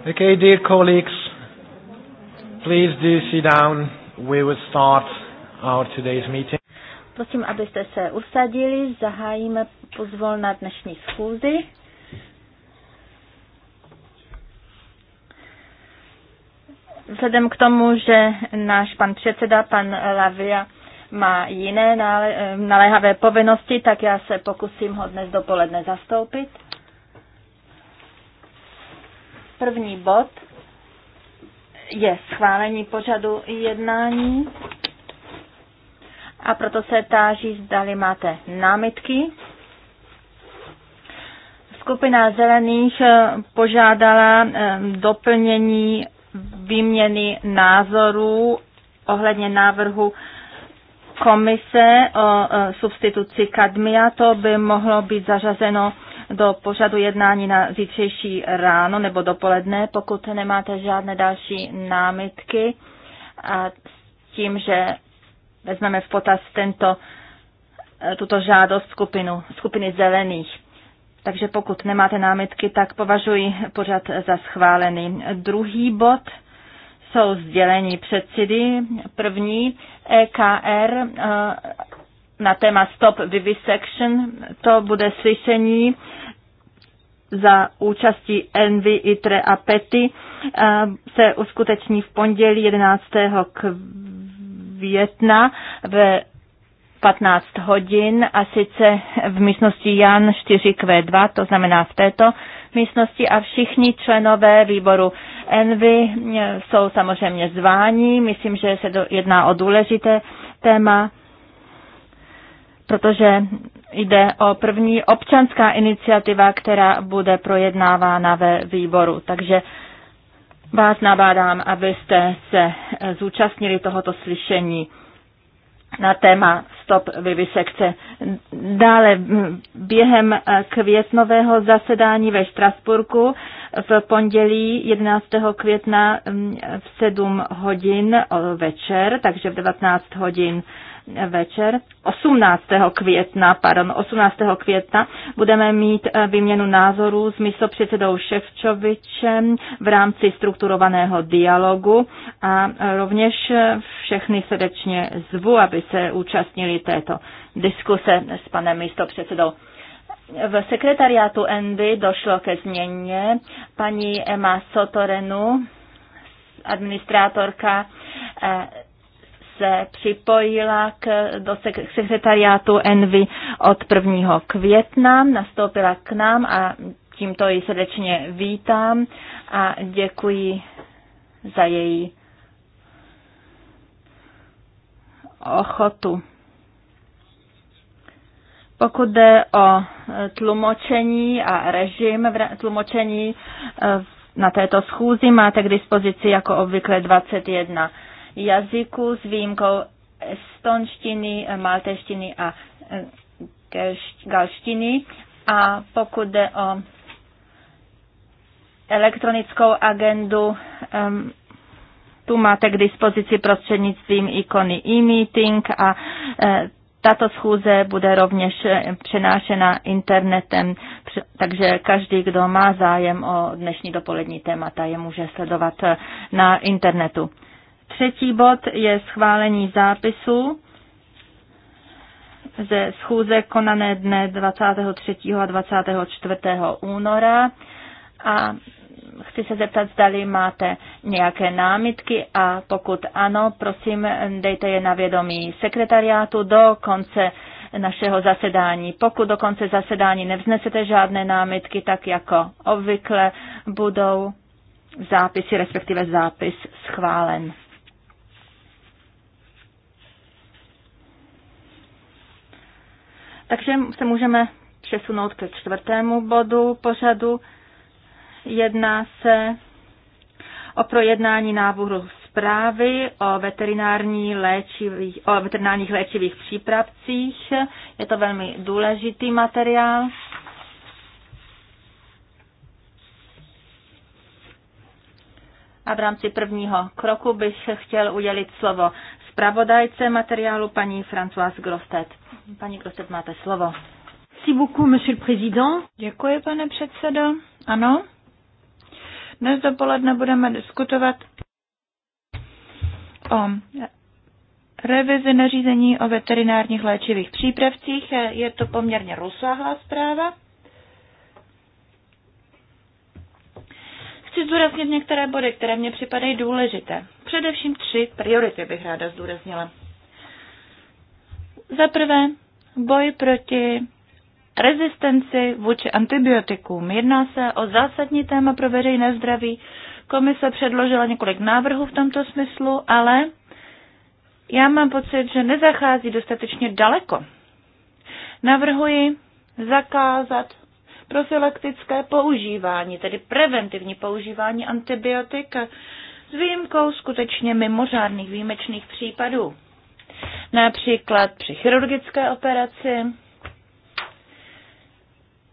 Okay, dear colleagues, please do sit down. We will start our today's meeting. Prosím, abyste se usadili, zahájíme pozvolna dnešní schůzi. Vzhledem k tomu, že náš pan předseda, pan Lavia, má jiné nale naléhavé povinnosti, tak já se pokusím ho dnes dopoledne zastoupit. První bod je schválení pořadu jednání a proto se táží, zdali máte námitky. Skupina zelených eh, požádala eh, doplnění výměny názorů ohledně návrhu komise o eh, substituci kadmia. To by mohlo být zařazeno do pořadu jednání na zítřejší ráno nebo dopoledne, pokud nemáte žádné další námitky a s tím, že vezmeme v potaz tento, tuto žádost skupinu, skupiny zelených. Takže pokud nemáte námitky, tak považuji pořad za schválený. Druhý bod jsou sdělení předsedy. První EKR na téma Stop Vivisection. To bude slyšení za účastí Envy, ITRE a Pety. se uskuteční v pondělí 11. května ve 15 hodin a sice v místnosti Jan 4Q2, to znamená v této místnosti a všichni členové výboru Envy jsou samozřejmě zváni. Myslím, že se jedná o důležité téma protože jde o první občanská iniciativa, která bude projednávána ve výboru. Takže vás nabádám, abyste se zúčastnili tohoto slyšení na téma stop vivisekce. Dále během květnového zasedání ve Štrasburku v pondělí 11. května v 7 hodin večer, takže v 19 hodin večer 18. května, pardon, 18. května budeme mít eh, výměnu názorů s místopředsedou Ševčovičem v rámci strukturovaného dialogu a rovněž eh, všechny srdečně zvu, aby se účastnili této diskuse s panem místopředsedou. V sekretariátu Envy došlo ke změně. Paní Emma Sotorenu, administrátorka eh, se připojila k, do sekretariátu Envy od 1. května, nastoupila k nám a tímto ji srdečně vítám a děkuji za její ochotu. Pokud jde o tlumočení a režim tlumočení eh, na této schůzi, máte k dispozici jako obvykle 21 jazyků s výjimkou estonštiny, malteštiny a eh, galštiny. A pokud jde o elektronickou agendu, tu máte k dispozici prostřednictvím ikony e-meeting a eh, tato schůze bude rovněž eh, přenášena internetem, takže každý, kdo má zájem o dnešní dopolední témata, je může sledovat na internetu. Třetí bod je schválení zápisu ze schůze konané dne 23. a 24. února a chci se zeptat, zdali máte nějaké námitky a pokud ano, prosím, dejte je na vědomí sekretariátu do konce našeho zasedání. Pokud do konce zasedání nevznesete žádné námitky, tak jako obvykle budou zápisy, respektive zápis schválen. Takže se můžeme přesunout ke čtvrtému bodu pořadu. Jedná se o projednání návrhu zprávy o, veterinární léčivých, o veterinárních léčivých přípravcích. Je to velmi důležitý materiál. A v rámci prvního kroku bych chtěl udělit slovo zpravodajce materiálu paní Françoise Grostet. Paní Grostet, máte slovo. Děkuji, pane předsedo. Ano. Dnes dopoledne budeme diskutovat o revizi nařízení o veterinárních léčivých přípravcích. Je to poměrně rozsáhlá zpráva. Chci zdůraznit některé body, které mě připadají důležité. Především tři priority bych ráda zdůraznila. Za prvé, boj proti rezistenci vůči antibiotikům. Jedná se o zásadní téma pro veřejné zdraví. Komise předložila několik návrhů v tomto smyslu, ale já mám pocit, že nezachází dostatečně daleko. Navrhuji zakázat profilaktické používání, tedy preventivní používání antibiotik s výjimkou skutečně mimořádných výjimečných případů. Například při chirurgické operaci.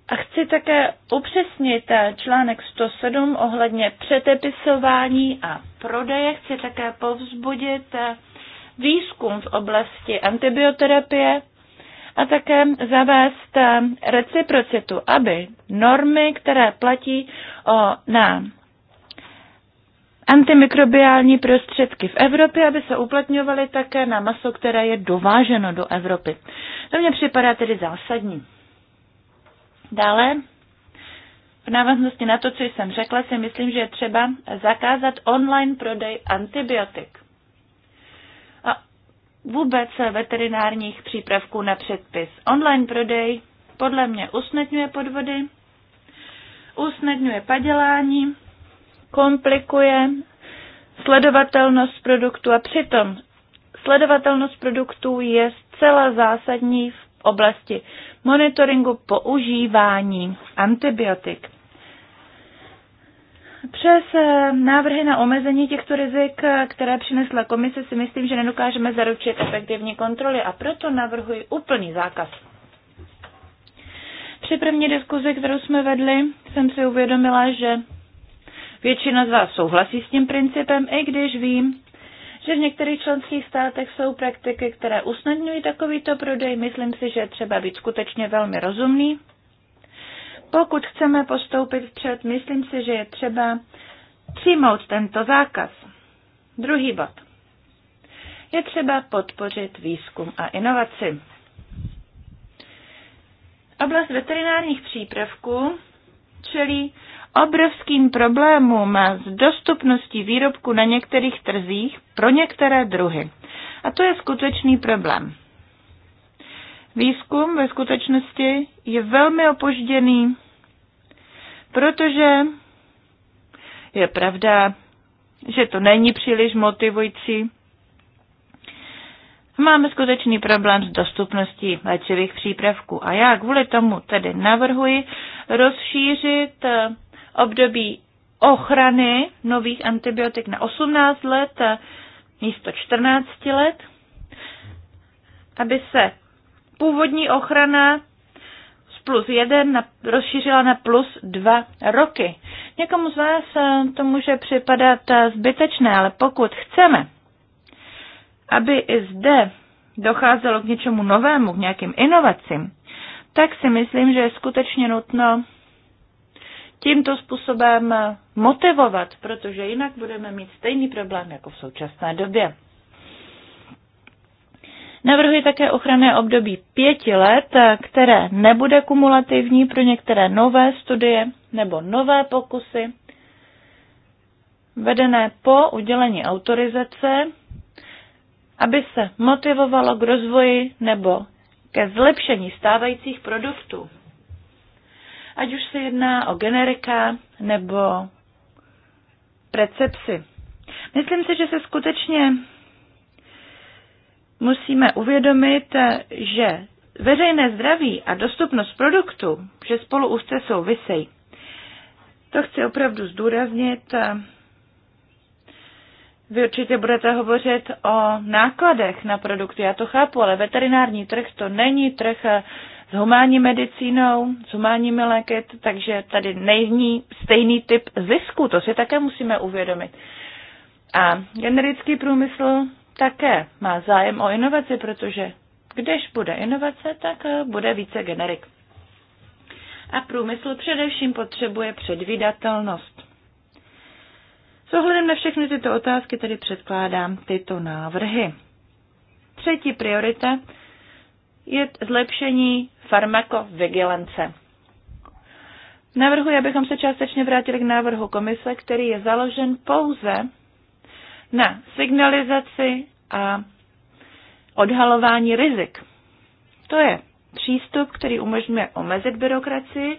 A chci také upřesnit eh, článek 107 ohledně přetepisování a prodeje. Chci také povzbudit eh, výzkum v oblasti antibioterapie a také zavést eh, reciprocitu, aby normy, které platí o, na antimikrobiální prostředky v Evropě, aby se uplatňovaly také na maso, které je dováženo do Evropy. To mně připadá tedy zásadní. Dále, v návaznosti na to, co jsem řekla, si myslím, že je třeba zakázat online prodej antibiotik a vůbec veterinárních přípravků na předpis. Online prodej podle mě usnadňuje podvody, usnadňuje padělání, komplikuje sledovatelnost produktu a přitom sledovatelnost produktů je zcela zásadní v oblasti monitoringu používání antibiotik. Přes eh, návrhy na omezení těchto rizik, eh, které přinesla komise, si myslím, že nedokážeme zaručit efektivní kontroly a proto navrhuji úplný zákaz. Při první diskuzi, kterou jsme vedli, jsem si uvědomila, že Většina z vás souhlasí s tím principem, i když vím, že v některých členských státech jsou praktiky, které usnadňují takovýto prodej. Myslím si, že je třeba být skutečně velmi rozumný. Pokud chceme postoupit vpřed, myslím si, že je třeba přijmout tento zákaz. Druhý bod. Je třeba podpořit výzkum a inovaci. Oblast veterinárních přípravků čelí obrovským problémům s dostupností výrobku na některých trzích pro některé druhy. A to je skutečný problém. Výzkum ve skutečnosti je velmi opožděný, protože je pravda, že to není příliš motivující. Máme skutečný problém s dostupností léčivých přípravků a já kvůli tomu tedy navrhuji rozšířit období ochrany nových antibiotik na 18 let místo 14 let, aby se původní ochrana z plus 1 rozšířila na plus 2 roky. Někomu z vás eh, to může připadat eh, zbytečné, ale pokud chceme, aby i zde docházelo k něčemu novému, k nějakým inovacím, tak si myslím, že je skutečně nutno tímto způsobem motivovat, protože jinak budeme mít stejný problém jako v současné době. Navrhuji také ochranné období pěti let, které nebude kumulativní pro některé nové studie nebo nové pokusy, vedené po udělení autorizace, aby se motivovalo k rozvoji nebo ke zlepšení stávajících produktů ať už se jedná o generika nebo precepsy, Myslím si, že se skutečně musíme uvědomit, že veřejné zdraví a dostupnost produktu, že spolu úzce souvisejí. To chci opravdu zdůraznit. Vy určitě budete hovořit o nákladech na produkty, já to chápu, ale veterinární trh to není trh s humánní medicínou, s humánními léky, takže tady není stejný typ zisku, to si také musíme uvědomit. A generický průmysl také má zájem o inovaci, protože když bude inovace, tak eh, bude více generik. A průmysl především potřebuje předvídatelnost. S ohledem na všechny tyto otázky tedy předkládám tyto návrhy. Třetí priorita je zlepšení farmakovigilance. Navrhuji, abychom se částečně vrátili k návrhu komise, který je založen pouze na signalizaci a odhalování rizik. To je přístup, který umožňuje omezit byrokracii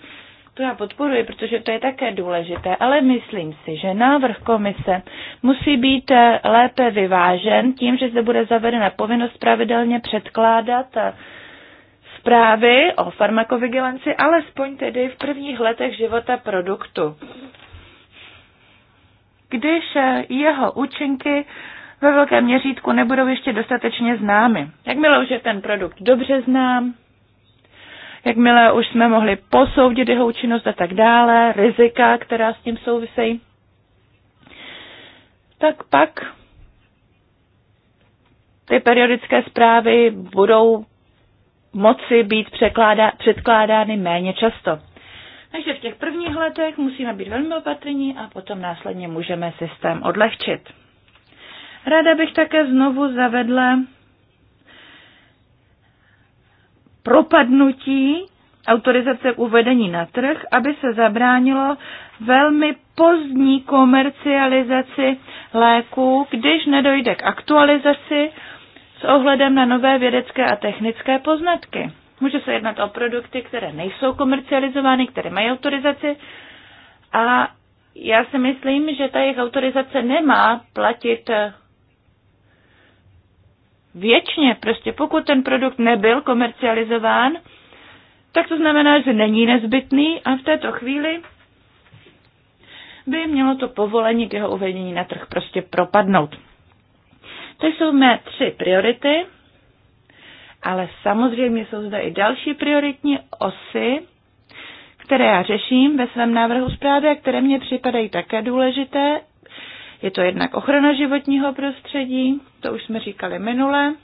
to já podporuji, protože to je také důležité, ale myslím si, že návrh komise musí být eh, lépe vyvážen tím, že zde bude zavedena povinnost pravidelně předkládat eh, zprávy o farmakovigilanci, alespoň tedy v prvních letech života produktu. Když eh, jeho účinky ve velkém měřítku nebudou ještě dostatečně známy. Jakmile už je ten produkt dobře znám, jakmile už jsme mohli posoudit jeho účinnost a tak dále, rizika, která s tím souvisejí, tak pak ty periodické zprávy budou moci být překládá, předkládány méně často. Takže v těch prvních letech musíme být velmi opatrní a potom následně můžeme systém odlehčit. Ráda bych také znovu zavedla propadnutí autorizace k uvedení na trh, aby se zabránilo velmi pozdní komercializaci léků, když nedojde k aktualizaci s ohledem na nové vědecké a technické poznatky. Může se jednat o produkty, které nejsou komercializovány, které mají autorizaci a já si myslím, že ta jejich autorizace nemá platit věčně. Prostě pokud ten produkt nebyl komercializován, tak to znamená, že není nezbytný a v této chvíli by mělo to povolení k jeho uvedení na trh prostě propadnout. To jsou mé tři priority, ale samozřejmě jsou zde i další prioritní osy, které já řeším ve svém návrhu zprávy a které mě připadají také důležité je to jednak ochrana životního prostředí, to už jsme říkali minule,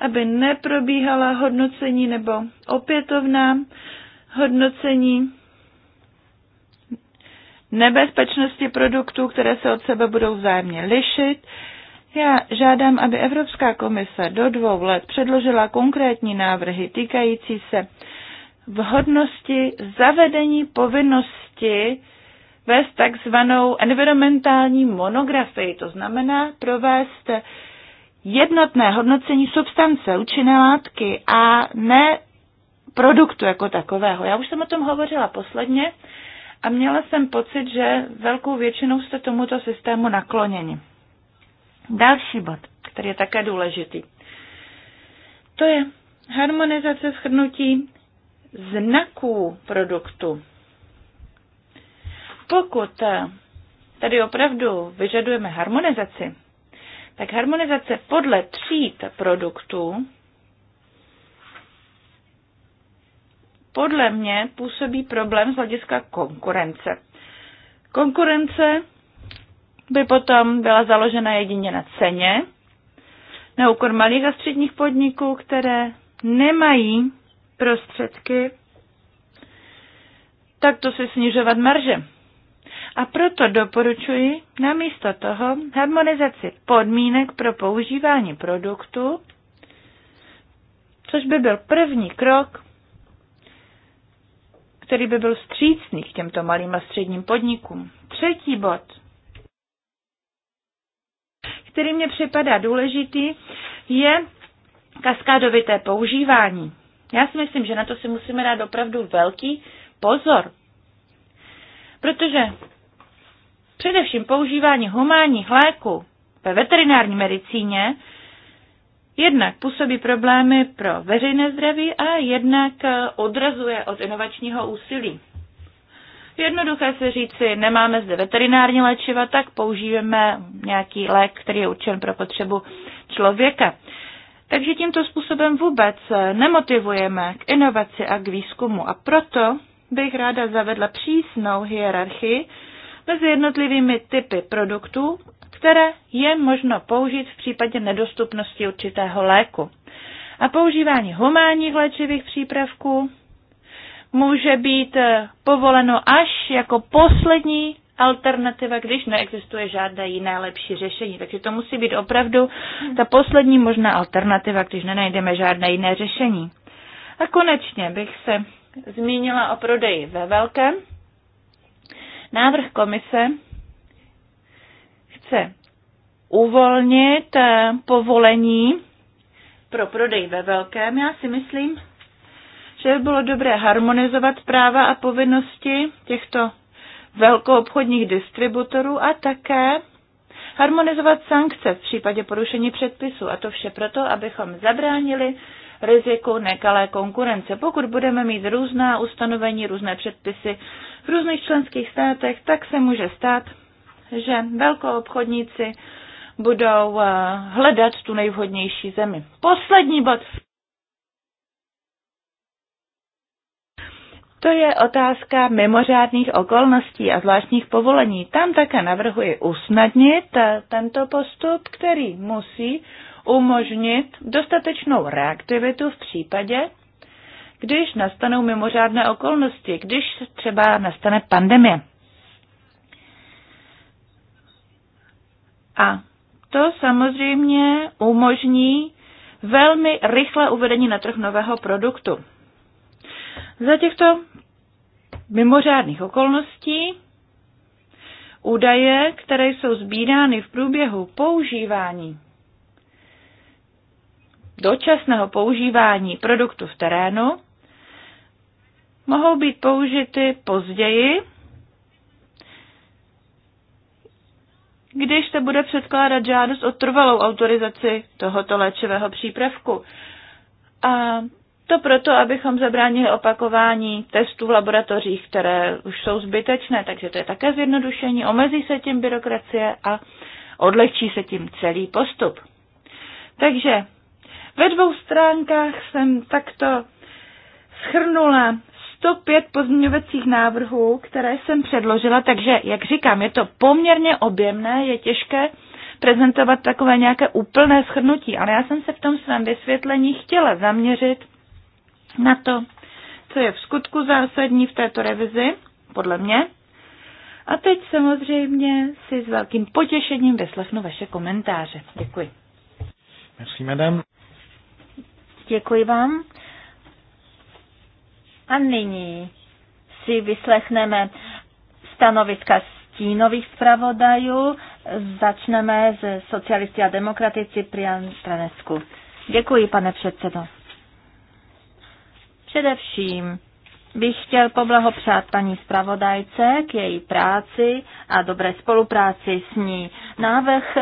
aby neprobíhala hodnocení nebo opětovná hodnocení nebezpečnosti produktů, které se od sebe budou vzájemně lišit. Já žádám, aby Evropská komise do dvou let předložila konkrétní návrhy týkající se vhodnosti zavedení povinnosti vést takzvanou environmentální monografii, to znamená provést jednotné hodnocení substance, účinné látky a ne produktu jako takového. Já už jsem o tom hovořila posledně a měla jsem pocit, že velkou většinou jste tomuto systému nakloněni. Další bod, který je také důležitý, to je harmonizace shrnutí znaků produktu. Pokud eh, tady opravdu vyžadujeme harmonizaci, tak harmonizace podle tříd produktů podle mě působí problém z hlediska konkurence. Konkurence by potom byla založena jedině na ceně, na úkor malých a středních podniků, které nemají prostředky, tak to si snižovat marže. A proto doporučuji namísto toho harmonizaci podmínek pro používání produktu, což by byl první krok, který by byl střícný k těmto malým a středním podnikům. Třetí bod, který mě připadá důležitý, je kaskádovité používání. Já si myslím, že na to si musíme dát opravdu velký pozor, protože Především používání humánních léků ve veterinární medicíně jednak působí problémy pro veřejné zdraví a jednak eh, odrazuje od inovačního úsilí. Jednoduché se říci, nemáme zde veterinární léčiva, tak použijeme nějaký lék, který je určen pro potřebu člověka. Takže tímto způsobem vůbec eh, nemotivujeme k inovaci a k výzkumu a proto bych ráda zavedla přísnou hierarchii mezi jednotlivými typy produktů, které je možno použít v případě nedostupnosti určitého léku. A používání humánních léčivých přípravků může být eh, povoleno až jako poslední alternativa, když neexistuje žádné jiné lepší řešení. Takže to musí být opravdu ta poslední možná alternativa, když nenajdeme žádné jiné řešení. A konečně bych se zmínila o prodeji ve velkém. Návrh komise chce uvolnit eh, povolení pro prodej ve velkém. Já si myslím, že by bylo dobré harmonizovat práva a povinnosti těchto velkoobchodních distributorů a také harmonizovat sankce v případě porušení předpisu. A to vše proto, abychom zabránili riziku nekalé konkurence. Pokud budeme mít různá ustanovení, různé předpisy v různých členských státech, tak se může stát, že velkou obchodníci budou eh, hledat tu nejvhodnější zemi. Poslední bod. To je otázka mimořádných okolností a zvláštních povolení. Tam také navrhuji usnadnit eh, tento postup, který musí umožnit dostatečnou reaktivitu v případě, když nastanou mimořádné okolnosti, když třeba nastane pandemie. A to samozřejmě umožní velmi rychle uvedení na trh nového produktu. Za těchto mimořádných okolností údaje, které jsou sbírány v průběhu používání dočasného používání produktu v terénu mohou být použity později, když se bude předkládat žádost o trvalou autorizaci tohoto léčivého přípravku. A to proto, abychom zabránili opakování testů v laboratořích, které už jsou zbytečné, takže to je také zjednodušení, omezí se tím byrokracie a odlehčí se tím celý postup. Takže ve dvou stránkách jsem takto schrnula 105 pozměňovacích návrhů, které jsem předložila, takže, jak říkám, je to poměrně objemné, je těžké prezentovat takové nějaké úplné schrnutí. ale já jsem se v tom svém vysvětlení chtěla zaměřit na to, co je v skutku zásadní v této revizi, podle mě. A teď samozřejmě si s velkým potěšením vyslechnu vaše komentáře. Děkuji. Merci, madame. Děkuji vám. A nyní si vyslechneme stanoviska stínových zpravodajů. Začneme ze socialisti a demokraty Ciprian Stranesku. Děkuji, pane předsedo. Především bych chtěl poblahopřát paní zpravodajce k její práci a dobré spolupráci s ní. Návrh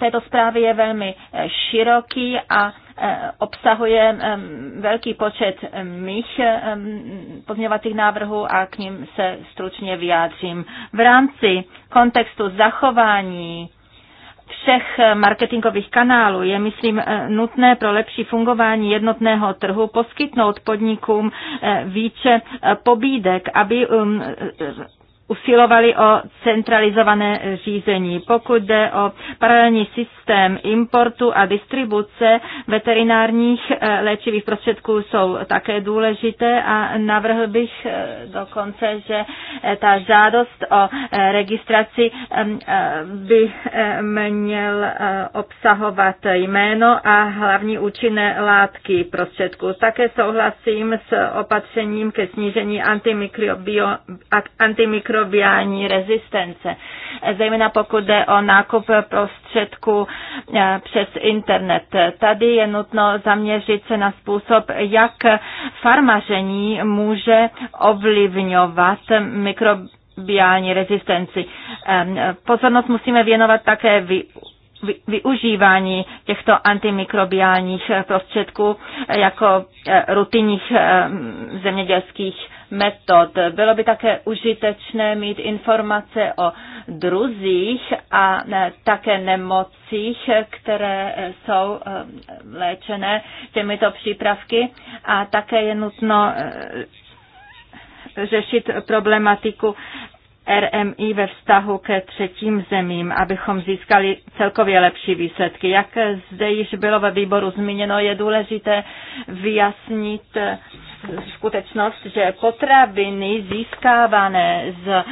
této zprávy je velmi eh, široký a eh, obsahuje velký počet mých pozměňovacích návrhů a k ním se stručně vyjádřím. V rámci kontextu zachování všech eh, marketingových kanálů je, myslím, nutné pro lepší fungování jednotného trhu poskytnout podnikům více pobídek, aby um, usilovali o centralizované řízení. Pokud jde o paralelní systém importu a distribuce veterinárních eh, léčivých prostředků jsou také důležité a navrhl bych eh, dokonce, že eh, ta žádost o registraci by měl obsahovat jméno a hlavní účinné látky prostředků. Také souhlasím s opatřením ke snížení antimikrobiální antimikrobiální rezistence, zejména pokud jde o nákup prostředků eh, přes internet. Tady je nutno zaměřit se na způsob, jak farmaření může ovlivňovat mikrobiální rezistenci. Ehm, pozornost musíme věnovat také vy využívání těchto antimikrobiálních prostředků jako eh, rutinních ehm, zemědělských metod. Bylo by také užitečné mít informace o druzích a e, také nemocích, které e, jsou e, léčené těmito přípravky a také je nutno řešit problematiku RMI ve vztahu ke třetím zemím, abychom získali celkově lepší výsledky. Jak zde již bylo ve výboru zmíněno, je důležité vyjasnit skutečnost, že potraviny získávané z,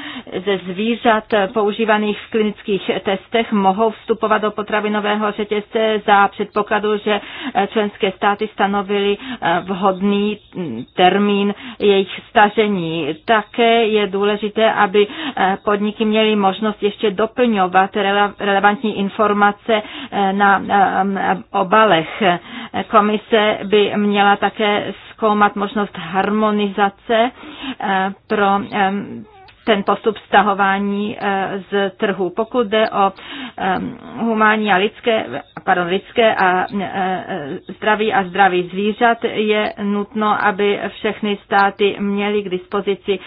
ze zvířat používaných v klinických testech mohou vstupovat do potravinového řetězce za předpokladu, že členské státy stanovily eh, vhodný mm, termín jejich stažení. Také je důležité, aby eh, podniky měly možnost ještě doplňovat relevantní informace eh, na obalech. Komise by měla také zkoumat možnost harmonizace eh, pro ten postup stahování eh, z trhu. Pokud jde o humání a lidské, pardon, lidské a eh, zdraví a zdraví zvířat, je nutno, aby všechny státy měly k dispozici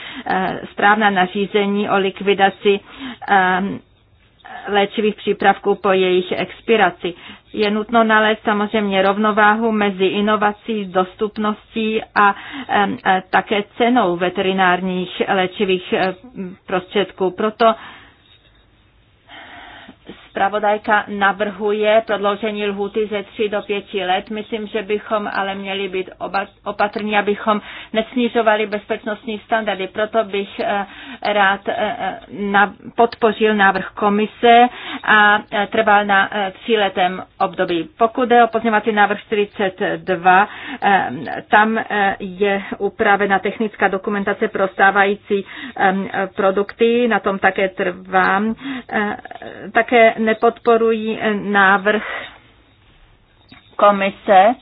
správná nařízení o likvidaci léčivých přípravků po jejich expiraci. Je nutno nalézt samozřejmě rovnováhu mezi inovací, dostupností a e, také cenou veterinárních léčivých e, prostředků. Proto Spravodajka navrhuje prodloužení lhuty ze 3 do 5 let. Myslím, že bychom ale měli být opatrní, abychom nesnižovali bezpečnostní standardy. Proto bych eh, rád eh, eh, podpořil návrh komise a trval na tříletém období. Pokud je o pozměňovací návrh 42, tam je upravena technická dokumentace pro stávající produkty, na tom také trvám. Také nepodporují eh, návrh komise,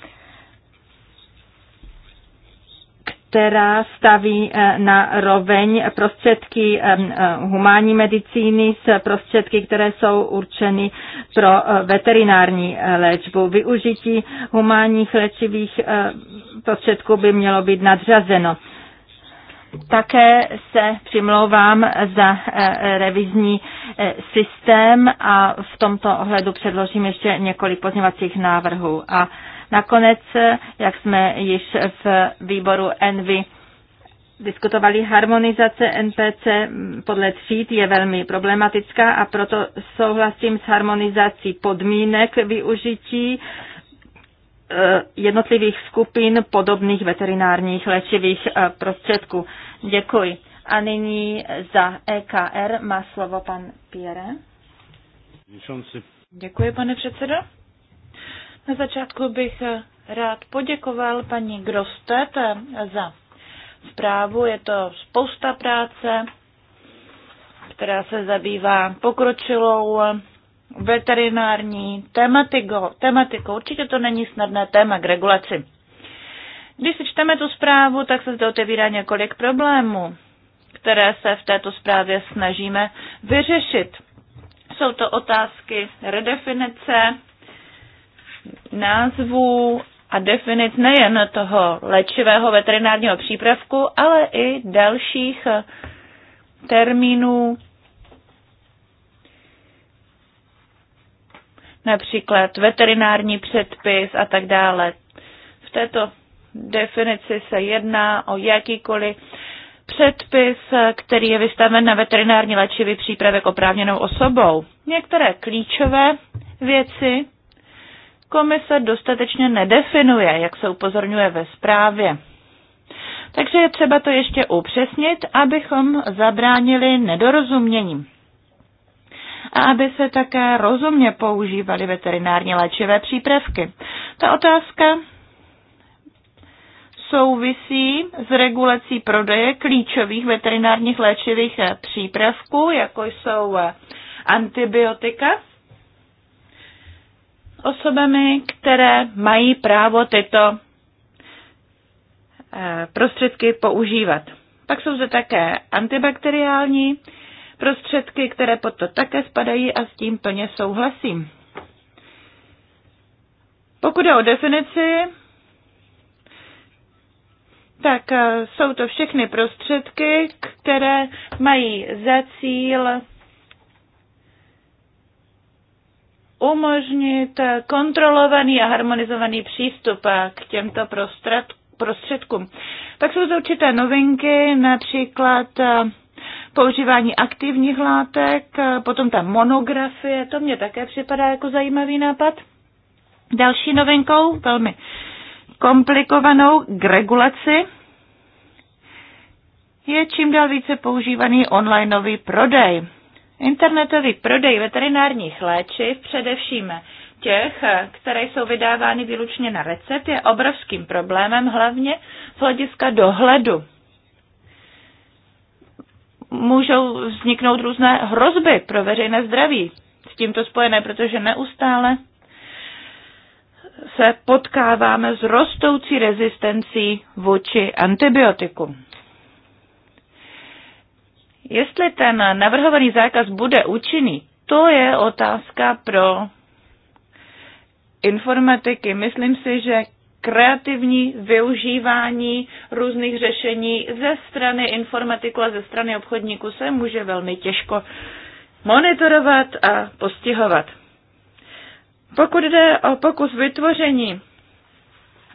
která staví eh, na roveň prostředky eh, humánní medicíny s prostředky, které jsou určeny pro veterinární léčbu. Využití humánních léčivých prostředků by mělo být nadřazeno také se přimlouvám za eh, revizní eh, systém a v tomto ohledu předložím ještě několik pozněvacích návrhů. A nakonec, eh, jak jsme již v výboru Envy diskutovali, harmonizace NPC podle tříd je velmi problematická a proto souhlasím s harmonizací podmínek využití Eh, jednotlivých skupin podobných veterinárních léčivých eh, prostředků. Děkuji. A nyní za EKR má slovo pan Pierre. Děkuji, pane předsedo. Na začátku bych eh, rád poděkoval paní Grostet za zprávu. Je to spousta práce, která se zabývá pokročilou veterinární tematikou. tematikou. Určitě to není snadné téma k regulaci. Když si čteme tu zprávu, tak se zde otevírá několik problémů, které se v této zprávě snažíme vyřešit. Jsou to otázky redefinice názvů a definic nejen toho léčivého veterinárního přípravku, ale i dalších termínů například veterinární předpis a tak dále. V této definici se jedná o jakýkoliv předpis, který je vystaven na veterinární léčivý přípravek oprávněnou osobou. Některé klíčové věci komise dostatečně nedefinuje, jak se upozorňuje ve zprávě. Takže je třeba to ještě upřesnit, abychom zabránili nedorozuměním a aby se také rozumně používaly veterinární léčivé přípravky. Ta otázka souvisí s regulací prodeje klíčových veterinárních léčivých eh, přípravků, jako jsou eh, antibiotika, osobami, které mají právo tyto eh, prostředky používat. Pak jsou zde také antibakteriální prostředky, které pod to také spadají a s tím plně souhlasím. Pokud je o definici, tak eh, jsou to všechny prostředky, které mají za cíl umožnit kontrolovaný a harmonizovaný přístup eh, k těmto prostředkům. Pak jsou to určité novinky, například eh, používání aktivních látek, potom ta monografie, to mě také připadá jako zajímavý nápad. Další novinkou, velmi komplikovanou k regulaci, je čím dál více používaný onlineový prodej. Internetový prodej veterinárních léčiv, především těch, které jsou vydávány výlučně na recept, je obrovským problémem, hlavně z hlediska dohledu můžou vzniknout různé hrozby pro veřejné zdraví s tímto spojené, protože neustále se potkáváme s rostoucí rezistencí vůči antibiotiku. Jestli ten navrhovaný zákaz bude účinný, to je otázka pro informatiky. Myslím si, že kreativní využívání různých řešení ze strany informatiku a ze strany obchodníku se může velmi těžko monitorovat a postihovat. Pokud jde o pokus vytvoření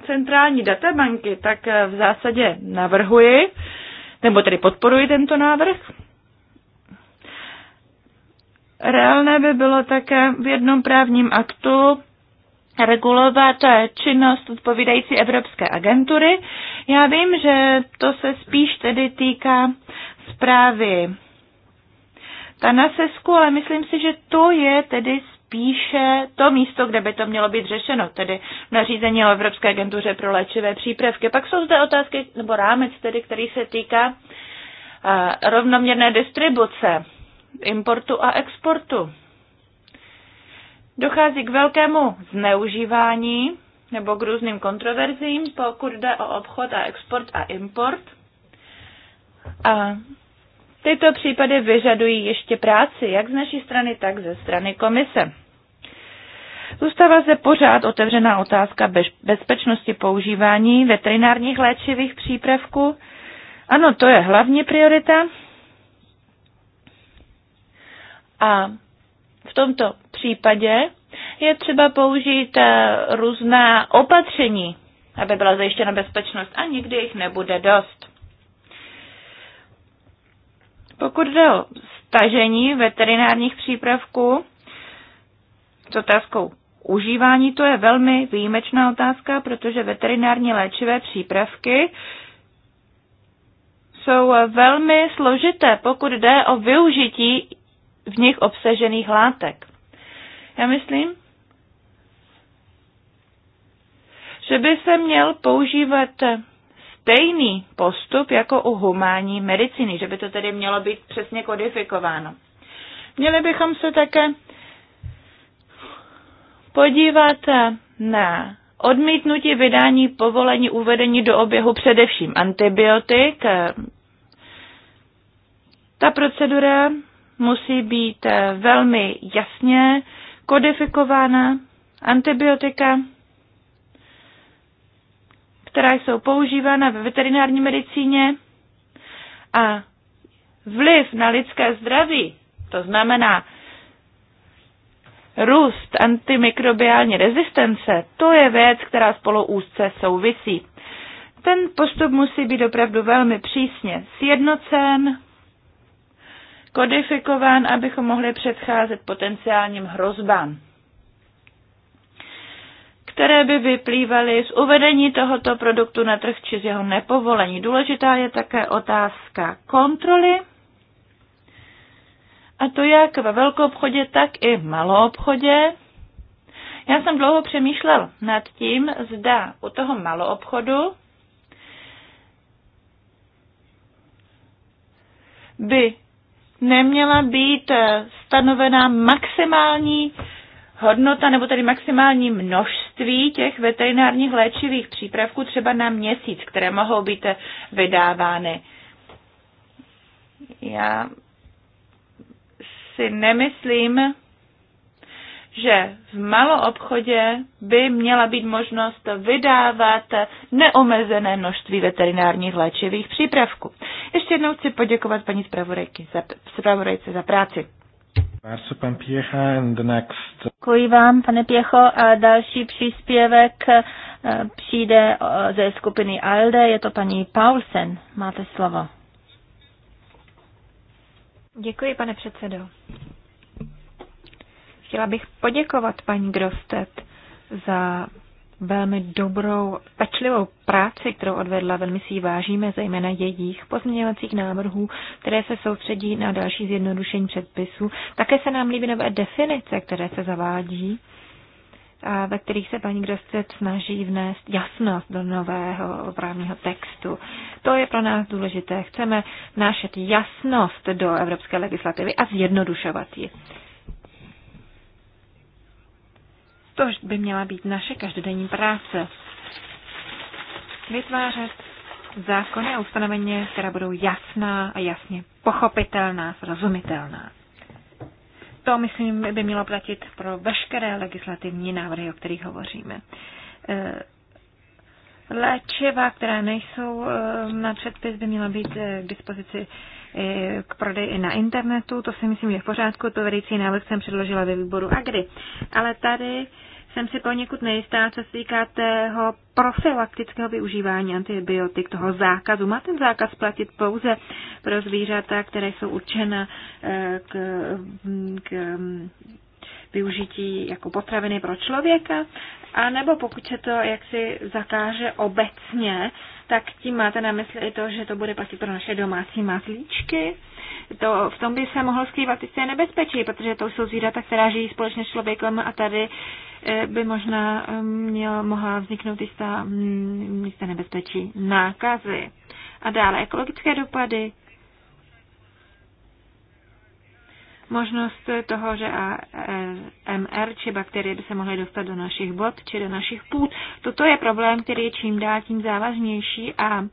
centrální databanky, tak v zásadě navrhuji, nebo tedy podporuji tento návrh. Reálné by bylo také v jednom právním aktu regulovat činnost odpovídající Evropské agentury. Já vím, že to se spíš tedy týká zprávy Tanasesku, ale myslím si, že to je tedy spíše to místo, kde by to mělo být řešeno, tedy nařízení o Evropské agentuře pro léčivé přípravky. Pak jsou zde otázky, nebo rámec, tedy, který se týká eh, rovnoměrné distribuce importu a exportu. Dochází k velkému zneužívání nebo k různým kontroverzím, pokud jde o obchod a export a import. A tyto případy vyžadují ještě práci, jak z naší strany, tak ze strany komise. Zůstává se pořád otevřená otázka bezpečnosti používání veterinárních léčivých přípravků. Ano, to je hlavní priorita. A v tomto případě je třeba použít eh, různá opatření, aby byla zajištěna bezpečnost a nikdy jich nebude dost. Pokud jde o stažení veterinárních přípravků s otázkou užívání, to je velmi výjimečná otázka, protože veterinární léčivé přípravky jsou velmi složité, pokud jde o využití v nich obsažených látek. Já myslím, že by se měl používat stejný postup jako u humánní medicíny, že by to tedy mělo být přesně kodifikováno. Měli bychom se také podívat na odmítnutí vydání povolení uvedení do oběhu především antibiotik. Ta procedura musí být velmi jasně kodifikována antibiotika, která jsou používána ve veterinární medicíně a vliv na lidské zdraví, to znamená růst antimikrobiální rezistence, to je věc, která spolu úzce souvisí. Ten postup musí být opravdu velmi přísně sjednocen, kodifikován, abychom mohli předcházet potenciálním hrozbám, které by vyplývaly z uvedení tohoto produktu na trh či z jeho nepovolení. Důležitá je také otázka kontroly, a to jak ve velkou obchodě, tak i v malou obchodě. Já jsem dlouho přemýšlel nad tím, zda u toho maloobchodu by neměla být eh, stanovena maximální hodnota nebo tedy maximální množství těch veterinárních léčivých přípravků třeba na měsíc, které mohou být eh, vydávány. Já si nemyslím, že v maloobchodě by měla být možnost vydávat neomezené množství veterinárních léčivých přípravků. Ještě jednou chci poděkovat paní zpravodajce za, za práci. Děkuji vám, pane Pěcho, a další příspěvek eh, přijde eh, ze skupiny ALDE, je to paní Paulsen. Máte slovo. Děkuji, pane předsedo. Chtěla bych poděkovat paní Grostet za velmi dobrou, pečlivou práci, kterou odvedla, velmi si ji vážíme, zejména jejich pozměňovacích návrhů, které se soustředí na další zjednodušení předpisů. Také se nám líbí nové definice, které se zavádí, a ve kterých se paní Grostet snaží vnést jasnost do nového právního textu. To je pro nás důležité. Chceme vnášet jasnost do evropské legislativy a zjednodušovat ji. To by měla být naše každodenní práce. Vytvářet zákony a ustanovení, která budou jasná a jasně pochopitelná, srozumitelná. To, myslím, by mělo platit pro veškeré legislativní návrhy, o kterých hovoříme. E, léčiva, která nejsou e, na předpis, by měla být e, k dispozici k prodeji na internetu. To si myslím je v pořádku. To vedící návrh jsem předložila ve výboru Agri. Ale tady jsem si poněkud nejistá, co se týká tého profilaktického využívání antibiotik, toho zákazu. Má ten zákaz platit pouze pro zvířata, které jsou určena eh, k, mm, k mm, využití jako potraviny pro člověka, a nebo pokud se to jaksi zakáže obecně, tak tím máte na mysli i to, že to bude platit pro naše domácí maslíčky. To, v tom by se mohlo skrývat jisté nebezpečí, protože to jsou zvířata, která žijí společně s člověkem a tady eh, by možná eh, měl, mohla vzniknout jistá, mm, jisté nebezpečí nákazy. A dále ekologické dopady možnost toho, že MR či bakterie by se mohly dostat do našich vod či do našich půd. Toto je problém, který je čím dál tím závažnější a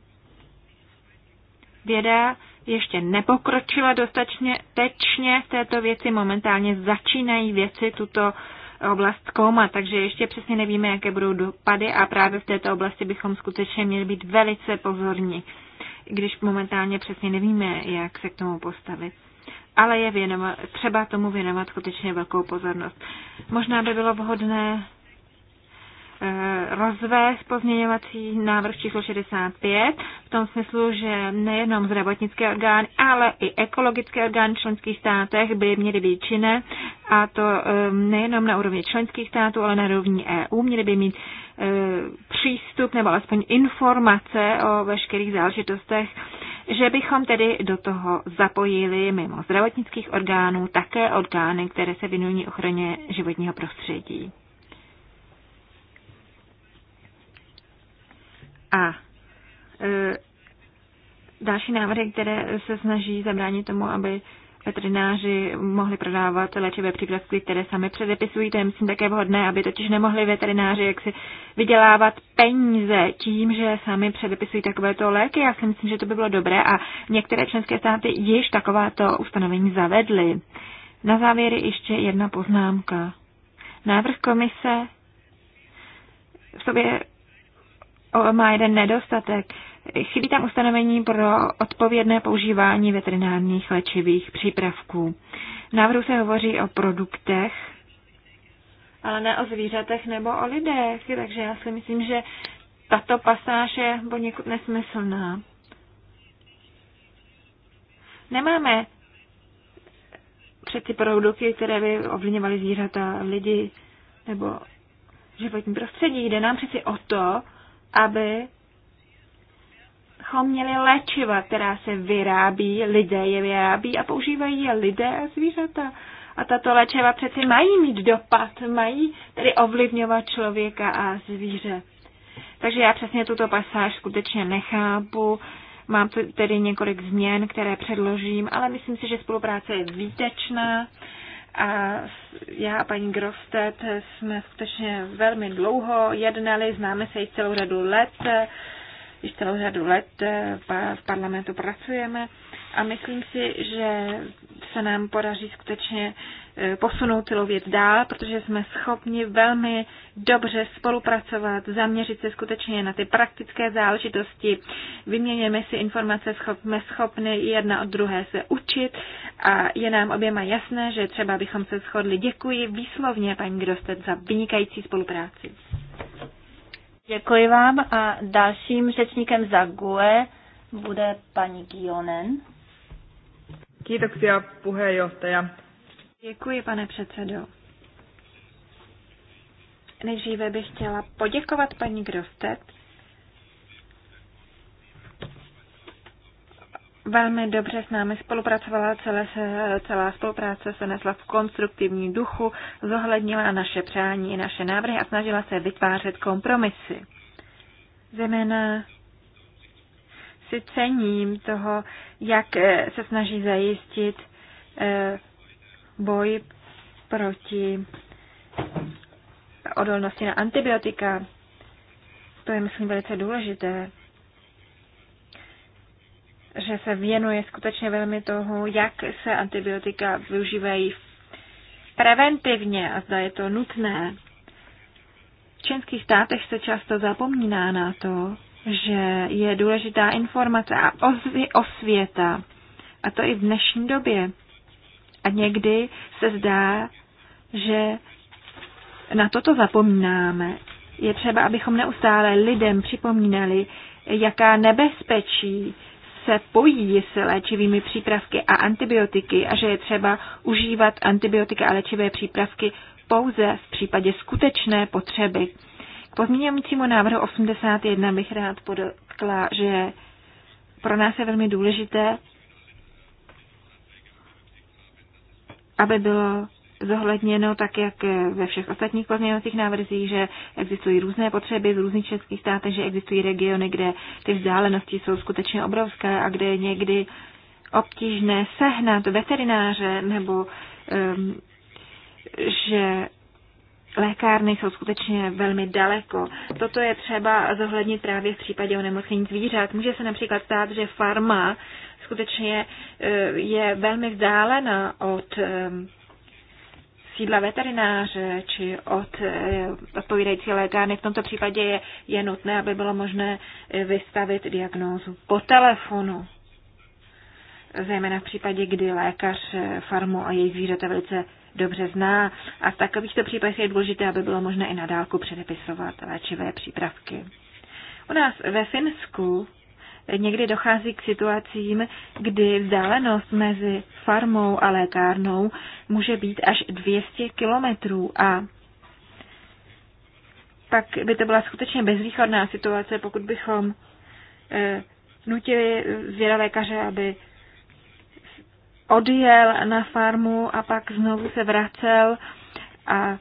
věda ještě nepokročila dostatečně tečně v této věci. Momentálně začínají věci tuto oblast koumat, takže ještě přesně nevíme, jaké budou dopady a právě v této oblasti bychom skutečně měli být velice pozorní, když momentálně přesně nevíme, jak se k tomu postavit ale je věnovat, třeba tomu věnovat skutečně velkou pozornost. Možná by bylo vhodné eh, rozvést pozměňovací návrh číslo 65 v tom smyslu, že nejenom zdravotnické orgány, ale i ekologické orgány v členských státech by měly být činné a to ehm, nejenom na úrovni členských států, ale na úrovni EU. Měly by mít eh, přístup nebo alespoň informace o veškerých záležitostech že bychom tedy do toho zapojili mimo zdravotnických orgánů také orgány, které se věnují ochraně životního prostředí. A e, další návrhy, které se snaží zabránit tomu, aby veterináři mohli prodávat léčivé přípravky, které sami předepisují. To je, myslím, také vhodné, aby totiž nemohli veterináři jaksi vydělávat peníze tím, že sami předepisují takovéto léky. Já si myslím, že to by bylo dobré a některé členské státy již takováto ustanovení zavedly. Na závěr ještě jedna poznámka. Návrh komise v sobě má jeden nedostatek Chybí tam ustanovení pro odpovědné používání veterinárních léčivých přípravků. V návrhu se hovoří o produktech, ale ne o zvířatech nebo o lidech, takže já si myslím, že tato pasáž je poněkud nesmyslná. Nemáme přeci produkty, které by ovlivňovaly zvířata, lidi nebo životní prostředí. Jde nám přeci o to, aby bychom měli léčiva, která se vyrábí, lidé je vyrábí a používají je lidé a zvířata. A tato léčiva přeci mají mít dopad, mají tedy ovlivňovat člověka a zvíře. Takže já přesně tuto pasáž skutečně nechápu. Mám tedy několik změn, které předložím, ale myslím si, že spolupráce je výtečná. A já a paní Grostet jsme skutečně velmi dlouho jednali, známe se již celou řadu let již celou řadu let eh, v parlamentu pracujeme a myslím si, že se nám podaří skutečně eh, posunout celou věc dál, protože jsme schopni velmi dobře spolupracovat, zaměřit se skutečně na ty praktické záležitosti, vyměněme si informace, jsme schopni jedna od druhé se učit a je nám oběma jasné, že třeba bychom se shodli. Děkuji výslovně, paní Grostet, za vynikající spolupráci. Děkuji vám a dalším řečníkem za GUE bude paní Gionen. Děkuji, pane předsedo. Nejdříve bych chtěla poděkovat paní Grostet velmi dobře s námi spolupracovala, celé se, celá spolupráce se nesla v konstruktivní duchu, zohlednila naše přání i naše návrhy a snažila se vytvářet kompromisy. Zejména si cením toho, jak eh, se snaží zajistit eh, boj proti odolnosti na antibiotika. To je, myslím, velice důležité že se věnuje skutečně velmi toho, jak se antibiotika využívají preventivně a zda je to nutné. V členských státech se často zapomíná na to, že je důležitá informace a osvěta, a to i v dnešní době. A někdy se zdá, že na toto zapomínáme. Je třeba, abychom neustále lidem připomínali, jaká nebezpečí se pojí s léčivými přípravky a antibiotiky a že je třeba užívat antibiotika a léčivé přípravky pouze v případě skutečné potřeby. K pozměňujícímu návrhu 81 bych rád podotkla, že pro nás je velmi důležité, aby bylo zohledněno tak, jak ve všech ostatních pozměňovacích návrzích, že existují různé potřeby v různých českých státech, že existují regiony, kde ty vzdálenosti jsou skutečně obrovské a kde je někdy obtížné sehnat veterináře nebo um, že lékárny jsou skutečně velmi daleko. Toto je třeba zohlednit právě v případě onemocnění zvířat. Může se například stát, že farma skutečně eh, je velmi vzdálena od ehm, sídla veterináře či od eh, odpovídající lékárny. V tomto případě je, je nutné, aby bylo možné eh, vystavit diagnózu po telefonu. Zejména v případě, kdy lékař eh, farmu a její zvířata velice dobře zná. A v takovýchto případech je důležité, aby bylo možné i na dálku předepisovat léčivé přípravky. U nás ve Finsku někdy dochází k situacím, kdy vzdálenost mezi farmou a lékárnou může být až 200 kilometrů a pak by to byla skutečně bezvýchodná situace, pokud bychom e, nutili zvěra lékaře, aby odjel na farmu a pak znovu se vracel a e,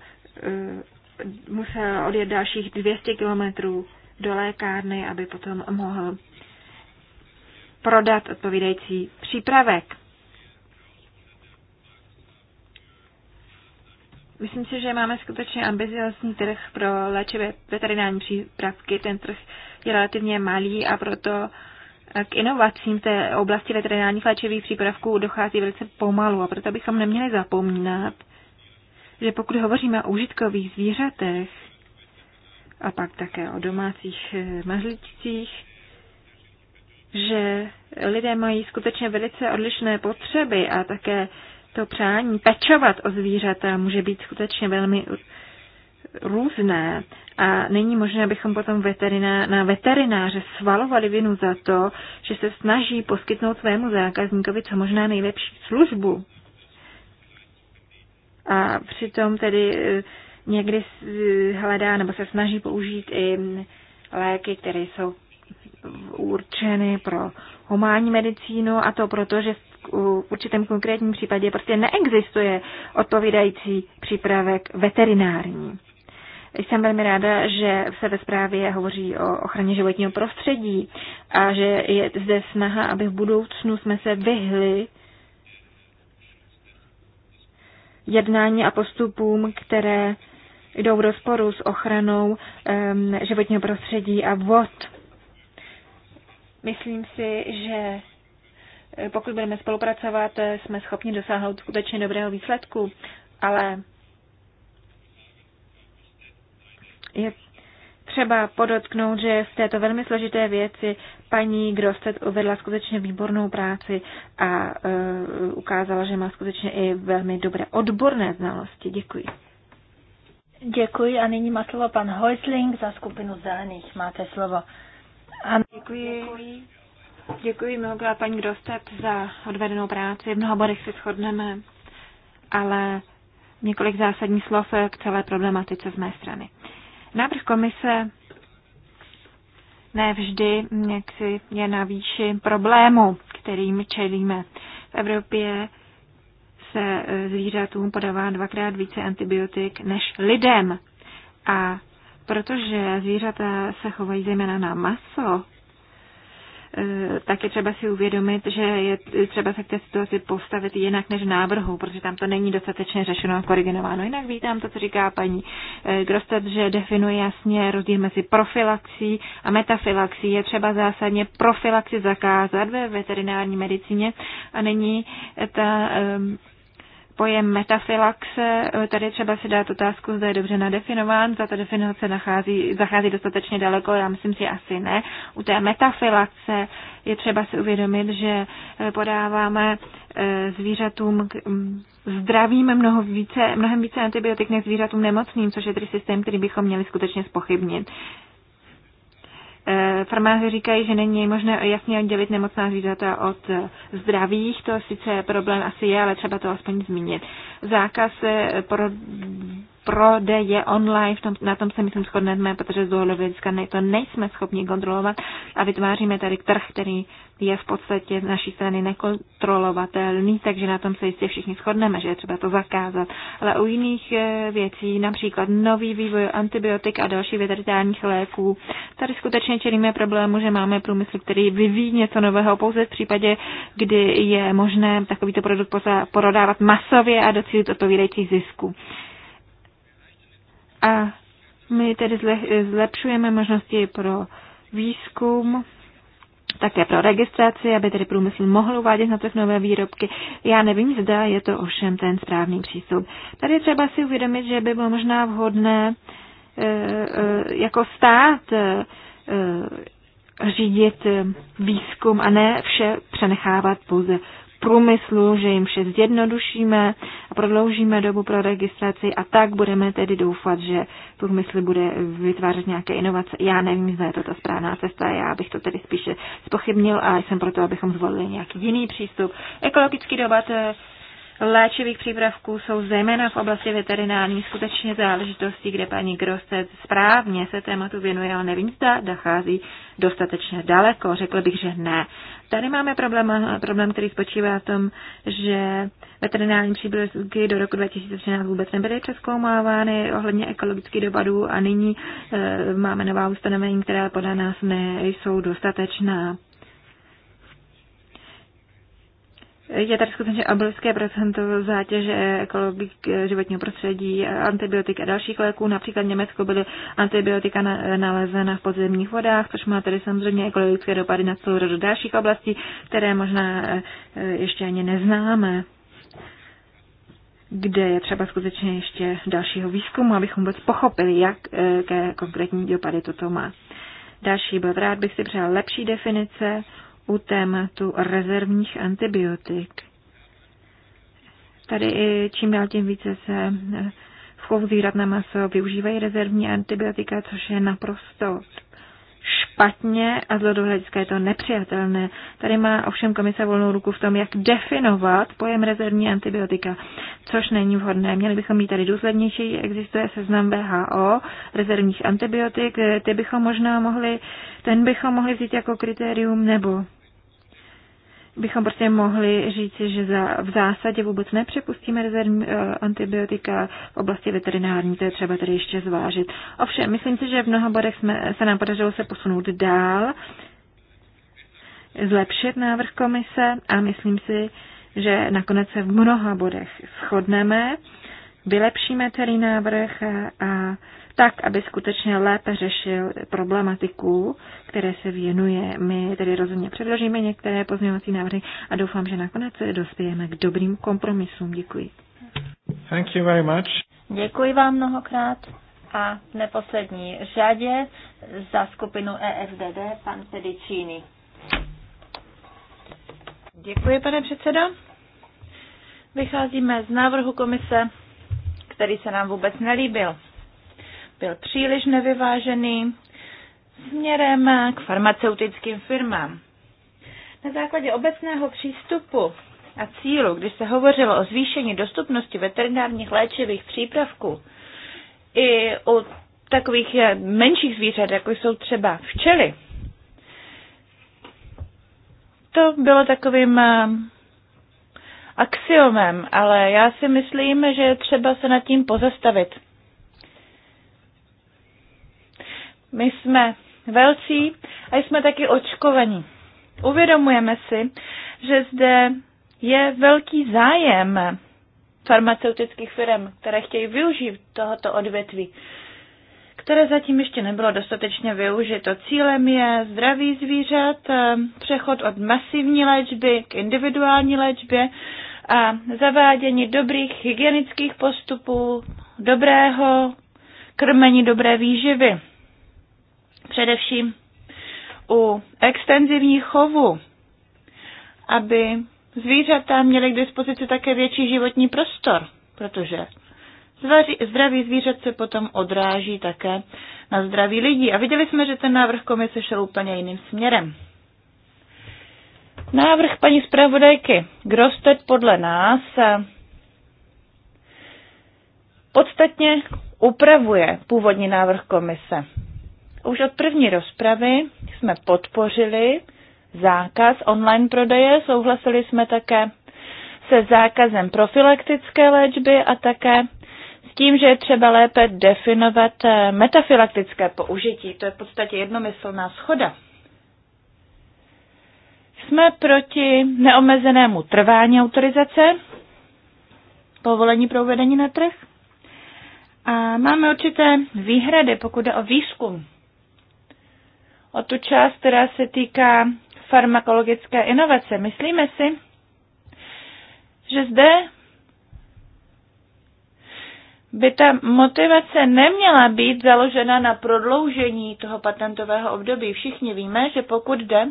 musel odjet dalších 200 kilometrů do lékárny, aby potom mohl prodat odpovídající přípravek. Myslím si, že máme skutečně ambiciozní trh pro léčivé veterinární přípravky. Ten trh je relativně malý a proto k inovacím té oblasti veterinárních léčivých přípravků dochází velice pomalu a proto bychom neměli zapomínat, že pokud hovoříme o užitkových zvířatech a pak také o domácích eh, mazlicích, že lidé mají skutečně velice odlišné potřeby a také to přání pečovat o zvířata může být skutečně velmi různé a není možné, abychom potom veteriná, na veterináře svalovali vinu za to, že se snaží poskytnout svému zákazníkovi co možná nejlepší službu. A přitom tedy eh, někdy hledá nebo se snaží použít i léky, které jsou určeny pro humánní medicínu a to proto, že v určitém konkrétním případě prostě neexistuje odpovídající přípravek veterinární. Jsem velmi ráda, že se ve zprávě hovoří o ochraně životního prostředí a že je zde snaha, aby v budoucnu jsme se vyhli jednání a postupům, které jdou v rozporu s ochranou um, životního prostředí a vod. Myslím si, že eh, pokud budeme spolupracovat, eh, jsme schopni dosáhnout skutečně dobrého výsledku, ale je třeba podotknout, že v této velmi složité věci paní Grostet uvedla skutečně výbornou práci a uh, ukázala, že má skutečně i velmi dobré odborné znalosti. Děkuji. Děkuji a nyní má slovo pan Heusling za skupinu Zelených. Máte slovo. Ano, děkuji. Děkuji, děkuji paní Grostep, za odvedenou práci. V mnoha bodech se shodneme, ale několik zásadních slov k celé problematice z mé strany. Návrh komise nevždy si je na výši problému, kterým čelíme. V Evropě se zvířatům podává dvakrát více antibiotik než lidem. A protože zvířata se chovají zejména na maso, eh, tak je třeba si uvědomit, že je třeba se k té situaci postavit jinak než návrhu, protože tam to není dostatečně řešeno a koriginováno. Jinak vítám to, co říká paní eh, Grostet, že definuje jasně rozdíl mezi profilaxí a metafilaxí. Je třeba zásadně profilaxi zakázat ve veterinární medicíně a není ta eh, Pojem metafilaxe, eh, tady třeba si dát otázku, zda je dobře nadefinován, za ta definice nachází, zachází dostatečně daleko, já myslím si asi ne. U té metafilaxe je třeba si uvědomit, že eh, podáváme eh, zvířatům mm, zdravým mnoho více, mnohem více antibiotik než zvířatům nemocným, což je tedy systém, který bychom měli skutečně spochybnit. Eh, farmáři říkají, že není možné jasně oddělit nemocná zvířata od eh, zdravých. To sice problém asi je, ale třeba to aspoň zmínit. Zákaz eh, prodeje online, v tom, na tom se myslím shodneme, protože z důvodu hlediska ne, to nejsme schopni kontrolovat a vytváříme tady trh, který je v podstatě z naší strany nekontrolovatelný, takže na tom se jistě všichni shodneme, že je třeba to zakázat. Ale u jiných eh, věcí, například nový vývoj antibiotik a další veterinárních léků, tady skutečně čelíme problému, že máme průmysl, který vyvíjí něco nového pouze v případě, kdy je možné takovýto produkt porodávat masově a docílit odpovídající zisku. A my tedy zlepšujeme možnosti pro výzkum, také pro registraci, aby tedy průmysl mohl uvádět na trh nové výrobky. Já nevím, zda je to ovšem ten správný přístup. Tady je třeba si uvědomit, že by bylo možná vhodné e, e, jako stát e, řídit výzkum a ne vše přenechávat pouze průmyslu, že jim vše zjednodušíme a prodloužíme dobu pro registraci a tak budeme tedy doufat, že průmysl bude vytvářet nějaké inovace. Já nevím, zda je to ta správná cesta, já bych to tedy spíše spochybnil a jsem proto, abychom zvolili nějaký jiný přístup. Ekologický dobat eh, léčivých přípravků jsou zejména v oblasti veterinární skutečně záležitosti, kde paní Grostec správně se tématu věnuje, ale nevím, zda dochází dostatečně daleko. Řekl bych, že ne. Tady máme problém, problém který spočívá v tom, že veterinární přípravky do roku 2013 vůbec nebyly přeskoumávány ohledně ekologických dopadů a nyní e, máme nová ustanovení, která podle nás nejsou dostatečná. Je tady skutečně obrovské procento zátěže ekologik eh, životního prostředí, antibiotik a dalších léků. Například v Německu byly antibiotika nalezena v podzemních vodách, což má tedy samozřejmě ekologické dopady na celou řadu dalších oblastí, které možná eh, ještě ani neznáme kde je třeba skutečně ještě dalšího výzkumu, abychom vůbec pochopili, jaké konkrétní dopady toto má. Další bod. Rád bych si přál lepší definice u tématu rezervních antibiotik. Tady i čím dál tím více se v chovu zvířat na maso využívají rezervní antibiotika, což je naprosto špatně a z hlediska je to nepřijatelné. Tady má ovšem komise volnou ruku v tom, jak definovat pojem rezervní antibiotika, což není vhodné. Měli bychom mít tady důslednější, existuje seznam VHO rezervních antibiotik, ty bychom možná mohli, ten bychom mohli vzít jako kritérium nebo bychom prostě mohli říci, že za, v zásadě vůbec nepřepustíme rezerv eh, antibiotika v oblasti veterinární, to je třeba tedy ještě zvážit. Ovšem, myslím si, že v mnoha bodech jsme, se nám podařilo se posunout dál, zlepšit návrh komise a myslím si, že nakonec se v mnoha bodech shodneme, vylepšíme tedy návrh a, a tak, aby skutečně lépe řešil problematiku, které se věnuje. My tedy rozhodně předložíme některé pozměňovací návrhy a doufám, že nakonec dospějeme k dobrým kompromisům. Děkuji. Thank you very much. Děkuji vám mnohokrát a v neposlední řadě za skupinu EFDD pan Pedicini. Děkuji, pane předsedo. Vycházíme z návrhu komise, který se nám vůbec nelíbil byl příliš nevyvážený směrem k farmaceutickým firmám. Na základě obecného přístupu a cílu, když se hovořilo o zvýšení dostupnosti veterinárních léčivých přípravků i u takových menších zvířat, jako jsou třeba včely, to bylo takovým eh, axiomem, ale já si myslím, že je třeba se nad tím pozastavit. My jsme velcí a jsme taky očkovaní. Uvědomujeme si, že zde je velký zájem farmaceutických firm, které chtějí využít tohoto odvětví, které zatím ještě nebylo dostatečně využito. Cílem je zdraví zvířat, přechod od masivní léčby k individuální léčbě a zavádění dobrých hygienických postupů, dobrého krmení, dobré výživy především u extenzivních chovu, aby zvířata měly k dispozici také větší životní prostor, protože zdraví zvířat se potom odráží také na zdraví lidí. A viděli jsme, že ten návrh komise šel úplně jiným směrem. Návrh paní zpravodajky Grostet podle nás eh, podstatně upravuje původní návrh komise. Už od první rozpravy jsme podpořili zákaz online prodeje, souhlasili jsme také se zákazem profilaktické léčby a také s tím, že je třeba lépe definovat eh, metafilaktické použití. To je v podstatě jednomyslná schoda. Jsme proti neomezenému trvání autorizace, povolení pro uvedení na trh. A máme určité výhrady, pokud jde o výzkum o tu část, která se týká farmakologické inovace. Myslíme si, že zde by ta motivace neměla být založena na prodloužení toho patentového období. Všichni víme, že pokud jde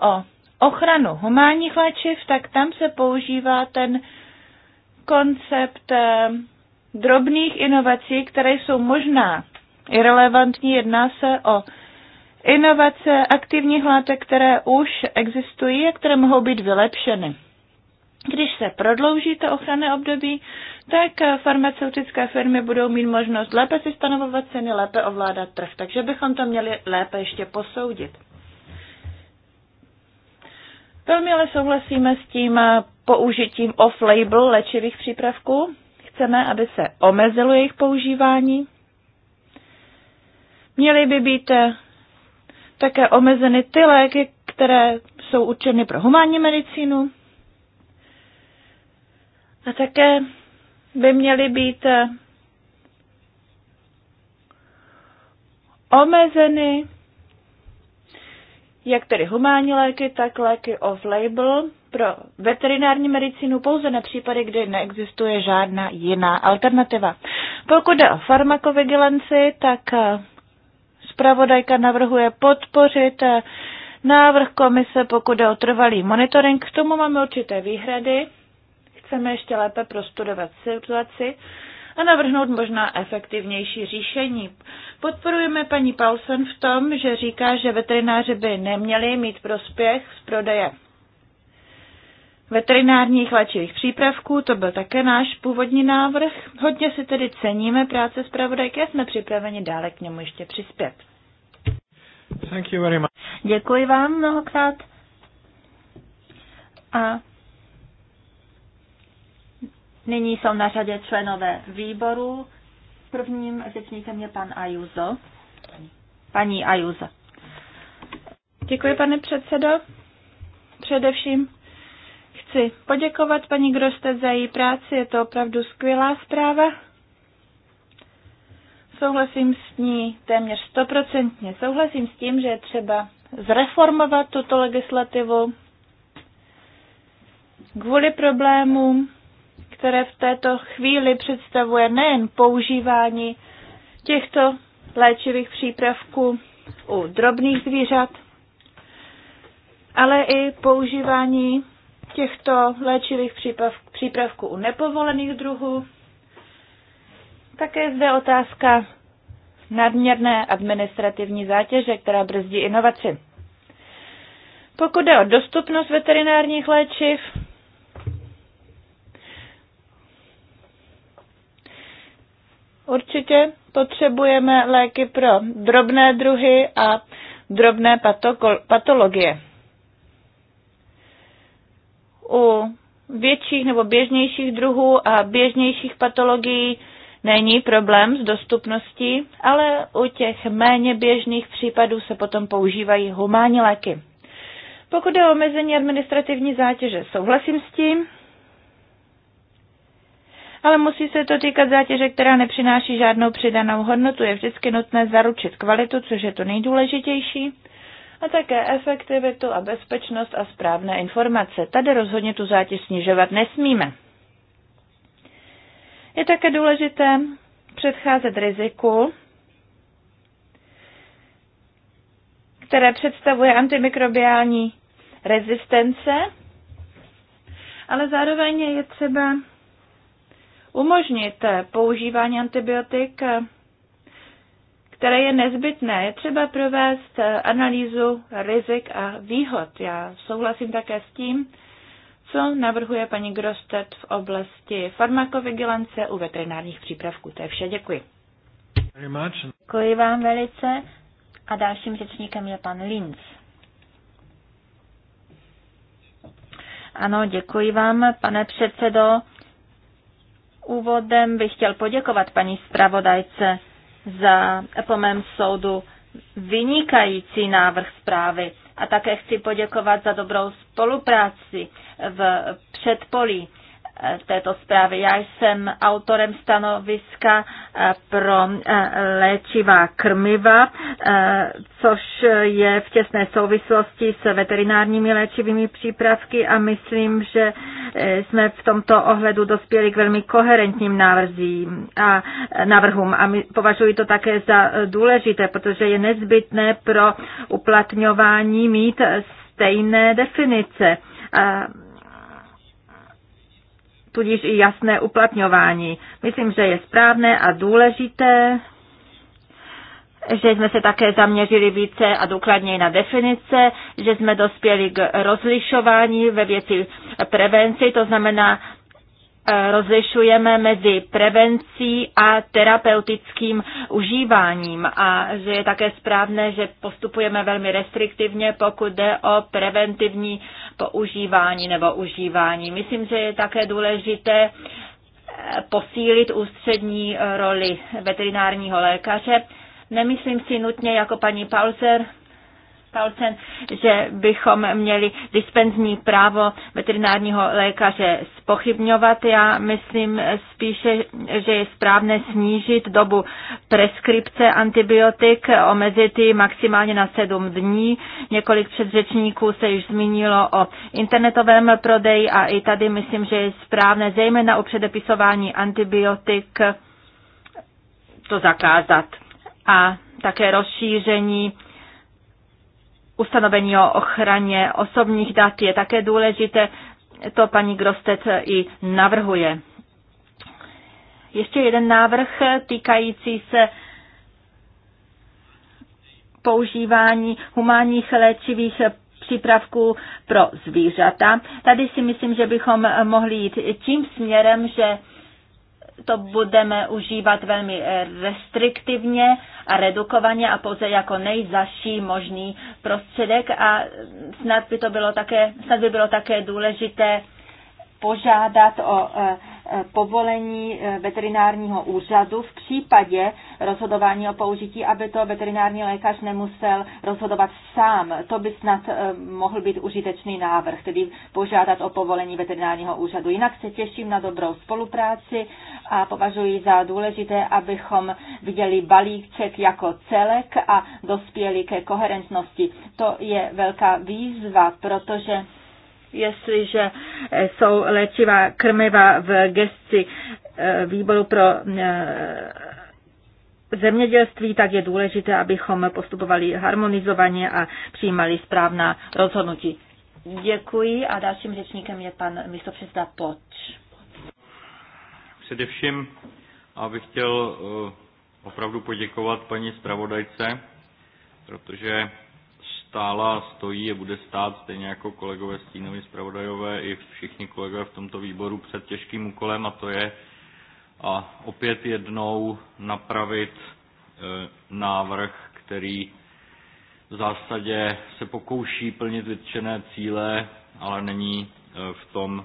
o ochranu humánních léčiv, tak tam se používá ten koncept eh, drobných inovací, které jsou možná irrelevantní. Jedná se o inovace aktivních látek, které už existují a které mohou být vylepšeny. Když se prodlouží to ochranné období, tak farmaceutické firmy budou mít možnost lépe si stanovovat ceny, lépe ovládat trh. Takže bychom to měli lépe ještě posoudit. Velmi ale souhlasíme s tím použitím off-label léčivých přípravků. Chceme, aby se omezilo jejich používání. Měly by být také omezeny ty léky, které jsou určeny pro humánní medicínu. A také by měly být eh, omezeny jak tedy humánní léky, tak léky off-label pro veterinární medicínu pouze na případy, kdy neexistuje žádná jiná alternativa. Pokud jde o farmakovigilanci, tak eh, Spravodajka navrhuje podpořit eh, návrh komise, pokud je o trvalý monitoring. K tomu máme určité výhrady. Chceme ještě lépe prostudovat situaci a navrhnout možná efektivnější řešení. Podporujeme paní Paulsen v tom, že říká, že veterináři by neměli mít prospěch z prodeje veterinárních léčivých přípravků, to byl také náš původní návrh. Hodně si tedy ceníme práce zpravodajky a jsme připraveni dále k němu ještě přispět. Thank you very much. Děkuji vám mnohokrát. A nyní jsou na řadě členové výboru. Prvním řečníkem je pan Ajuzo. Paní Ajuzo. Děkuji, pane předsedo. Především Chci poděkovat paní Groste za její práci, je to opravdu skvělá zpráva. Souhlasím s ní téměř stoprocentně. Souhlasím s tím, že je třeba zreformovat tuto legislativu kvůli problémům, které v této chvíli představuje nejen používání těchto léčivých přípravků u drobných zvířat, ale i používání těchto léčivých přípravků u nepovolených druhů. Také zde otázka nadměrné administrativní zátěže, která brzdí inovaci. Pokud jde o dostupnost veterinárních léčiv, určitě potřebujeme léky pro drobné druhy a drobné patologie u větších nebo běžnějších druhů a běžnějších patologií není problém s dostupností, ale u těch méně běžných případů se potom používají humánní léky. Pokud je o omezení administrativní zátěže, souhlasím s tím, ale musí se to týkat zátěže, která nepřináší žádnou přidanou hodnotu. Je vždycky nutné zaručit kvalitu, což je to nejdůležitější a také efektivitu a bezpečnost a správné informace. Tady rozhodně tu zátěž snižovat nesmíme. Je také důležité předcházet riziku, které představuje antimikrobiální rezistence, ale zároveň je třeba umožnit používání antibiotik které je nezbytné. Je třeba provést eh, analýzu rizik a výhod. Já souhlasím také s tím, co navrhuje paní Grostet v oblasti farmakovigilance u veterinárních přípravků. To je vše, děkuji. Děkuji vám velice a dalším řečníkem je pan Linz. Ano, děkuji vám, pane předsedo. Úvodem bych chtěl poděkovat paní zpravodajce za, po mém soudu, vynikající návrh zprávy a také chci poděkovat za dobrou spolupráci v předpolí Eh, této zprávy. Já jsem autorem stanoviska eh, pro eh, léčivá krmiva, což je v těsné souvislosti s veterinárními léčivými přípravky a myslím, že jsme v tomto ohledu dospěli k velmi koherentním návrzím a návrhům a my považuji to také za důležité, protože je nezbytné pro uplatňování mít stejné definice tudíž i jasné uplatňování. Myslím, že je správné a důležité, že jsme se také zaměřili více a důkladněji na definice, že jsme dospěli k rozlišování ve věci prevenci, to znamená Eh, rozlišujeme mezi prevencí a terapeutickým užíváním a že je také správné, že postupujeme velmi restriktivně, pokud jde o preventivní používání nebo užívání. Myslím, že je také důležité eh, posílit ústřední eh, roli veterinárního lékaře. Nemyslím si nutně jako paní Pauzer, Paulsen, že bychom měli dispenzní právo veterinárního lékaře spochybňovat. Já myslím spíše, že je správné snížit dobu preskripce antibiotik, omezit ji maximálně na sedm dní. Několik předřečníků se již zmínilo o internetovém prodeji a i tady myslím, že je správné, zejména u předepisování antibiotik, to zakázat. A také rozšíření ustanovení o ochraně osobních dat je také důležité. To paní Grostet i navrhuje. Ještě jeden návrh týkající se používání humánních léčivých přípravků pro zvířata. Tady si myslím, že bychom mohli jít tím směrem, že to budeme užívat velmi restriktivně a redukovaně a pouze jako nejzaší možný prostředek a snad by to bylo také, snad by bylo také důležité požádat o e, e, povolení e, veterinárního úřadu v případě rozhodování o použití, aby to veterinární lékař nemusel rozhodovat sám. To by snad mohl být užitečný návrh, tedy požádat o povolení veterinárního úřadu. Jinak se těším na dobrou spolupráci a považuji za důležité, abychom viděli balíček jako celek a dospěli ke koherentnosti. To je velká výzva, protože jestliže eh, jsou léčiva krmiva v gesci eh, výboru pro eh, zemědělství, tak je důležité, abychom postupovali harmonizovaně a přijímali správná rozhodnutí. Děkuji a dalším řečníkem je pan místopředseda Poč. Především bych chtěl eh, opravdu poděkovat paní zpravodajce, protože stála, stojí a bude stát, stejně jako kolegové stínovi zpravodajové i všichni kolegové v tomto výboru před těžkým úkolem a to je a opět jednou napravit eh, návrh, který v zásadě se pokouší plnit vytčené cíle, ale není eh, v tom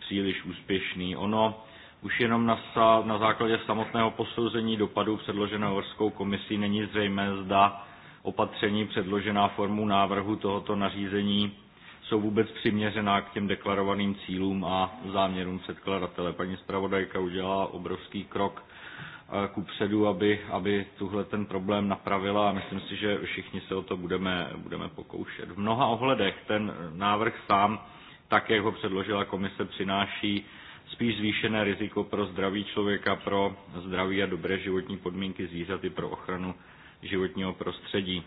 příliš úspěšný. Ono už jenom na, na základě samotného posouzení dopadů předloženého Evropskou komisí není zřejmé, zda opatření předložená formou návrhu tohoto nařízení jsou vůbec přiměřená k těm deklarovaným cílům a záměrům předkladatele. Paní zpravodajka udělala obrovský krok eh, ku předu, aby, aby tuhle ten problém napravila a myslím si, že všichni se o to budeme, budeme pokoušet. V mnoha ohledech ten návrh sám, tak jak ho předložila komise, přináší spíš zvýšené riziko pro zdraví člověka, pro zdraví a dobré životní podmínky zvířat i pro ochranu životního prostředí.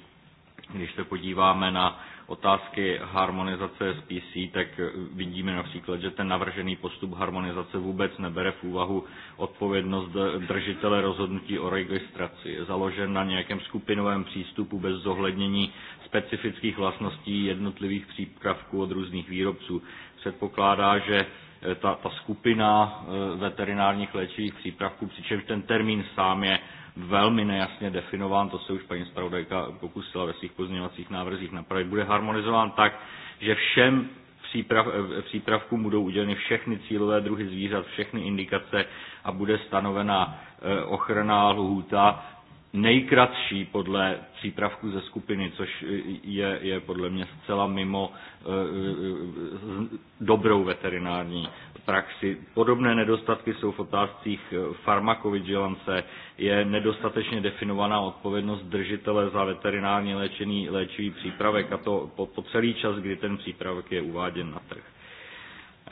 Když se podíváme na otázky harmonizace SPC, tak vidíme například, že ten navržený postup harmonizace vůbec nebere v úvahu odpovědnost držitele rozhodnutí o registraci. Je založen na nějakém skupinovém přístupu bez zohlednění specifických vlastností jednotlivých přípravků od různých výrobců. Předpokládá, že Eh, ta, ta skupina eh, veterinárních léčivých přípravků, přičemž ten termín sám je velmi nejasně definován, to se už paní zpravodajka pokusila ve svých pozměňovacích návrzích napravit, bude harmonizován tak, že všem příprav, eh, přípravkům budou uděleny všechny cílové druhy zvířat, všechny indikace a bude stanovena ochrana lhůta nejkratší podle přípravku ze skupiny, což je, je podle mě zcela mimo uh, dobrou veterinární praxi. Podobné nedostatky jsou v otázcích eh, farmakovigilance. Je nedostatečně definovaná odpovědnost držitele za veterinárně léčený léčivý přípravek a to po, po celý čas, kdy ten přípravek je uváděn na trh.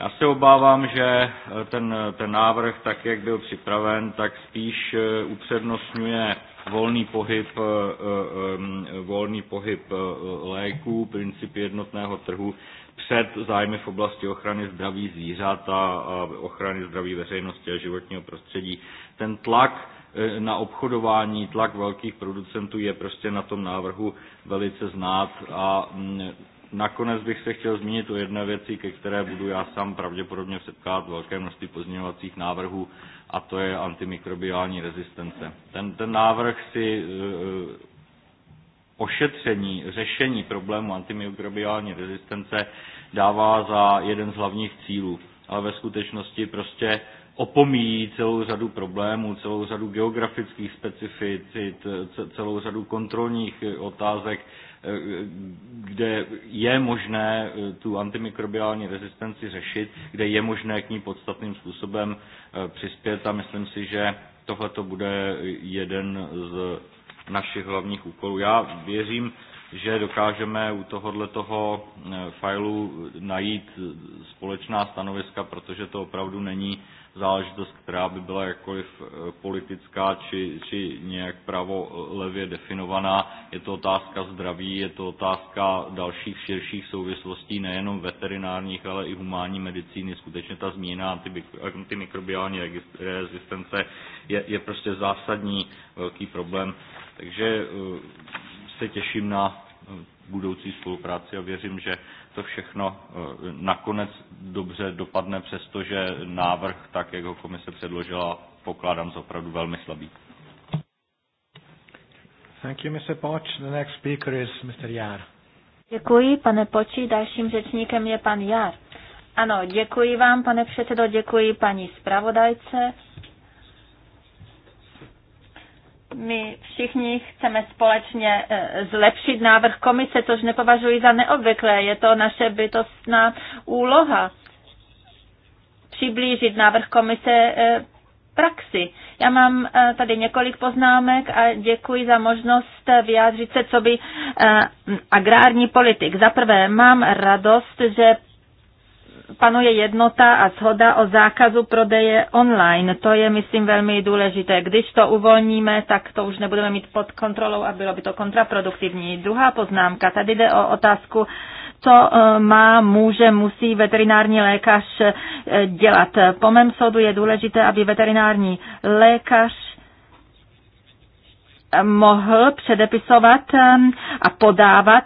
Já se obávám, že eh, ten, eh, ten návrh, tak jak byl připraven, tak spíš eh, upřednostňuje volný pohyb, volný pohyb léků, princip jednotného trhu před zájmy v oblasti ochrany zdraví zvířat a ochrany zdraví veřejnosti a životního prostředí. Ten tlak na obchodování, tlak velkých producentů je prostě na tom návrhu velice znát a mm, Nakonec bych se chtěl zmínit o jedné věci, ke které budu já sám pravděpodobně setkávat velké množství pozměňovacích návrhů, a to je antimikrobiální rezistence. Ten, ten návrh si e, e, ošetření, řešení problému antimikrobiální rezistence dává za jeden z hlavních cílů, ale ve skutečnosti prostě opomíjí celou řadu problémů, celou řadu geografických specificit, celou řadu kontrolních otázek, Eh, kde je možné eh, tu antimikrobiální rezistenci řešit, kde je možné k ní podstatným způsobem eh, přispět a myslím si, že tohle to bude jeden z našich hlavních úkolů. Já věřím, že dokážeme u tohohle toho fajlu najít společná stanoviska, protože to opravdu není záležitost, která by byla jakkoliv eh, politická či, či nějak pravolevě eh, levě definovaná. Je to otázka zdraví, je to otázka dalších širších souvislostí, nejenom veterinárních, ale i humánní medicíny. Skutečně ta změna antimikrobiální rezistence je, je prostě zásadní velký problém. Takže eh, se těším na budoucí spolupráci a věřím, že to všechno eh, nakonec dobře dopadne, přestože návrh, tak jak ho komise předložila, pokládám za opravdu velmi slabý. Thank you, Mr. Poch. The next speaker is Mr. Jar. Děkuji, pane Poči. Dalším řečníkem je pan Jar. Ano, děkuji vám, pane předsedo, děkuji paní zpravodajce my všichni chceme společně eh, zlepšit návrh komise, což nepovažuji za neobvyklé. Je to naše bytostná úloha přiblížit návrh komise eh, praxi. Já mám eh, tady několik poznámek a děkuji za možnost vyjádřit se, co by agrární politik. Za prvé, mám radost, že panuje jednota a shoda o zákazu prodeje online. To je, myslím, velmi důležité. Když to uvolníme, tak to už nebudeme mít pod kontrolou a bylo by to kontraproduktivní. Druhá poznámka, tady jde o otázku, co eh, má, může, musí veterinární lékař eh, dělat. Po mém soudu je důležité, aby veterinární lékař mohl předepisovat a podávat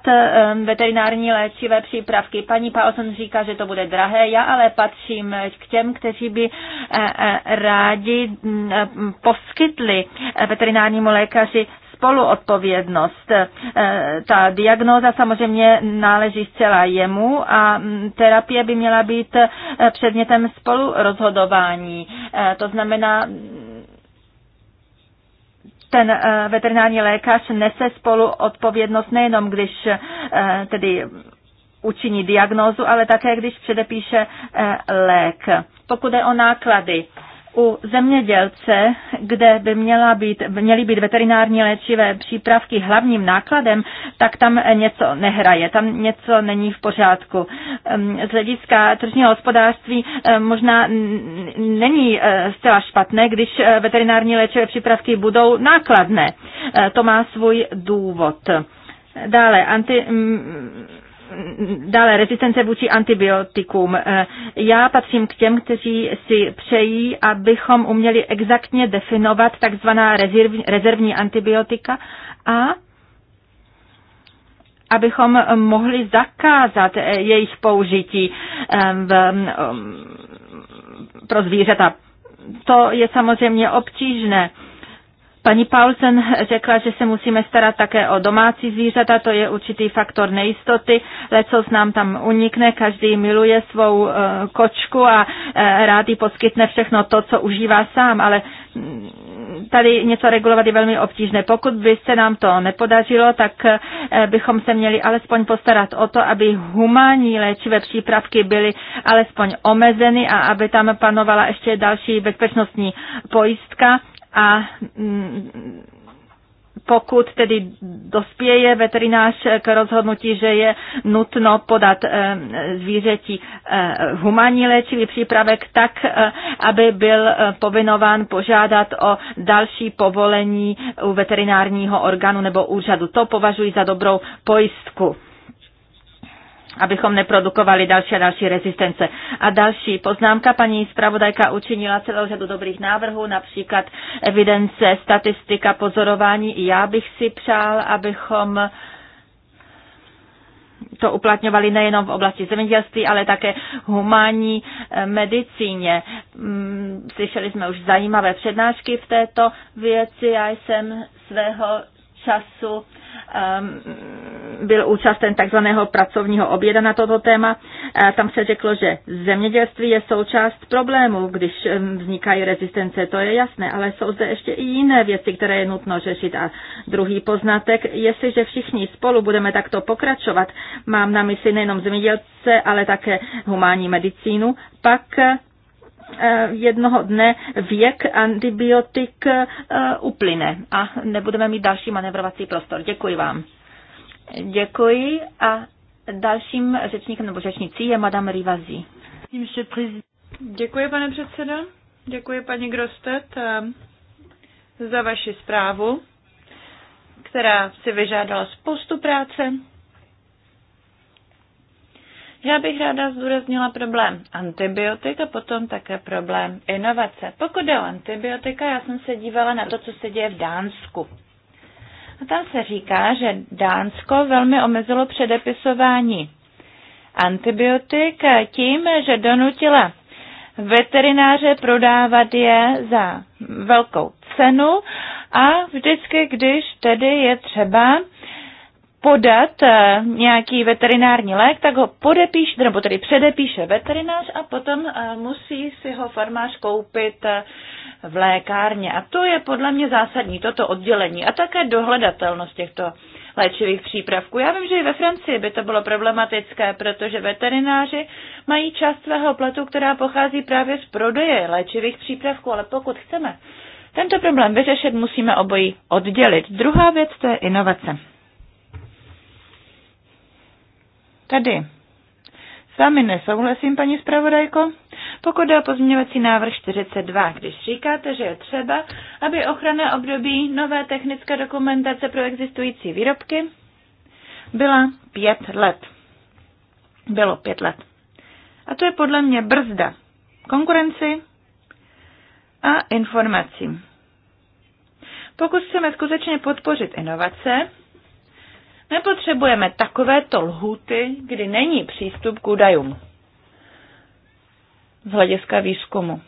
veterinární léčivé přípravky. Paní Paulson říká, že to bude drahé, já ale patřím k těm, kteří by e, e, rádi e, poskytli veterinárnímu lékaři spoluodpovědnost. Ta diagnóza samozřejmě náleží zcela jemu a terapie by měla být předmětem spolurozhodování. To znamená, ten eh, veterinární lékař nese spolu odpovědnost nejenom, když eh, tedy učiní diagnózu, ale také, když předepíše eh, lék. Pokud je o náklady, u zemědělce, kde by měla být, měly být veterinární léčivé přípravky hlavním nákladem, tak tam něco nehraje, tam něco není v pořádku. Z hlediska tržního hospodářství možná není e, zcela špatné, když e, veterinární léčivé přípravky budou nákladné. E, to má svůj důvod. Dále, anti, Dále rezistence vůči antibiotikům. Eh, já patřím k těm, kteří si přejí, abychom uměli exaktně definovat takzvaná rezervní antibiotika a abychom mohli zakázat eh, jejich použití eh, v, mm, mm, pro zvířata. To je samozřejmě obtížné Paní Paulsen řekla, že se musíme starat také o domácí zvířata, to je určitý faktor nejistoty, s nám tam unikne, každý miluje svou eh, kočku a eh, rád jí poskytne všechno to, co užívá sám, ale mm, tady něco regulovat je velmi obtížné. Pokud by se nám to nepodařilo, tak eh, bychom se měli alespoň postarat o to, aby humánní léčivé přípravky byly alespoň omezeny a aby tam panovala ještě další bezpečnostní pojistka a mm, pokud tedy dospěje veterinář k rozhodnutí, že je nutno podat eh, zvířeti eh, humanní léčivý přípravek tak, eh, aby byl povinován požádat o další povolení u veterinárního orgánu nebo úřadu. To považuji za dobrou pojistku abychom neprodukovali další a další rezistence. A další poznámka, paní zpravodajka učinila celou řadu dobrých návrhů, například evidence, statistika, pozorování. Já bych si přál, abychom to uplatňovali nejenom v oblasti zemědělství, ale také humánní eh, medicíně. Mm, slyšeli jsme už zajímavé přednášky v této věci. Já jsem svého času ehm, byl účasten takzvaného pracovního oběda na toto téma. E, tam se řeklo, že zemědělství je součást problému, když ehm, vznikají rezistence, to je jasné, ale jsou zde ještě i jiné věci, které je nutno řešit. A druhý poznatek, jestliže všichni spolu budeme takto pokračovat, mám na mysli nejenom zemědělce, ale také humánní medicínu, pak Eh, jednoho dne věk antibiotik eh, uplyne a nebudeme mít další manevrovací prostor. Děkuji vám. Děkuji a dalším řečníkem nebo řečnicí je Madame Rivazi. Děkuji, pane předsedo. Děkuji, paní Grostet, eh, za vaši zprávu, která si vyžádala spoustu práce. Já bych ráda zdůraznila problém antibiotik a potom také problém inovace. Pokud jde o antibiotika, já jsem se dívala na to, co se děje v Dánsku. A tam se říká, že Dánsko velmi omezilo předepisování antibiotik tím, že donutila veterináře prodávat je za velkou cenu a vždycky, když tedy je třeba podat eh, nějaký veterinární lék, tak ho podepíš, nebo tedy předepíše veterinář a potom eh, musí si ho farmář koupit eh, v lékárně. A to je podle mě zásadní, toto oddělení a také dohledatelnost těchto léčivých přípravků. Já vím, že i ve Francii by to bylo problematické, protože veterináři mají část svého platu, která pochází právě z prodeje léčivých přípravků, ale pokud chceme tento problém vyřešit, musíme obojí oddělit. Druhá věc to je inovace. Tady s vámi nesouhlasím, paní zpravodajko. Pokud je o pozměňovací návrh 42, když říkáte, že je třeba, aby ochrana období nové technické dokumentace pro existující výrobky byla pět let. Bylo pět let. A to je podle mě brzda konkurenci a informacím. Pokud chceme skutečně podpořit inovace, Nepotřebujeme takovéto lhuty, kdy není přístup k údajům z hlediska výzkumu.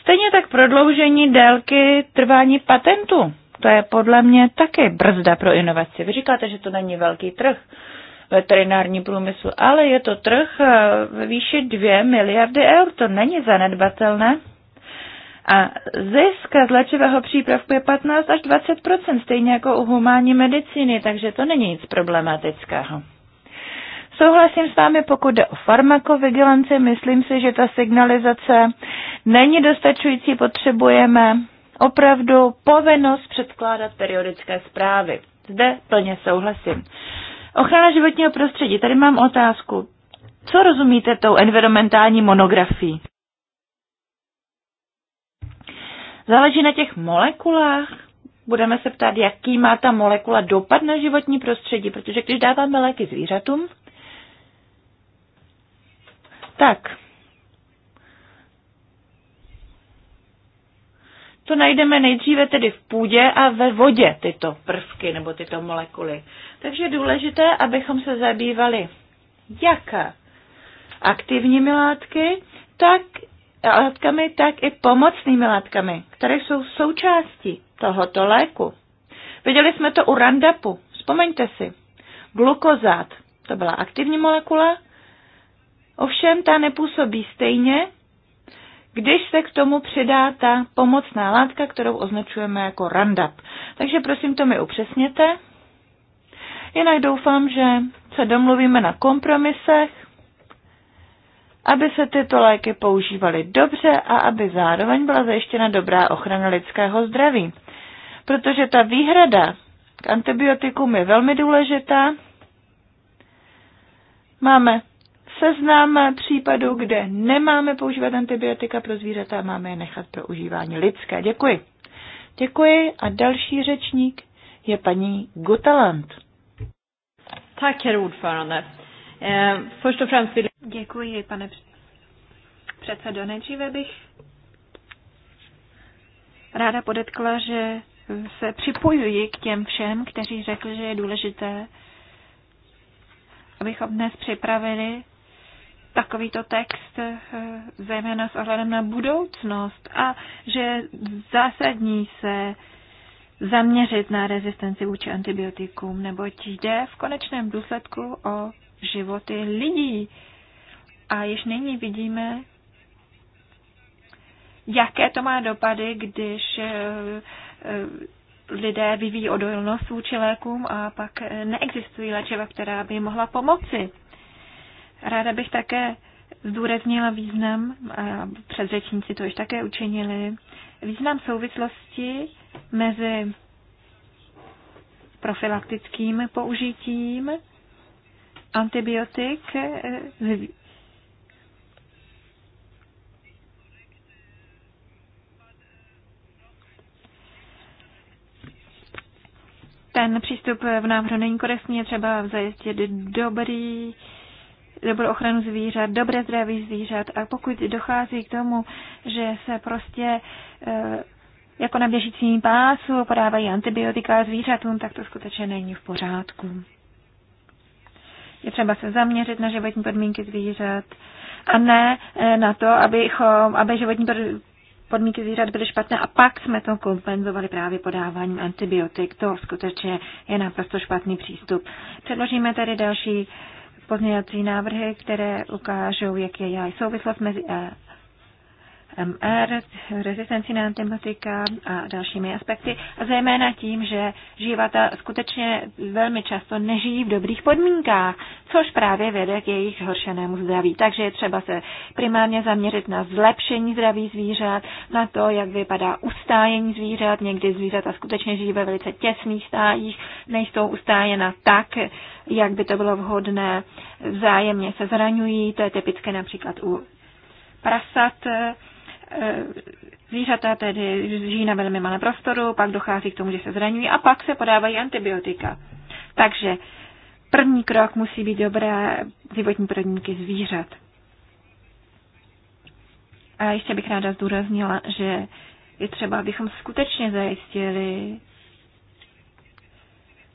Stejně tak prodloužení délky trvání patentu. To je podle mě také brzda pro inovaci. Vy říkáte, že to není velký trh veterinární průmysl, ale je to trh eh, ve výši 2 miliardy eur. To není zanedbatelné. A zisk z léčivého přípravku je 15 až 20 stejně jako u humánní medicíny, takže to není nic problematického. Souhlasím s vámi, pokud jde o farmakovigilanci, myslím si, že ta signalizace není dostačující, potřebujeme opravdu povinnost předkládat periodické zprávy. Zde plně souhlasím. Ochrana životního prostředí. Tady mám otázku. Co rozumíte tou environmentální monografií? Záleží na těch molekulách. Budeme se ptát, jaký má ta molekula dopad na životní prostředí, protože když dáváme léky zvířatům, tak to najdeme nejdříve tedy v půdě a ve vodě tyto prvky nebo tyto molekuly. Takže je důležité, abychom se zabývali jak aktivními látky, tak látkami, tak i pomocnými látkami, které jsou součástí tohoto léku. Viděli jsme to u Randapu. Vzpomeňte si. Glukozát, to byla aktivní molekula, ovšem ta nepůsobí stejně, když se k tomu přidá ta pomocná látka, kterou označujeme jako randap. Takže prosím to mi upřesněte. Jinak doufám, že se domluvíme na kompromisech aby se tyto léky používaly dobře a aby zároveň byla zajištěna dobrá ochrana lidského zdraví. Protože ta výhrada k antibiotikům je velmi důležitá. Máme seznam případů, kde nemáme používat antibiotika pro zvířata a máme je nechat pro užívání lidské. Děkuji. Děkuji a další řečník je paní Gutaland. Tak, herr ordförande. Eh, först och främst vill... Děkuji, pane předsedo. Nejdříve bych ráda podetkla, že se připojuji k těm všem, kteří řekli, že je důležité, abychom dnes připravili takovýto text, eh, zejména s ohledem na budoucnost a že zásadní se zaměřit na rezistenci vůči antibiotikům, neboť jde v konečném důsledku o životy lidí. A již nyní vidíme, jaké to má dopady, když eh, eh, lidé vyvíjí odolnost vůči lékům a pak eh, neexistují léčiva, která by mohla pomoci. Ráda bych také zdůraznila význam, a předřečníci to již také učinili, význam souvislosti mezi profilaktickým použitím antibiotik eh, eh, ten přístup v návrhu není korektní, je třeba zajistit dobrý, dobrou ochranu zvířat, dobré zdraví zvířat a pokud dochází k tomu, že se prostě eh, jako na běžícím pásu podávají antibiotika zvířatům, tak to skutečně není v pořádku. Je třeba se zaměřit na životní podmínky zvířat a ne eh, na to, abychom, aby životní podmínky zvířat byly špatné a pak jsme to kompenzovali právě podáváním antibiotik. To skutečně je naprosto špatný přístup. Předložíme tady další pozměňovací návrhy, které ukážou, jak je souvislost mezi eh, MR, rezistenci na antibiotika a dalšími aspekty, a zejména tím, že živata skutečně velmi často nežijí v dobrých podmínkách, což právě vede k jejich zhoršenému zdraví. Takže je třeba se primárně zaměřit na zlepšení zdraví zvířat, na to, jak vypadá ustájení zvířat. Někdy zvířata skutečně žijí ve velice těsných stájích, nejsou ustájena tak, jak by to bylo vhodné, vzájemně se zraňují, to je typické například u prasat, Eh, zvířata tedy žijí na velmi malém prostoru, pak dochází k tomu, že se zraňují a pak se podávají antibiotika. Takže první krok musí být dobré životní podmínky zvířat. A ještě bych ráda zdůraznila, že je třeba, abychom skutečně zajistili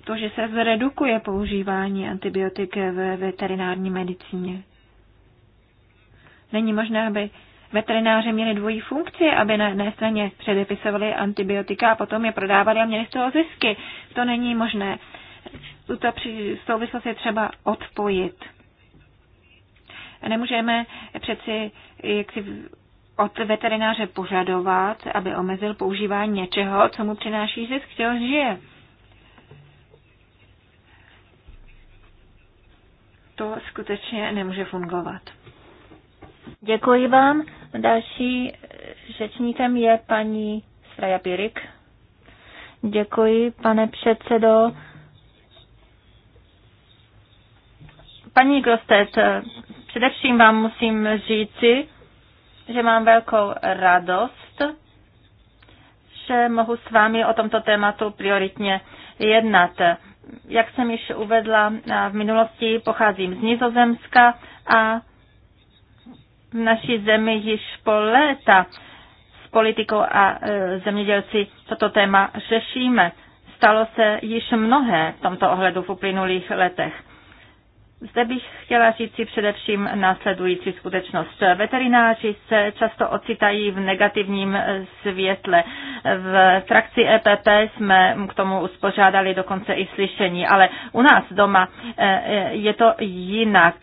to, že se zredukuje používání antibiotik ve veterinární medicíně. Není možné, aby veterináři měli dvojí funkci, aby na jedné straně předepisovali antibiotika a potom je prodávali a měli z toho zisky. To není možné. Tuto souvislost je třeba odpojit. Nemůžeme přeci jak si od veterináře požadovat, aby omezil používání něčeho, co mu přináší zisk, čeho žije. To skutečně nemůže fungovat. Děkuji vám. Další řečníkem je paní Straja Pirik. Děkuji, pane předsedo. Paní Grostet, především vám musím říci, že mám velkou radost, že mohu s vámi o tomto tématu prioritně jednat. Jak jsem již uvedla v minulosti, pocházím z Nizozemska a v naší zemi již po léta s politikou a e, zemědělci toto téma řešíme. Stalo se již mnohé v tomto ohledu v uplynulých letech. Zde bych chtěla si především následující skutečnost. Veterináři se často ocitají v negativním světle. V frakci EPP jsme k tomu uspořádali dokonce i slyšení, ale u nás doma eh, je to jinak.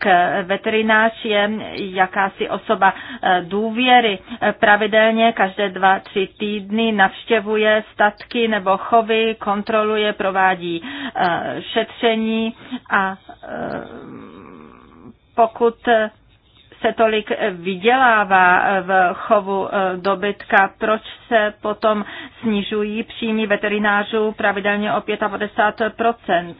Veterinář je jakási osoba eh, důvěry. Pravidelně každé dva, tři týdny navštěvuje statky nebo chovy, kontroluje, provádí eh, šetření a pokud se tolik vydělává v chovu dobytka, proč se potom snižují příjmy veterinářů pravidelně o 55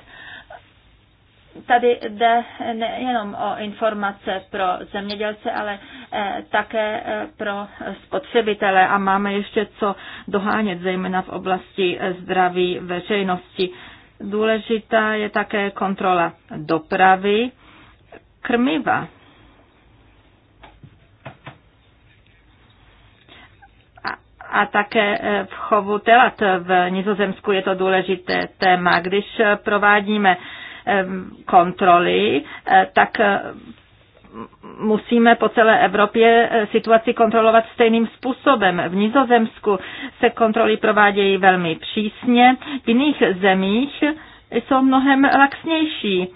Tady jde nejenom o informace pro zemědělce, ale eh, také eh, pro spotřebitele a máme ještě co dohánět, zejména v oblasti eh, zdraví veřejnosti. Důležitá je také kontrola dopravy krmiva. a také eh, v chovu telat v Nizozemsku je to důležité téma. Když provádíme eh, kontroly, eh, tak musíme po celé Evropě eh, situaci kontrolovat stejným způsobem. V Nizozemsku se kontroly provádějí velmi přísně, v jiných zemích jsou mnohem laxnější.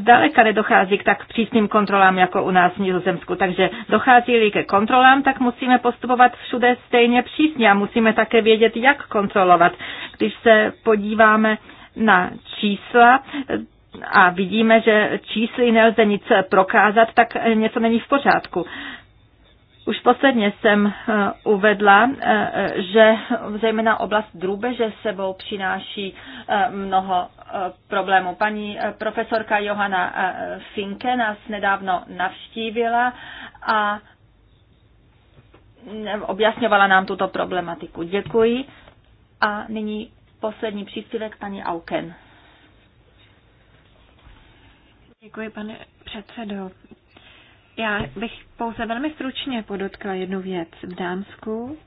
Zdaleka nedochází k tak přísným kontrolám jako u nás v Nizozemsku. Takže dochází-li ke kontrolám, tak musíme postupovat všude stejně přísně a musíme také vědět, jak kontrolovat. Když se podíváme na čísla, a vidíme, že čísly nelze nic prokázat, tak něco není v pořádku. Už posledně jsem eh, uvedla, eh, že zejména oblast drůbeže sebou přináší eh, mnoho problémů. Paní profesorka Johana Finke nás nedávno navštívila a objasňovala nám tuto problematiku. Děkuji. A nyní poslední příspěvek paní Auken. Děkuji, pane předsedo. Já bych pouze velmi stručně podotkla jednu věc. V Dánsku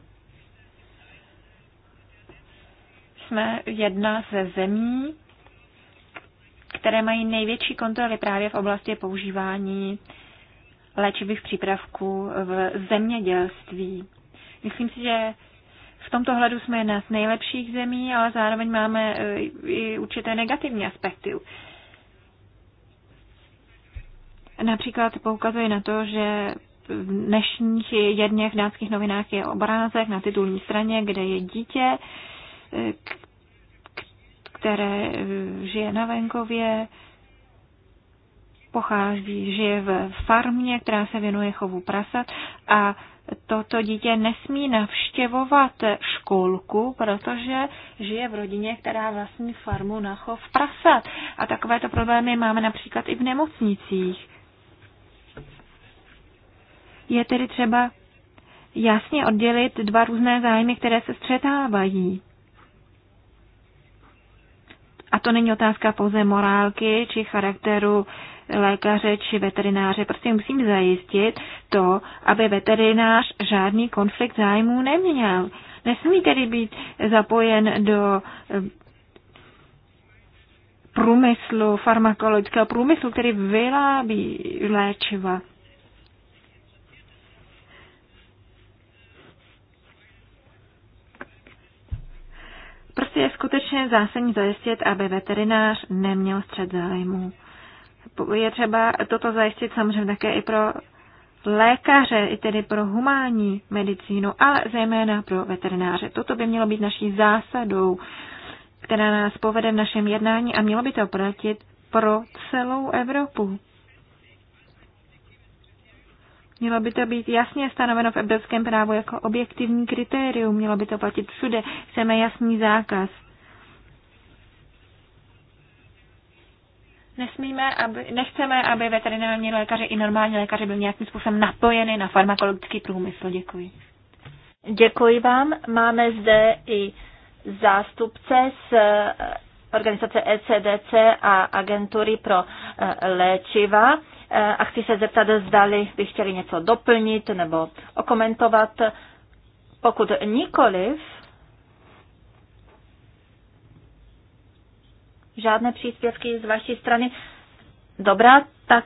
jsme jedna ze zemí, které mají největší kontroly právě v oblasti používání léčivých přípravků v zemědělství. Myslím si, že v tomto hledu jsme jedna z nejlepších zemí, ale zároveň máme eh, i určité negativní aspekty. Například poukazuje na to, že v dnešních jedněch dánských novinách je obrázek na titulní straně, kde je dítě, které žije na venkově, pochází, žije v farmě, která se věnuje chovu prasat a toto dítě nesmí navštěvovat školku, protože žije v rodině, která vlastní farmu na chov prasat. A takovéto problémy máme například i v nemocnicích. Je tedy třeba jasně oddělit dva různé zájmy, které se střetávají. A to není otázka pouze morálky či charakteru lékaře či veterináře. Prostě musím zajistit to, aby veterinář žádný konflikt zájmů neměl. Nesmí tedy být zapojen do eh, průmyslu, farmakologického průmyslu, který vylábí léčiva. Prostě je skutečně zásadní zajistit, aby veterinář neměl střed zájmu. Je třeba toto zajistit samozřejmě také i pro lékaře, i tedy pro humánní medicínu, ale zejména pro veterináře. Toto by mělo být naší zásadou, která nás povede v našem jednání a mělo by to platit pro celou Evropu. Mělo by to být jasně stanoveno v evropském právu jako objektivní kritérium, mělo by to platit všude. Chceme jasný zákaz. Nesmíme, aby, nechceme, aby veterinární lékaři i normální lékaři byli nějakým způsobem napojeni na farmakologický průmysl. Děkuji. Děkuji vám. Máme zde i zástupce z eh, organizace ECDC a agentury pro eh, léčiva. Eh, a chci se zeptat, zdali by chtěli něco doplnit nebo okomentovat. Pokud nikoliv, žádné příspěvky z vaší strany, dobrá, tak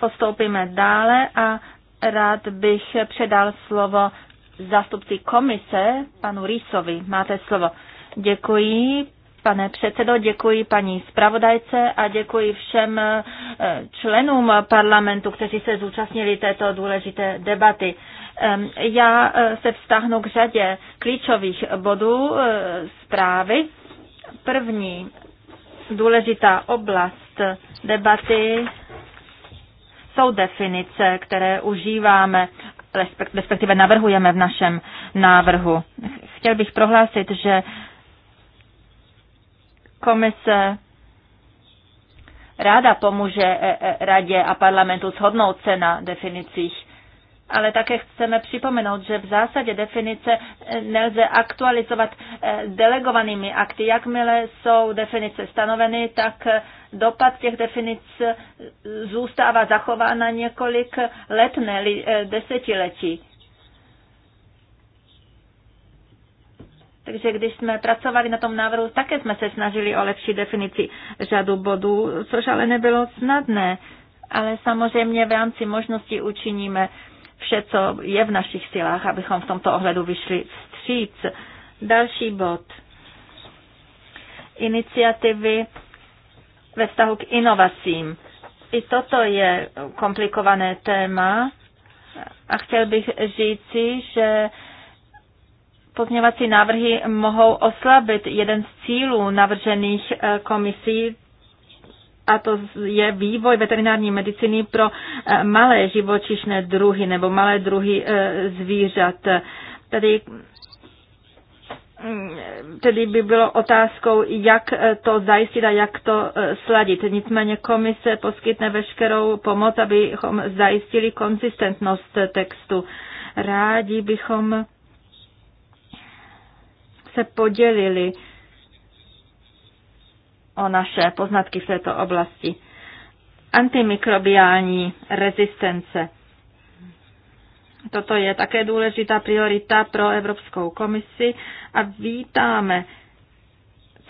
postoupíme dále a rád bych předal slovo zástupci komise, panu Rýsovi. Máte slovo. Děkuji, Pane předsedo, děkuji paní zpravodajce a děkuji všem eh, členům parlamentu, kteří se zúčastnili této důležité debaty. Já eh, se vztahnu k řadě klíčových bodů eh, zprávy. První důležitá oblast debaty jsou definice, které užíváme, respektive navrhujeme v našem návrhu. Chtěl bych prohlásit, že Komise ráda pomůže e, e, radě a parlamentu shodnout se na definicích ale také chceme připomenout, že v zásadě definice e, nelze aktualizovat delegovanými akty. Jakmile jsou definice stanoveny, tak dopad těch definic zůstává zachován na několik let, ne desetiletí. Takže když jsme pracovali na tom návrhu, také jsme se snažili o lepší definici řadu bodů, což ale nebylo snadné. Ale samozřejmě v rámci možností učiníme vše, co je v našich silách, abychom v tomto ohledu vyšli vstříc. Další bod. Iniciativy ve vztahu k inovacím. I toto je komplikované téma a chtěl bych říci, že Pozměňovací návrhy mohou oslabit jeden z cílů navržených eh, komisí, a to je vývoj veterinární medicíny pro eh, malé živočišné druhy nebo malé druhy eh, zvířat. Tady mm, tedy by bylo otázkou, jak to zajistit a jak to sladit. Nicméně komise poskytne veškerou pomoc, abychom zajistili konzistentnost textu. Rádi bychom se podělili o naše poznatky v této oblasti. Antimikrobiální rezistence. Toto je také důležitá priorita pro Evropskou komisi a vítáme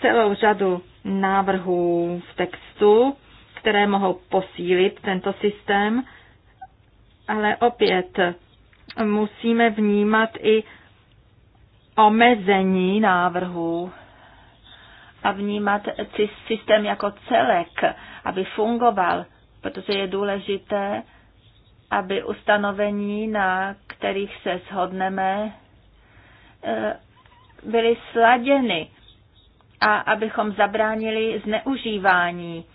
celou řadu návrhů v textu, které mohou posílit tento systém, ale opět musíme vnímat i omezení návrhu a vnímat systém jako celek, aby fungoval, protože je důležité, aby ustanovení, na kterých se shodneme, eh, byly sladěny a abychom zabránili zneužívání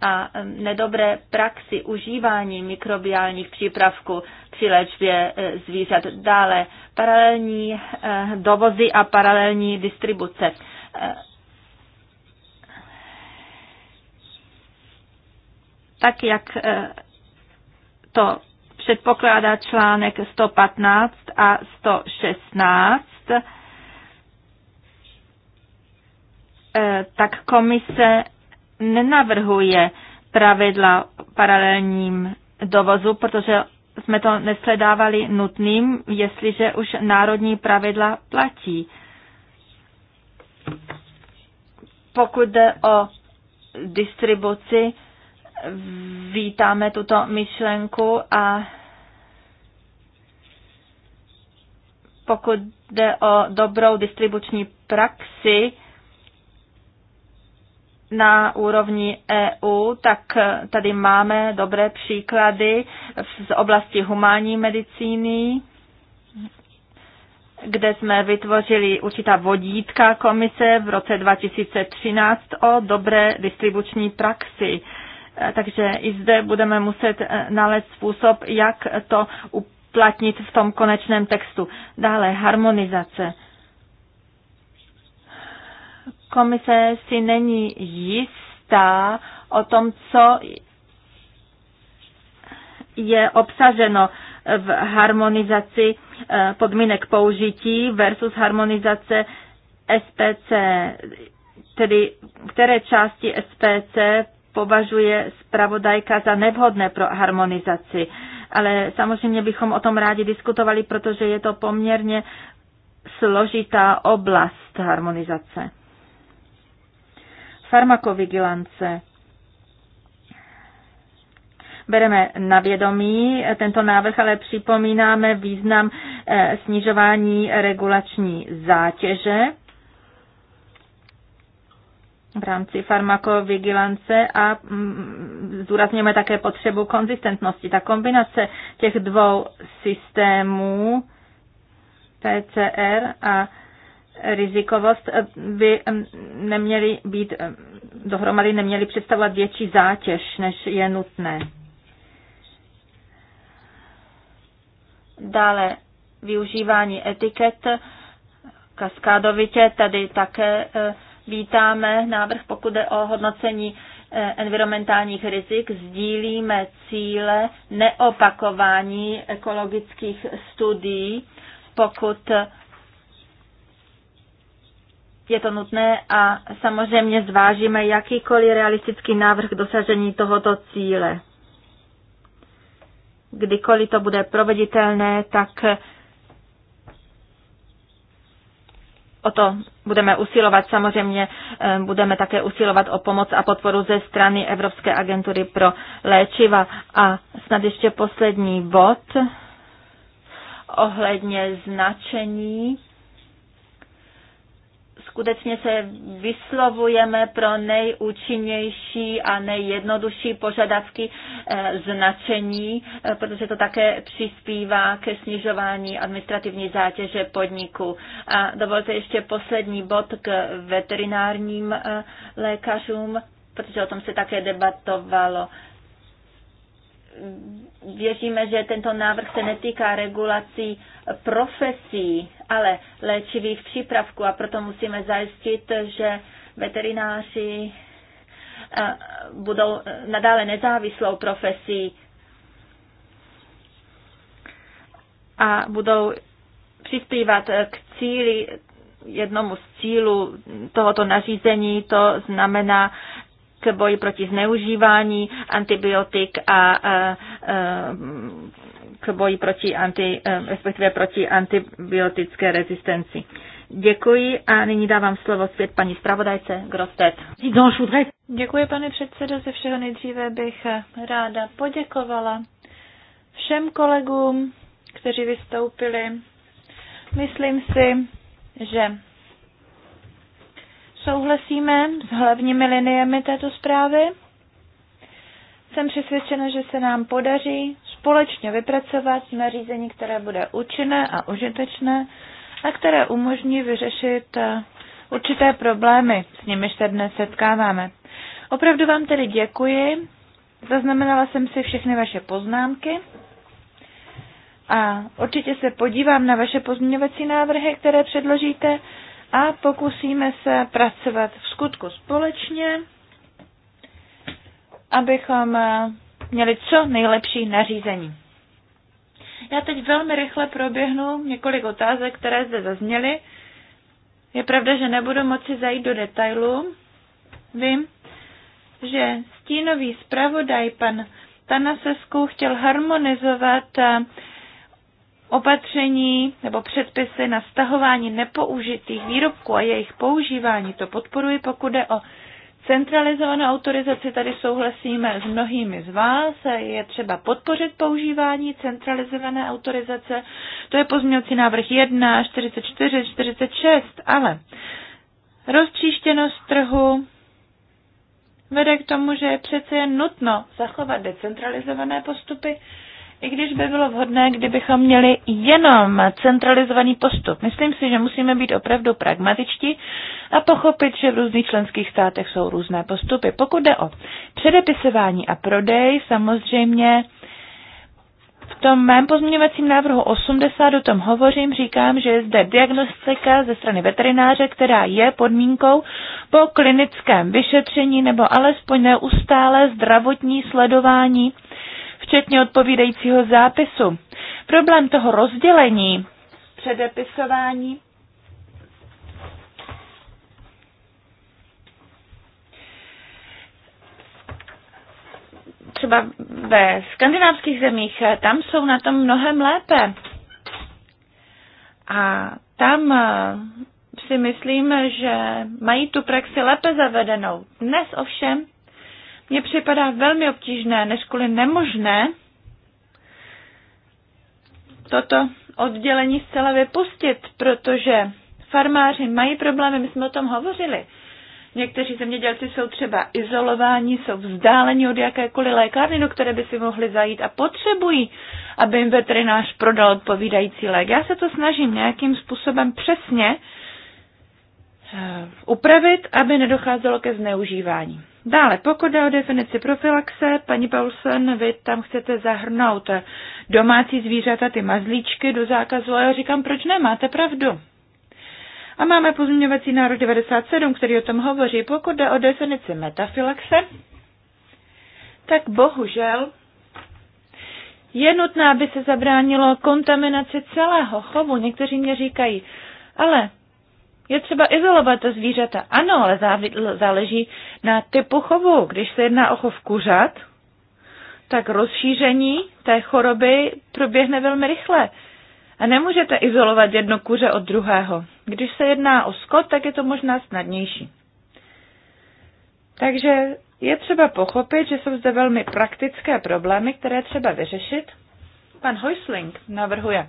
a nedobré praxi užívání mikrobiálních přípravků při léčbě e, zvířat. Dále paralelní e, dovozy a paralelní distribuce. E, tak, jak to předpokládá článek 115 a 116, tak komise nenavrhuje pravidla paralelním dovozu, protože jsme to nesledávali nutným, jestliže už národní pravidla platí. Pokud jde o distribuci, vítáme tuto myšlenku a pokud jde o dobrou distribuční praxi, na úrovni EU, tak tady máme dobré příklady z oblasti humánní medicíny, kde jsme vytvořili určitá vodítka komise v roce 2013 o dobré distribuční praxi. E, takže i zde budeme muset e, nalézt způsob, jak to uplatnit v tom konečném textu. Dále harmonizace. Komise si není jistá o tom, co je obsaženo v harmonizaci eh, podmínek použití versus harmonizace SPC, tedy které části SPC považuje zpravodajka za nevhodné pro harmonizaci. Ale samozřejmě bychom o tom rádi diskutovali, protože je to poměrně složitá oblast harmonizace farmakovigilance. Bereme na vědomí tento návrh, ale připomínáme význam eh, snižování regulační zátěže v rámci farmakovigilance a mm, zdůrazněme také potřebu konzistentnosti. Ta kombinace těch dvou systémů PCR a rizikovost eh, by neměly být dohromady neměly představovat větší zátěž, než je nutné. Dále využívání etiket kaskádovitě, tady také eh, vítáme návrh, pokud je o hodnocení eh, environmentálních rizik, sdílíme cíle neopakování ekologických studií, pokud je to nutné a samozřejmě zvážíme jakýkoliv realistický návrh k dosažení tohoto cíle. Kdykoliv to bude proveditelné, tak o to budeme usilovat. Samozřejmě eh, budeme také usilovat o pomoc a podporu ze strany Evropské agentury pro léčiva. A snad ještě poslední bod ohledně značení skutečně se vyslovujeme pro nejúčinnější a nejjednodušší požadavky eh, značení, eh, protože to také přispívá ke snižování administrativní zátěže podniku. A dovolte ještě poslední bod k veterinárním eh, lékařům, protože o tom se také debatovalo věříme, že tento návrh se netýká regulací profesí, ale léčivých přípravků a proto musíme zajistit, že veterináři eh, budou eh, nadále nezávislou profesí a budou přispívat k cíli, jednomu z cílů tohoto nařízení, to znamená k boji proti zneužívání antibiotik a k boji proti, anti, e, respektive proti antibiotické rezistenci. Děkuji a nyní dávám slovo zpět paní zpravodajce Grostet. Děkuji, pane předsedo. Ze všeho nejdříve bych ráda poděkovala všem kolegům, kteří vystoupili. Myslím si, že Souhlasíme s hlavními liniemi této zprávy. Jsem přesvědčena, že se nám podaří společně vypracovat nařízení, které bude účinné a užitečné a které umožní vyřešit eh, určité problémy, s nimiž se dnes setkáváme. Opravdu vám tedy děkuji. Zaznamenala jsem si všechny vaše poznámky a určitě se podívám na vaše pozměňovací návrhy, které předložíte a pokusíme se pracovat v skutku společně, abychom eh, měli co nejlepší nařízení. Já teď velmi rychle proběhnu několik otázek, které zde zazněly. Je pravda, že nebudu moci zajít do detailů. Vím, že stínový zpravodaj pan Tanasesku chtěl harmonizovat eh, opatření nebo předpisy na stahování nepoužitých výrobků a jejich používání. To podporuji, pokud jde o centralizovanou autorizaci. Tady souhlasíme s mnohými z vás. Je třeba podpořit používání centralizované autorizace. To je pozměňovací návrh 1, 44, 46, ale rozčíštěnost trhu vede k tomu, že je přece jen nutno zachovat decentralizované postupy, i když by bylo vhodné, kdybychom měli jenom centralizovaný postup. Myslím si, že musíme být opravdu pragmatičtí a pochopit, že v různých členských státech jsou různé postupy. Pokud jde o předepisování a prodej, samozřejmě v tom mém pozměňovacím návrhu 80 o tom hovořím, říkám, že je zde diagnostika ze strany veterináře, která je podmínkou po klinickém vyšetření nebo alespoň neustále zdravotní sledování včetně odpovídajícího zápisu. Problém toho rozdělení předepisování třeba ve skandinávských zemích, tam jsou na tom mnohem lépe. A tam eh, si myslím, že mají tu praxi lépe zavedenou. Dnes ovšem mně připadá velmi obtížné, než kvůli nemožné, toto oddělení zcela vypustit, protože farmáři mají problémy, my jsme o tom hovořili. Někteří zemědělci jsou třeba izolováni, jsou vzdáleni od jakékoliv lékárny, do no, které by si mohli zajít a potřebují, aby jim veterinář prodal odpovídající lék. Já se to snažím nějakým způsobem přesně eh, upravit, aby nedocházelo ke zneužívání. Dále, pokud jde o definici profilaxe, paní Paulsen, vy tam chcete zahrnout domácí zvířata, ty mazlíčky do zákazu, a já říkám, proč ne, máte pravdu. A máme pozměňovací národ 97, který o tom hovoří. Pokud jde o definici metafilaxe, tak bohužel je nutné, aby se zabránilo kontaminaci celého chovu. Někteří mě říkají, ale je třeba izolovat ta zvířata. Ano, ale záleží na typu chovu. Když se jedná o chov kuřat, tak rozšíření té choroby proběhne velmi rychle. A nemůžete izolovat jedno kuře od druhého. Když se jedná o skot, tak je to možná snadnější. Takže je třeba pochopit, že jsou zde velmi praktické problémy, které třeba vyřešit. Pan Heusling navrhuje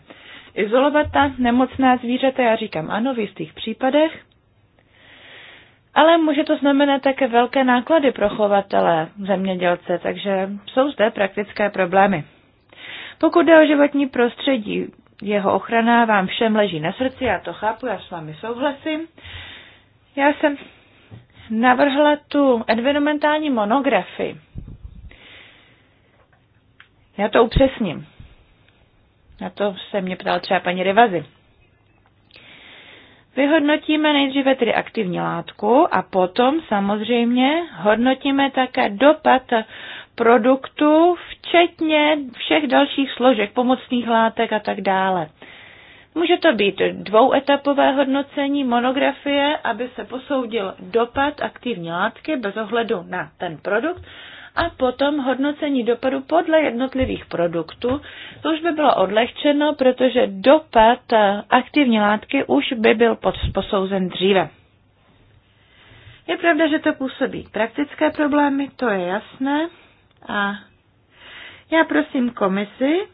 izolovat ta nemocná zvířata? Já říkám ano, v jistých případech. Ale může to znamenat také velké náklady pro chovatele, zemědělce, takže jsou zde praktické problémy. Pokud jde o životní prostředí, jeho ochrana vám všem leží na srdci, já to chápu, já s vámi souhlasím. Já jsem navrhla tu environmentální monografii. Já to upřesním. Na to se mě ptal třeba paní Rivazy. Vyhodnotíme nejdříve tedy aktivní látku a potom samozřejmě hodnotíme také dopad produktu, včetně všech dalších složek, pomocných látek a tak dále. Může to být dvouetapové hodnocení monografie, aby se posoudil dopad aktivní látky bez ohledu na ten produkt a potom hodnocení dopadu podle jednotlivých produktů. To už by bylo odlehčeno, protože dopad eh, aktivní látky už by byl posouzen dříve. Je pravda, že to působí praktické problémy, to je jasné. A já prosím komisi,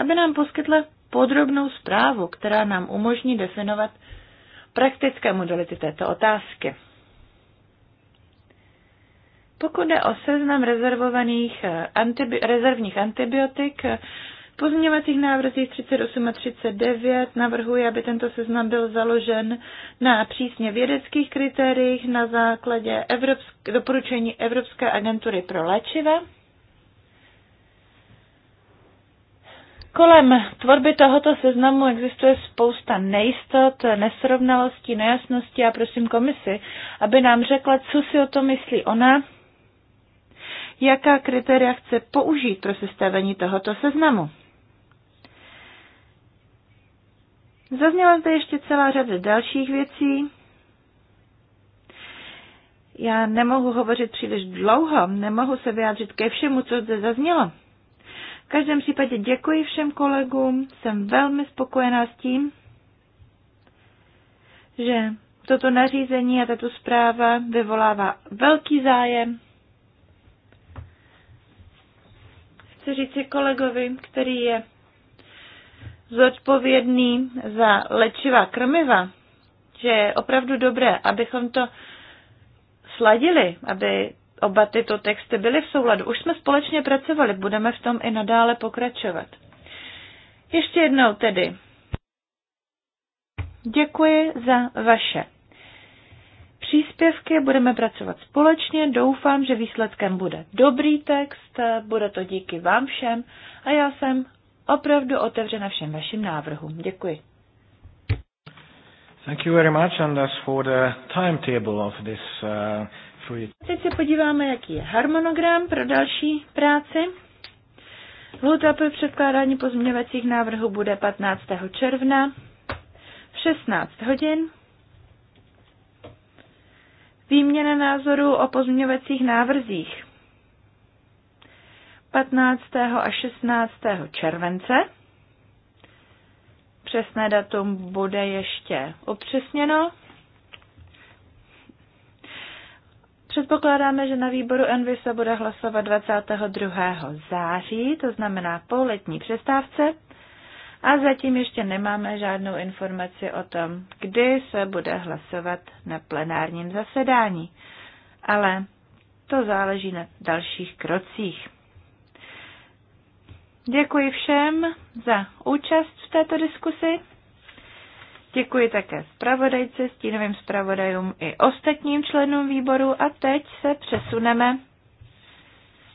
aby nám poskytla podrobnou zprávu, která nám umožní definovat praktické modality této otázky. Pokud jde o seznam rezervovaných eh, antibi- rezervních antibiotik, v eh, pozměňovacích návrzích 38 a 39 navrhuji, aby tento seznam byl založen na přísně vědeckých kritériích na základě Evropsk- doporučení Evropské agentury pro léčiva. Kolem tvorby tohoto seznamu existuje spousta nejistot, nesrovnalostí, nejasností a prosím komisi, aby nám řekla, co si o to myslí ona jaká kritéria chce použít pro sestavení tohoto seznamu. Zazněla zde ještě celá řada dalších věcí. Já nemohu hovořit příliš dlouho, nemohu se vyjádřit ke všemu, co zde zaznělo. V každém případě děkuji všem kolegům, jsem velmi spokojená s tím, že toto nařízení a tato zpráva vyvolává velký zájem chci říci kolegovi, který je zodpovědný za léčiva krmiva, že je opravdu dobré, abychom to sladili, aby oba tyto texty byly v souladu. Už jsme společně pracovali, budeme v tom i nadále pokračovat. Ještě jednou tedy. Děkuji za vaše příspěvky, budeme pracovat společně, doufám, že výsledkem bude dobrý text, bude to díky vám všem a já jsem opravdu otevřena všem vašim návrhům. Děkuji. Thank you very much, Anders, for the timetable of this uh, free... Teď se podíváme, jaký je harmonogram pro další práci. Lhuta pro předkládání pozměňovacích návrhů bude 15. června v 16 hodin. Výměna názorů o pozměňovacích návrzích 15. a 16. července. Přesné datum bude ještě upřesněno. Předpokládáme, že na výboru Envy se bude hlasovat 22. září, to znamená po letní přestávce. A zatím ještě nemáme žádnou informaci o tom, kdy se bude hlasovat na plenárním zasedání. Ale to záleží na dalších krocích. Děkuji všem za účast v této diskusi. Děkuji také zpravodajce, stínovým zpravodajům i ostatním členům výboru a teď se přesuneme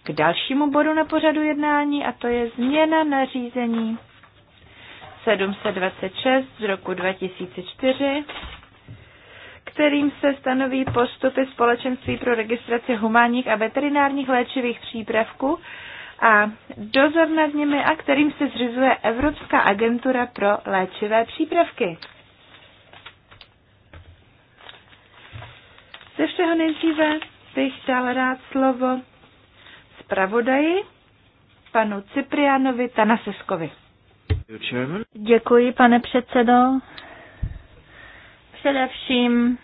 k dalšímu bodu na pořadu jednání a to je změna nařízení 726 z roku 2004, kterým se stanoví postupy společenství pro registraci humánních a veterinárních léčivých přípravků a dozor nad nimi a kterým se zřizuje Evropská agentura pro léčivé přípravky. Ze všeho nejdříve bych dal rád slovo zpravodaji panu Cyprianovi Tanaseskovi. Děkuji, pane předsedo. Především,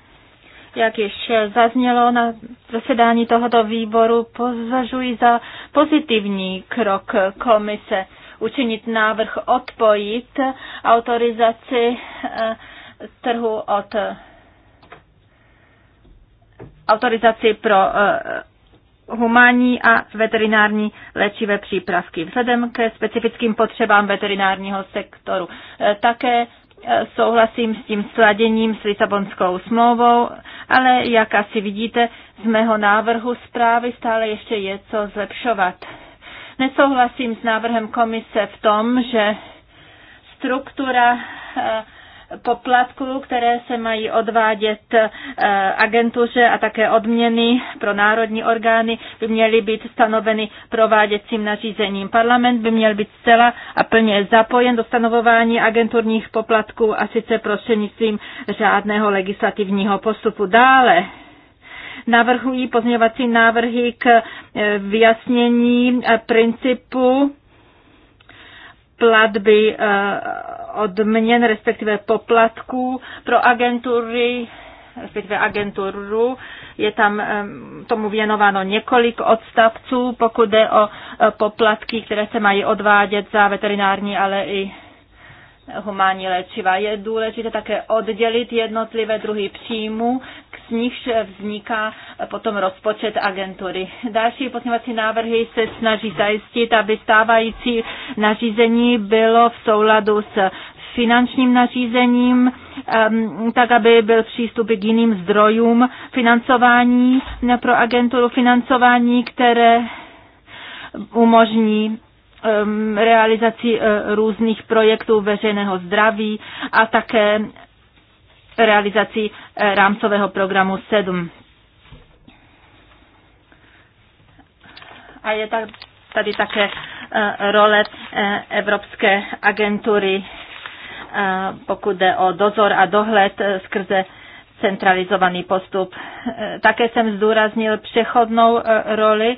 jak ještě zaznělo na zasedání tohoto výboru, považuji za pozitivní krok komise učinit návrh odpojit autorizaci eh, trhu od eh, autorizaci pro eh, humánní a veterinární léčivé přípravky vzhledem ke specifickým potřebám veterinárního sektoru. E, také e, souhlasím s tím sladěním s Lisabonskou smlouvou, ale jak asi vidíte, z mého návrhu zprávy stále ještě je co zlepšovat. Nesouhlasím s návrhem komise v tom, že struktura e, poplatků, které se mají odvádět eh, agentuře a také odměny pro národní orgány by měly být stanoveny prováděcím nařízením. Parlament by měl být zcela a plně zapojen do stanovování agenturních poplatků a sice prostřednictvím řádného legislativního postupu. Dále navrhují pozměňovací návrhy k eh, vyjasnění eh, principu platby odměn, respektive poplatků pro agentury, respektive agenturu. Je tam tomu věnováno několik odstavců, pokud jde o e, poplatky, které se mají odvádět za veterinární, ale i humánní léčiva. Je důležité také oddělit jednotlivé druhy příjmu nichž vzniká potom rozpočet agentury. Další pozměňovací návrhy se snaží zajistit, aby stávající nařízení bylo v souladu s finančním nařízením, tak aby byl přístup k jiným zdrojům financování pro agenturu financování, které umožní realizaci e, různých projektů veřejného zdraví a také realizací eh, rámcového programu 7. A je tady také eh, role eh, Evropské agentury, pokud jde o dozor a dohled skrze centralizovaný postup. Také jsem zdůraznil přechodnou roli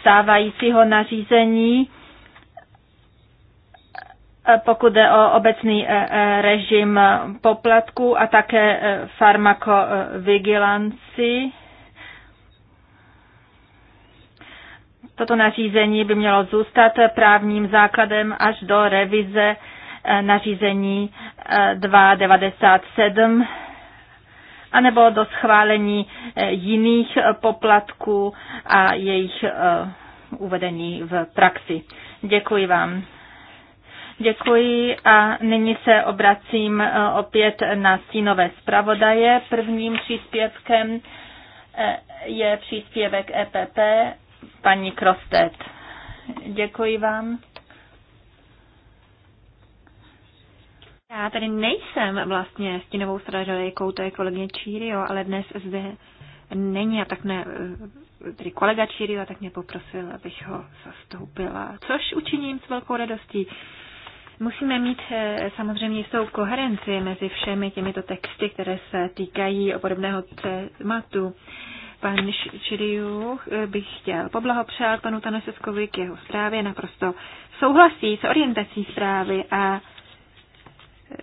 stávajícího nařízení pokud jde o obecný e, e, režim poplatků a také e, farmakovigilanci. Toto nařízení by mělo zůstat právním základem až do revize nařízení 297 anebo do schválení jiných poplatků a jejich uvedení v praxi. Děkuji vám. Děkuji a nyní se obracím eh, opět na stínové zpravodaje. Prvním příspěvkem eh, je příspěvek EPP paní Krostet. Děkuji vám. Já tady nejsem vlastně stínovou zpravodajkou, to je kolegyně Čírio, ale dnes zde není a tak ne, eh, tedy kolega Čírio a tak mě poprosil, abych ho zastoupila, což učiním s velkou radostí. Musíme mít eh, samozřejmě jistou koherenci mezi všemi těmito texty, které se týkají podobného tématu. Pan Širiu eh, bych chtěl poblahopřát panu Taneseskovi k jeho zprávě, naprosto souhlasí s orientací zprávy a eh,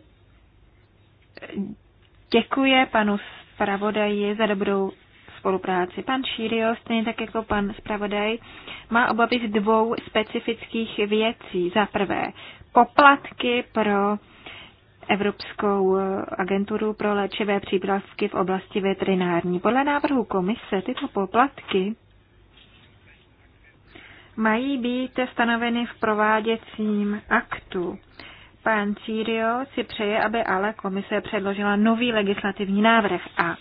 děkuje panu zpravodaji za dobrou spolupráci. Pan Šírio, stejně tak jako pan zpravodaj, má obavy z dvou specifických věcí. Za prvé, poplatky pro Evropskou eh, agenturu pro léčivé přípravky v oblasti veterinární. Podle návrhu komise tyto poplatky mají být stanoveny v prováděcím aktu. Pan Círio si přeje, aby ale komise předložila nový legislativní návrh. A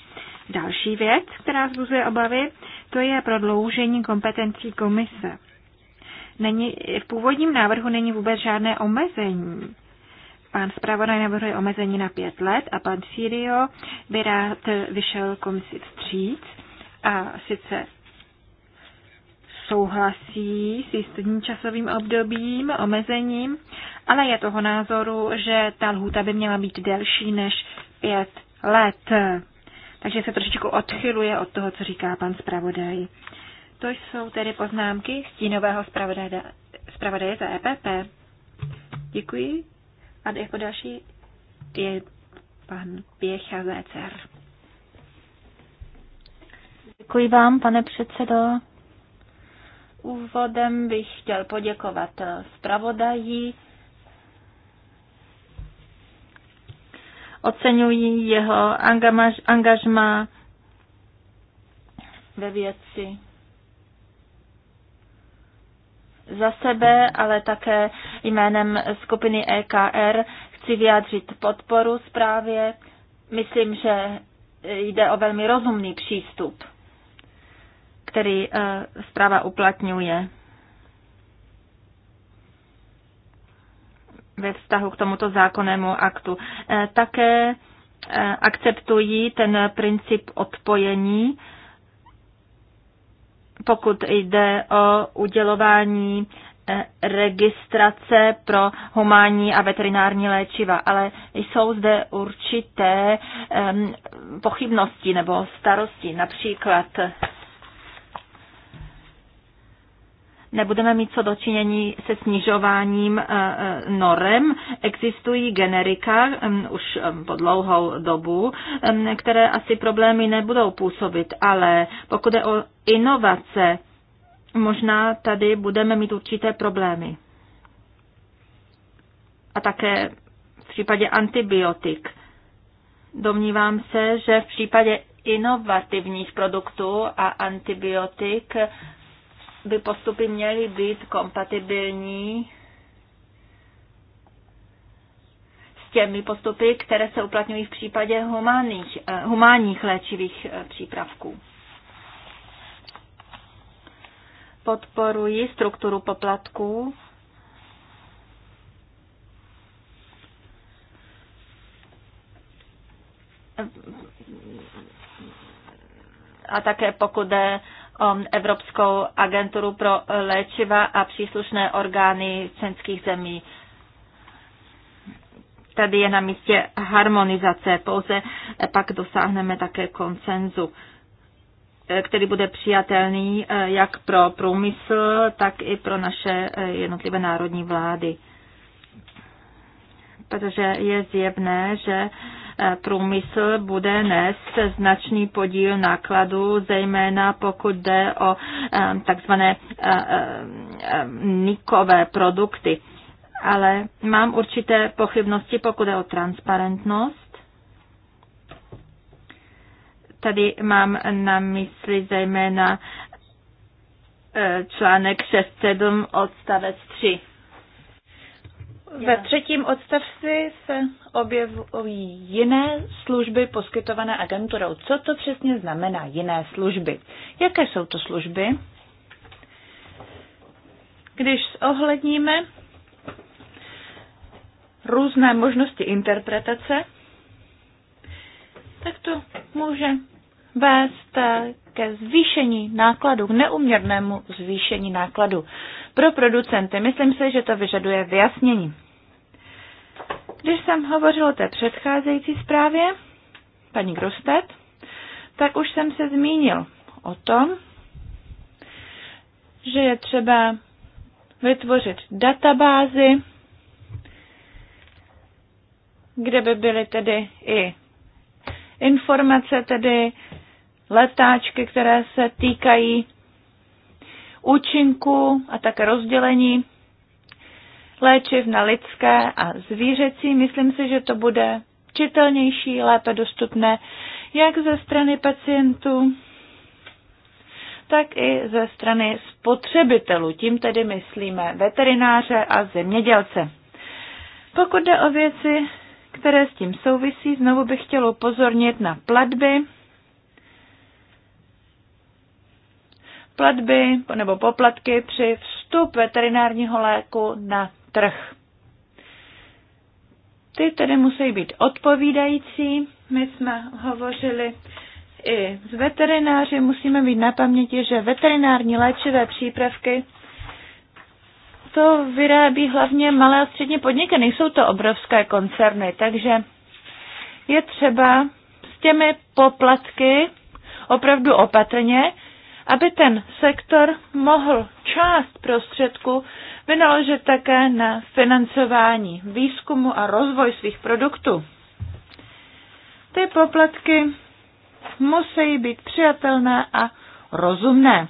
další věc, která zbuzuje obavy, to je prodloužení kompetencí komise není, v původním návrhu není vůbec žádné omezení. Pan zpravodaj navrhuje omezení na pět let a pan Sirio by rád vyšel komisi vstříc a sice souhlasí s jistým časovým obdobím, omezením, ale je toho názoru, že ta lhůta by měla být delší než pět let. Takže se trošičku odchyluje od toho, co říká pan zpravodaj. To jsou tedy poznámky stínového zpravodaje, za EPP. Děkuji. A jako další je pan Pěcha Zécer. E Děkuji vám, pane předsedo. Úvodem bych chtěl poděkovat zpravodaji. Oceňuji jeho angažma ve věci za sebe, ale také jménem skupiny EKR chci vyjádřit podporu zprávě. Myslím, že jde o velmi rozumný přístup, který eh, zpráva uplatňuje ve vztahu k tomuto zákonnému aktu. Eh, také eh, akceptují ten princip odpojení pokud jde o udělování eh, registrace pro humánní a veterinární léčiva, ale jsou zde určité ehm, pochybnosti nebo starosti, například nebudeme mít co dočinění se snižováním eh, eh, norem. Existují generika mm, už mm, po dlouhou dobu, mm, které asi problémy nebudou působit, ale pokud je o inovace, možná tady budeme mít určité problémy. A také v případě antibiotik. Domnívám se, že v případě inovativních produktů a antibiotik by postupy měly být kompatibilní s těmi postupy, které se uplatňují v případě humánních, eh, humánních léčivých eh, přípravků. Podporuji strukturu poplatků. A také pokud jde Evropskou agenturu pro léčiva a příslušné orgány členských zemí. Tady je na místě harmonizace, pouze pak dosáhneme také koncenzu eh, který bude přijatelný eh, jak pro průmysl, tak i pro naše eh, jednotlivé národní vlády. Protože je zjevné, že Eh, průmysl bude nést značný podíl nákladů, zejména pokud jde o eh, takzvané eh, nikové produkty. Ale mám určité pochybnosti, pokud jde o transparentnost. Tady mám na mysli zejména článek 6.7 odstavec 3. Ve třetím odstavci se objevují jiné služby poskytované agenturou. Co to přesně znamená jiné služby? Jaké jsou to služby? Když zohledníme různé možnosti interpretace, tak to může vést ke zvýšení nákladu, k neuměrnému zvýšení nákladu pro producenty. Myslím si, že to vyžaduje vyjasnění. Když jsem hovořil o té předcházející zprávě, paní Grostet, tak už jsem se zmínil o tom, že je třeba vytvořit databázy, kde by byly tedy i informace, tedy letáčky, které se týkají účinku a také rozdělení léčiv na lidské a zvířecí. Myslím si, že to bude čitelnější, lépe dostupné jak ze strany pacientů, tak i ze strany spotřebitelů. Tím tedy myslíme veterináře a zemědělce. Pokud jde o věci, které s tím souvisí, znovu bych chtěla upozornit na platby. Platby nebo poplatky při vstup veterinárního léku na trh. Ty tedy musí být odpovídající. My jsme hovořili i s veterináři. Musíme být na paměti, že veterinární léčivé přípravky to vyrábí hlavně malé a střední podniky, nejsou to obrovské koncerny, takže je třeba s těmi poplatky opravdu opatrně, aby ten sektor mohl část prostředku vynaložit také na financování výzkumu a rozvoj svých produktů. Ty poplatky musí být přijatelné a rozumné.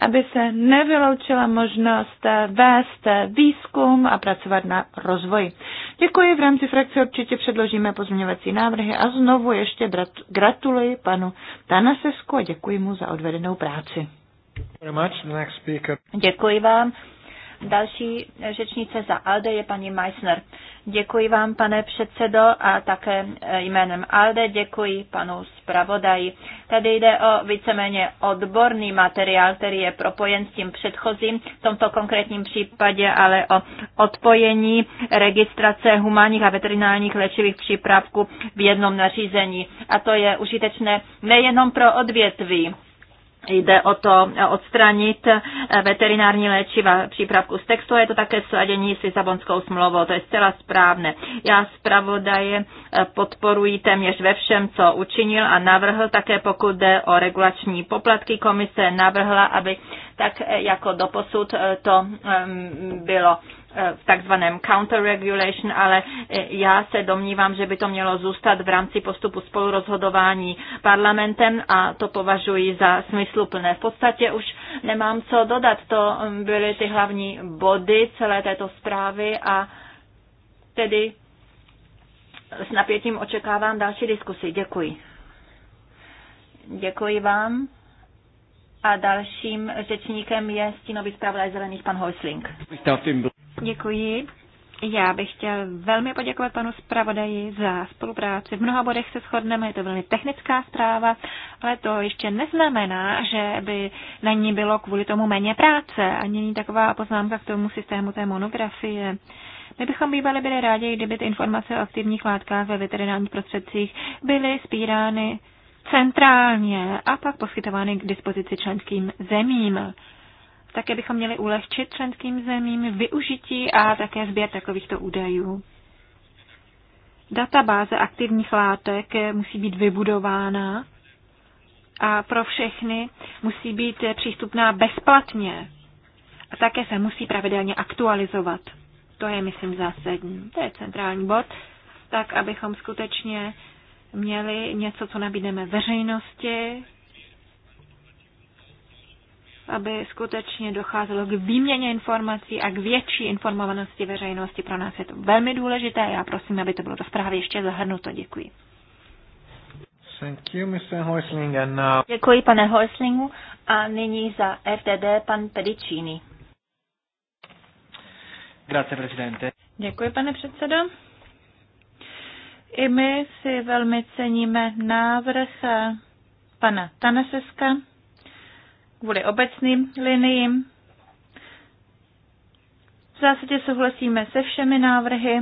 aby se nevyloučila možnost vést výzkum a pracovat na rozvoji. Děkuji, v rámci frakce určitě předložíme pozměňovací návrhy a znovu ještě gratuluji panu Tanasesku a děkuji mu za odvedenou práci. Děkuji vám. Další řečnice za ALDE je paní Meissner. Děkuji vám, pane předsedo, a také eh, jménem ALDE děkuji panu zpravodaji. Tady jde o víceméně odborný materiál, který je propojen s tím předchozím, v tomto konkrétním případě ale o odpojení registrace humánních a veterinárních léčivých přípravků v jednom nařízení. A to je užitečné nejenom pro odvětví, Jde o to odstranit veterinární léčiva přípravku z textu a je to také sladění s Lisabonskou smlouvou. To je zcela správné. Já zpravodaje podporuji téměř ve všem, co učinil a navrhl také, pokud jde o regulační poplatky, komise navrhla, aby tak jako doposud to mm, bylo v takzvaném counter-regulation, ale já se domnívám, že by to mělo zůstat v rámci postupu spolurozhodování parlamentem a to považuji za smysluplné. V podstatě už nemám co dodat, to byly ty hlavní body celé této zprávy a tedy s napětím očekávám další diskusi. Děkuji. Děkuji vám. A dalším řečníkem je stínový zpravodaj zelených pan Hojsling. Děkuji. Já bych chtěl velmi poděkovat panu zpravodaji za spolupráci. V mnoha bodech se shodneme, je to velmi technická zpráva, ale to ještě neznamená, že by na ní bylo kvůli tomu méně práce. Ani není taková poznámka k tomu systému té monografie. My bychom bývali byli rádi, kdyby ty informace o aktivních látkách ve veterinárních prostředcích byly spírány centrálně a pak poskytovány k dispozici členským zemím. Také bychom měli ulehčit členským zemím využití a také sběr takovýchto údajů. Databáze aktivních látek musí být vybudována a pro všechny musí být přístupná bezplatně. A také se musí pravidelně aktualizovat. To je, myslím, zásadní. To je centrální bod, tak abychom skutečně měli něco, co nabídneme veřejnosti, aby skutečně docházelo k výměně informací a k větší informovanosti veřejnosti. Pro nás je to velmi důležité. Já prosím, aby to bylo do zprávy ještě zahrnuto. Děkuji. Thank you, Mr. Hoisling, and now... Děkuji, pane Hoislingu A nyní za RTD pan Pedicini. Grazie, presidente. Děkuji, pane předsedo. I my si velmi ceníme návrh eh, pana Tanaseska kvůli obecným liniím. V zásadě souhlasíme se všemi návrhy,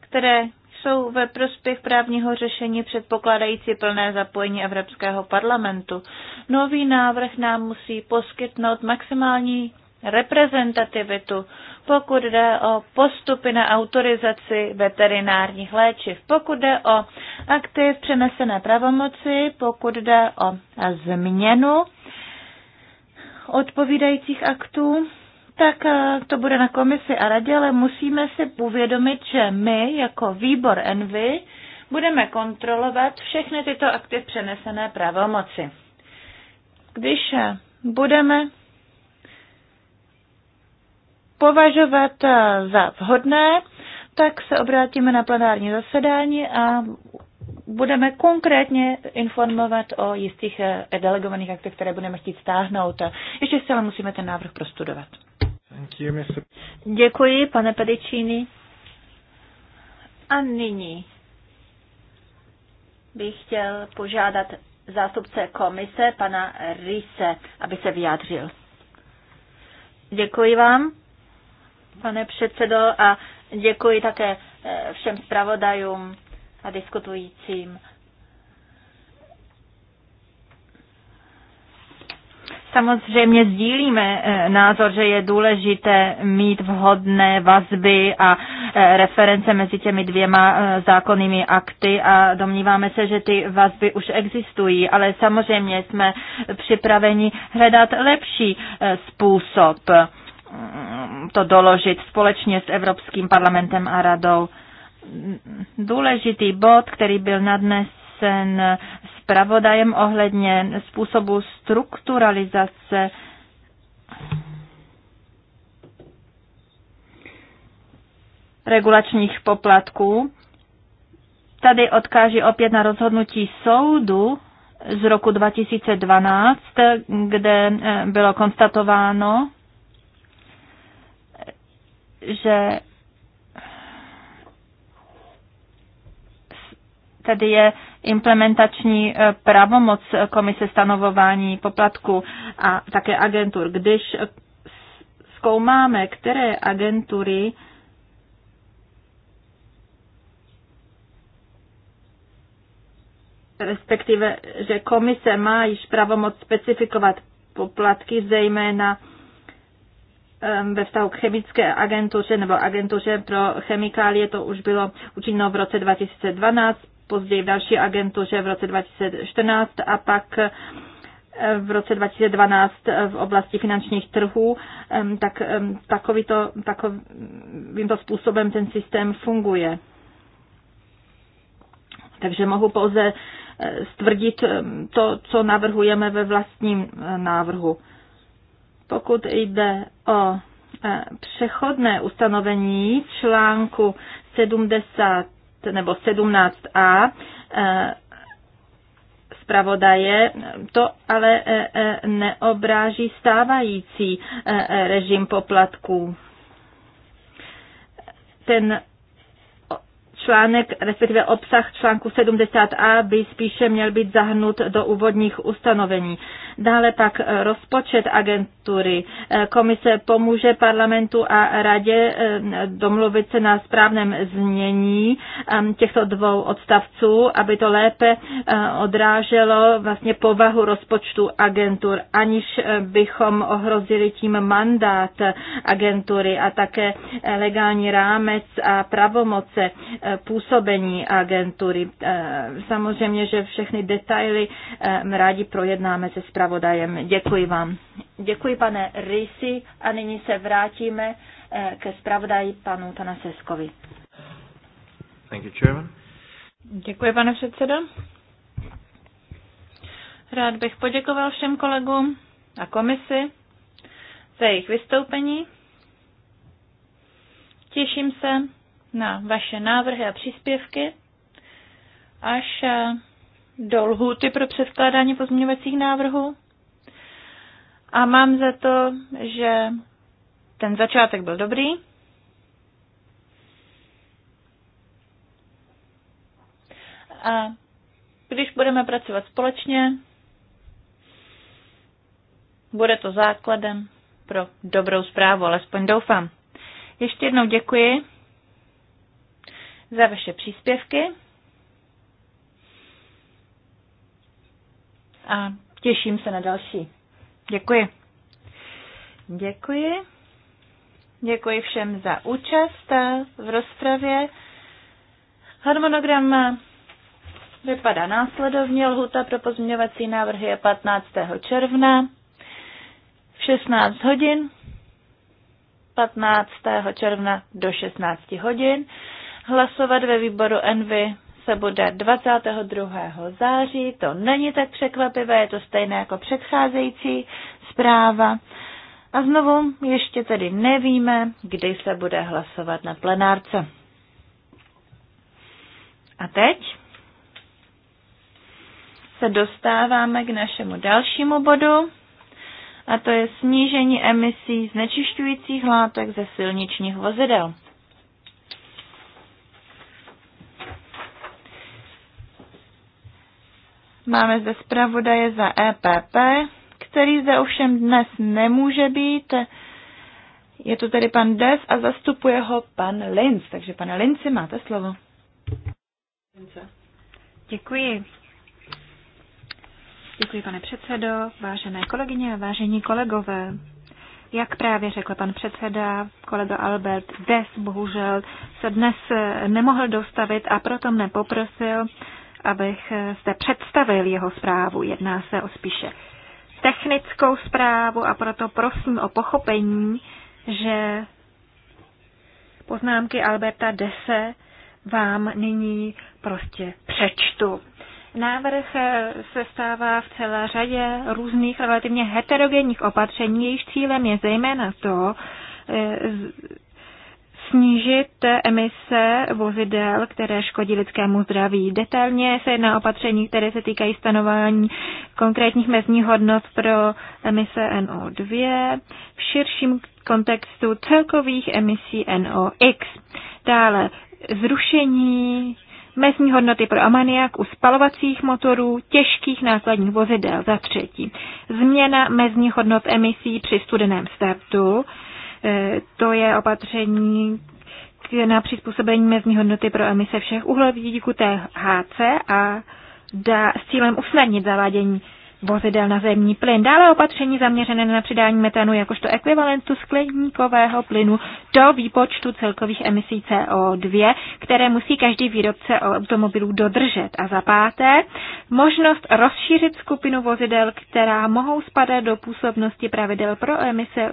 které jsou ve prospěch právního řešení předpokládající plné zapojení Evropského parlamentu. Nový návrh nám musí poskytnout maximální reprezentativitu, pokud jde o postupy na autorizaci veterinárních léčiv, pokud jde o aktiv přenesené pravomoci, pokud jde o změnu odpovídajících aktů, tak eh, to bude na komisi a radě, ale musíme si uvědomit, že my jako výbor Envy budeme kontrolovat všechny tyto akty v přenesené pravomoci. Když eh, budeme považovat eh, za vhodné, tak se obrátíme na plenární zasedání a budeme konkrétně informovat o jistých eh, delegovaných aktech, které budeme chtít stáhnout. Ještě se ale musíme ten návrh prostudovat. Děkuji, pane Pedicini. A nyní bych chtěl požádat zástupce komise, pana Rise, aby se vyjádřil. Děkuji vám, pane předsedo, a děkuji také eh, všem zpravodajům a diskutujícím. Samozřejmě sdílíme eh, názor, že je důležité mít vhodné vazby a eh, reference mezi těmi dvěma eh, zákonnými akty a domníváme se, že ty vazby už existují, ale samozřejmě jsme připraveni hledat lepší způsob mm, to doložit společně s Evropským parlamentem a radou důležitý bod, který byl nadnesen zpravodajem ohledně způsobu strukturalizace regulačních poplatků. Tady odkáží opět na rozhodnutí soudu z roku 2012, kde eh, bylo konstatováno, že Tady je implementační eh, pravomoc eh, komise stanovování poplatku a také agentur. Když eh, zkoumáme, které agentury respektive, že komise má již pravomoc specifikovat poplatky, zejména ehm, ve vztahu k chemické agentuře nebo agentuře pro chemikálie, to už bylo učinno v roce 2012, později v další agentuře v roce 2014 a pak eh, v roce 2012 eh, v oblasti finančních trhů, ehm, tak takový ehm, takovým takovýmto způsobem ten systém funguje. Takže mohu pouze eh, stvrdit ehm, to, co navrhujeme ve vlastním návrhu. Pokud jde o přechodné ustanovení článku 70 nebo 17a eh, zpravodaje, to ale eh, eh, neobráží stávající režim poplatků. Ten článek, respektive obsah článku 70a by spíše měl být zahrnut do úvodních ustanovení. Dále pak eh, rozpočet agentury. Eh, komise pomůže parlamentu a radě eh, domluvit se na správném znění ehm, těchto dvou odstavců, aby to lépe odráželo vlastně povahu rozpočtu agentur, aniž bychom ohrozili tím mandát agentury a také legální rámec a pravomoce působení agentury. Eh, samozřejmě, že všechny detaily eh, rádi projednáme se zpravodajem. Děkuji vám. Děkuji, pane Rysi, a nyní se vrátíme eh, ke zpravodaji panu Tanaseskovi. Thank you, Chairman. Děkuji, pane předsedo. Rád bych poděkoval všem kolegům a komisi za jejich vystoupení. Těším se na vaše návrhy a příspěvky až eh, do lhůty pro předkládání pozměňovacích návrhů. A mám za to, že ten začátek byl dobrý. A když budeme pracovat společně, bude to základem pro dobrou zprávu, alespoň doufám. Ještě jednou děkuji za vaše příspěvky a těším se na další. Děkuji. Děkuji. Děkuji všem za účast v rozpravě. Harmonogram vypadá následovně. Lhuta pro pozměňovací návrhy je 15. června v 16 hodin. 15. června do 16 hodin. Hlasovat ve výboru Envy se bude 22. září. To není tak překvapivé, je to stejné jako předcházející zpráva. A znovu ještě tedy nevíme, kdy se bude hlasovat na plenárce. A teď se dostáváme k našemu dalšímu bodu, a to je snížení emisí znečišťujících látek ze silničních vozidel. Máme zde zpravodaje za EPP, který zde ovšem dnes nemůže být. Je to tedy pan Des a zastupuje ho pan Linz. Takže pane Linci, máte slovo. Děkuji. Děkuji, pane předsedo, vážené kolegyně a vážení kolegové. Jak právě řekl pan předseda, kolega Albert Des bohužel se dnes nemohl dostavit a proto mne poprosil, abych zde představil jeho zprávu. Jedná se o spíše technickou zprávu a proto prosím o pochopení, že poznámky Alberta Dese vám nyní prostě přečtu. Návrh se stává v celé řadě různých relativně heterogenních opatření, jejich cílem je zejména to, eh, snížit emise vozidel, které škodí lidskému zdraví. Detailně se jedná o opatření, které se týkají stanování konkrétních mezních hodnot pro emise NO2 v širším kontextu celkových emisí NOx. Dále zrušení mezní hodnoty pro amaniak u spalovacích motorů těžkých nákladních vozidel za třetí. Změna mezních hodnot emisí při studeném startu Eh, to je opatření na přizpůsobení mezní hodnoty pro emise všech uhlovodíků THC a da, s cílem usnadnit zavádění vozidel na zemní plyn. Dále opatření zaměřené na přidání metanu jakožto ekvivalentu skleníkového plynu do výpočtu celkových emisí CO2, které musí každý výrobce automobilů dodržet. A za páté, možnost rozšířit skupinu vozidel, která mohou spadat do působnosti pravidel pro emise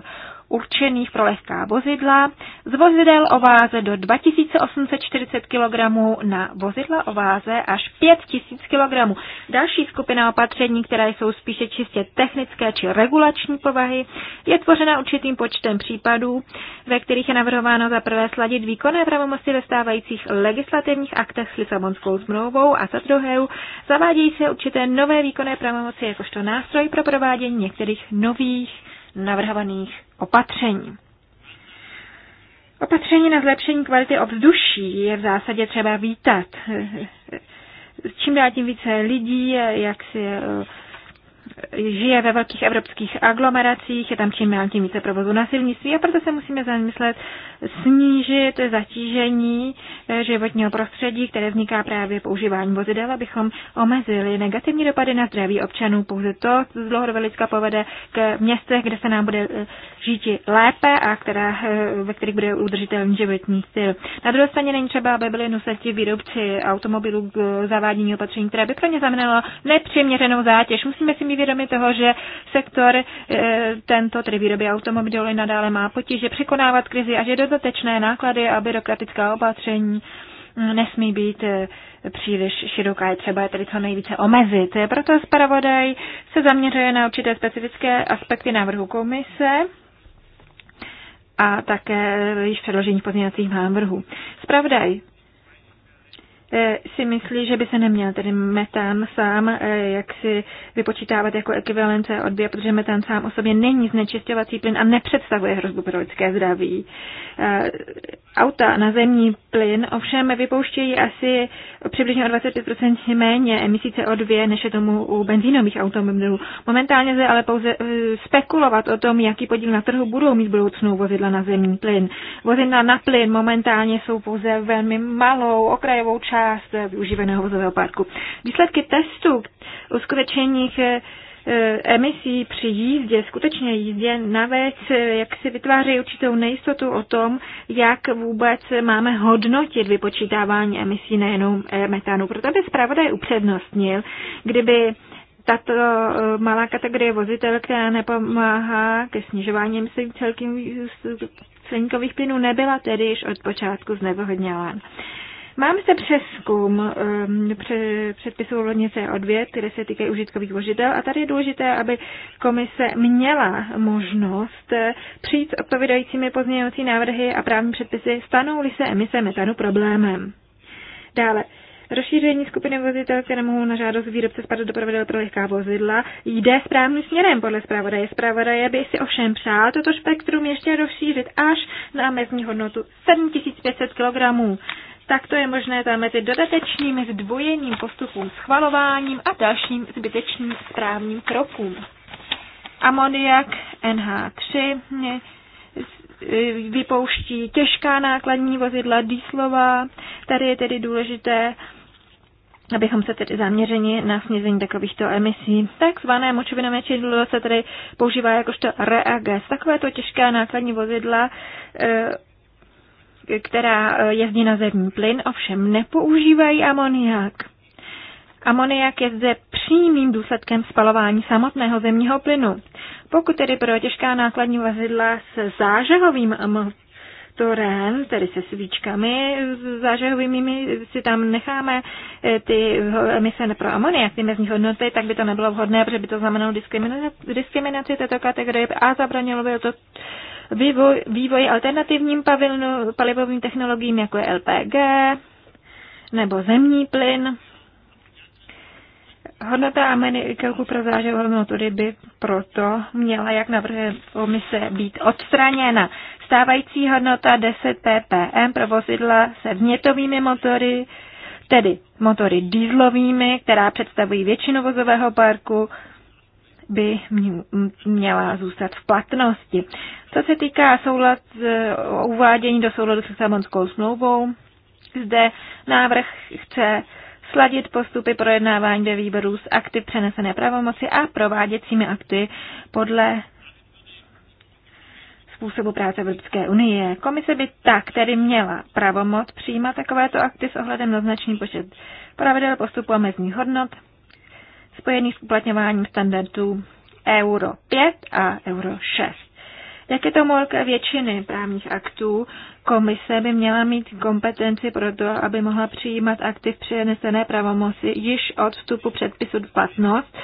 určených pro lehká vozidla, z vozidel o váze do 2840 kg na vozidla o váze až 5000 kg. Další skupina opatření, která jsou spíše čistě technické či regulační povahy, je tvořena určitým počtem případů, ve kterých je navrhováno za prvé sladit výkonné pravomoci ve stávajících legislativních aktech s Lisabonskou smlouvou a za druhé zavádějí se určité nové výkonné pravomoci jakožto nástroj pro provádění některých nových navrhovaných opatření. Opatření na zlepšení kvality ovzduší je v zásadě třeba vítat. Čím dál tím více lidí, jak si eh, žije ve velkých evropských aglomeracích, je tam čím dál tím více provozu na silnictví a proto se musíme zamyslet snížit zatížení eh, životního prostředí, které vzniká právě používání vozidel, abychom omezili negativní dopady na zdraví občanů. Pouze to z dlouhodobě lidska povede k městech, kde se nám bude eh, žít lépe a která, eh, ve kterých bude udržitelný životní styl. Na druhé straně není třeba, aby byly nuseti výrobci automobilů k zavádění opatření, které by pro ně znamenalo nepřiměřenou zátěž. Musíme si mít vědomi toho, že sektor eh, tento, tedy výroby automobilů, nadále má potíže překonávat krizi a že dodatečné náklady a byrokratická opatření mm, nesmí být eh, příliš široká, je třeba je tedy co nejvíce omezit. Proto zpravodaj se zaměřuje na určité specifické aspekty návrhu komise a také již předložení pozměňovacích návrhů. Spravodaj E, si myslí, že by se neměl tedy metán sám e, jak si vypočítávat jako ekvivalent CO2, protože metán sám o sobě není znečišťovací plyn a nepředstavuje hrozbu pro lidské zdraví. E, auta na zemní plyn ovšem vypouštějí asi přibližně o 25% méně emisí CO2, než je tomu u benzínových automobilů. Momentálně se ale pouze spekulovat o tom, jaký podíl na trhu budou mít budoucnou vozidla na zemní plyn. Vozidla na plyn momentálně jsou pouze velmi malou okrajovou část část eh, využívaného vozového parku. Výsledky testů uskutečených eh, eh, emisí při jízdě, skutečně jízdě, navíc jak si vytváří určitou nejistotu o tom, jak vůbec máme hodnotit vypočítávání emisí nejenom metanu. Proto by zpravodaj upřednostnil, kdyby tato malá kategorie vozitel, která nepomáhá ke snižování emisí celkem skleníkových plynů, nebyla tedy již od počátku znevhodnělá. Mám zde přeskum ehm, předpisů hlavně o dvě, které se týkají užitkových vozidel a tady je důležité, aby komise měla možnost eh, přijít s odpovídajícími pozměňovací návrhy a právní předpisy, stanou-li se emise metanu problémem. Dále, Rozšíření skupiny vozidel, které mohou na žádost výrobce spadat do pravidel pro lehká vozidla, jde správným směrem podle zpravodaje. Zpravodaje by si ovšem přál toto spektrum ještě rozšířit až na mezní hodnotu 7500 kg. Takto je možné zamezit dodatečným zdvojeným postupům schvalováním a dalším zbytečným správním krokům. Amoniak NH3 e, vypouští těžká nákladní vozidla dýslová. Tady je tedy důležité, abychom se tedy zaměřili na snížení takovýchto emisí. Takzvané močovinové čidlo se tedy používá jakožto reagens. Takovéto těžké nákladní vozidla e, která eh, jezdí na zemní plyn, ovšem nepoužívají amoniak. Amoniak je zde přímým důsledkem spalování samotného zemního plynu. Pokud tedy pro těžká nákladní vozidla s zážehovým motorem, tedy se svíčkami zážehovými, si tam necháme eh, ty emise pro amoniak, ty mezní hodnoty, tak by to nebylo vhodné, protože by to znamenalo diskriminaci, diskriminaci této kategorie a zabranilo by to vývoj, vývoj alternativním pavilnu, palivovým technologiím, jako je LPG nebo zemní plyn. Hodnota Amerikelku pro zážev hodnotu by proto měla, jak navrhuje komise, být odstraněna. Stávající hodnota 10 ppm pro vozidla se vnětovými motory, tedy motory dýzlovými, která představují většinu vozového parku, by měla zůstat v platnosti. Co se týká soulad, eh, uvádění do souladu s Lisabonskou smlouvou, zde návrh chce sladit postupy projednávání ve výboru s akty přenesené pravomoci a prováděcími akty podle způsobu práce Evropské unie. Komise by tak tedy měla pravomoc přijímat takovéto akty s ohledem na značný počet pravidel postupu a mezních hodnot, spojených s uplatňováním standardů Euro 5 a Euro 6. Jak je to molka většiny právních aktů, komise by měla mít kompetenci pro to, aby mohla přijímat akty v přenesené pravomoci již od vstupu předpisu v platnost,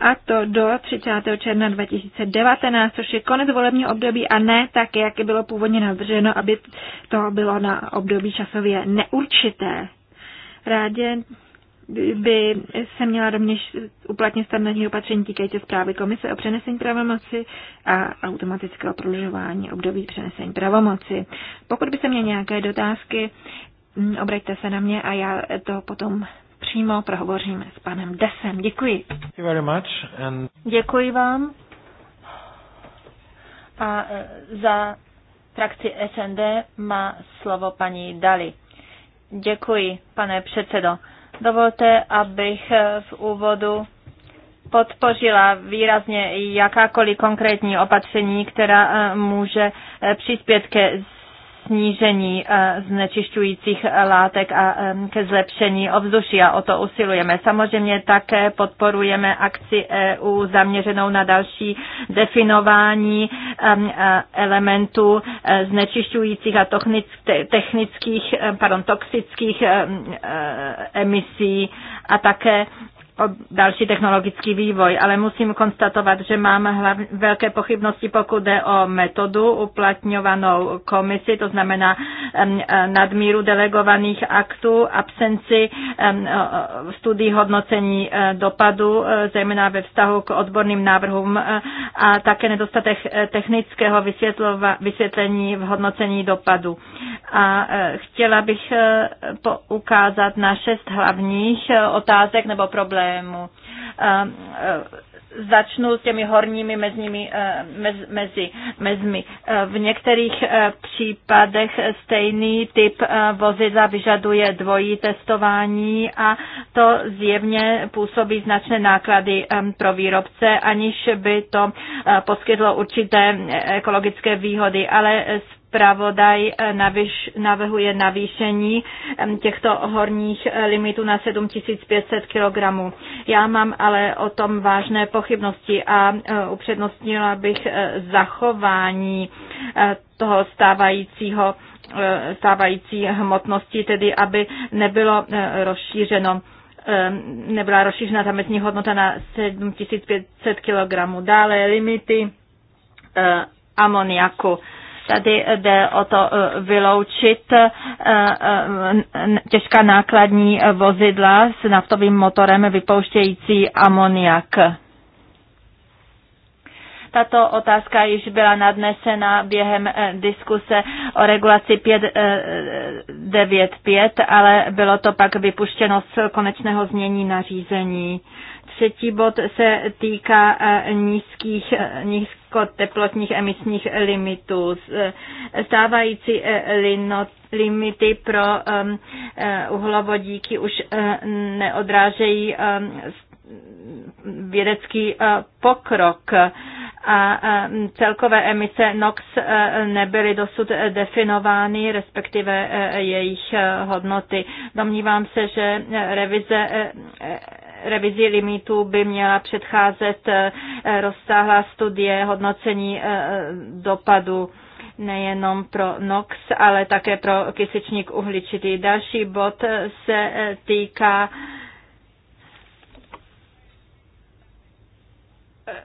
a to do 30. června 2019, což je konec volebního období a ne tak, jak bylo původně navrženo, aby to bylo na období časově neurčité. Rádě by se měla rovněž uplatnit standardní opatření týkající zprávy komise o přenesení pravomoci a automatického prodlužování období přenesení pravomoci. Pokud by se měly nějaké dotázky, mm, obraťte se na mě a já to potom přímo prohovořím s panem Desem. Děkuji. Děkuji vám a e, za frakci SND má slovo paní Dali. Děkuji, pane předsedo. Dovolte, abych v úvodu podpořila výrazně jakákoliv konkrétní opatření, která eh, může eh, přispět ke snížení eh, znečišťujících eh, látek a ke zlepšení ovzduší a o to usilujeme. Samozřejmě také podporujeme akci EU zaměřenou na další definování eh, elementů znečišťujících a technických, pardon, toxických emisí a také další technologický vývoj, ale musím konstatovat, že mám hlav, velké pochybnosti, pokud jde o metodu uplatňovanou komisi, to znamená um, nadmíru delegovaných aktů, absenci um, studií hodnocení uh, dopadu, uh, zejména ve vztahu k odborným návrhům uh, a také nedostatek technického vysvětlení v hodnocení dopadu. A uh, chtěla bych uh, poukázat na šest hlavních uh, otázek nebo problémů, problému. Eh, eh, začnu s těmi horními mezními, eh, mez, mezi, mezmi. V některých případech stejný typ vozidla vyžaduje dvojí testování a to zjevně působí značné náklady pro výrobce, aniž by to poskytlo určité ekologické výhody. Ale zpravodaj eh, navyš, navrhuje navýšení těchto horních eh, limitů na 7500 kg. Já mám ale o tom vážné pochybnosti a eh, upřednostnila bych zachování toho stávajícího stávající hmotnosti, tedy aby nebylo rozšířeno nebyla rozšířena mezní hodnota na 7500 kg. Dále limity amoniaku. Tady jde o to eh, vyloučit eh, eh, těžká nákladní vozidla s naftovým motorem vypouštějící amoniak. Tato otázka již byla nadnesena během diskuse o regulaci 595, ale bylo to pak vypuštěno z konečného změní nařízení Třetí bod se týká e, nízkých, e, nízkoteplotních emisních limitů. E, stávající limity pro uhlovodíky už neodrážejí vědecký pokrok a celkové emise NOx nebyly dosud definovány, respektive jejich hodnoty. Domnívám se, že revize revizi limitů by měla předcházet eh, rozsáhlá studie hodnocení eh, dopadu nejenom pro NOx, ale také pro kysečník uhličitý. Další bod eh, se týká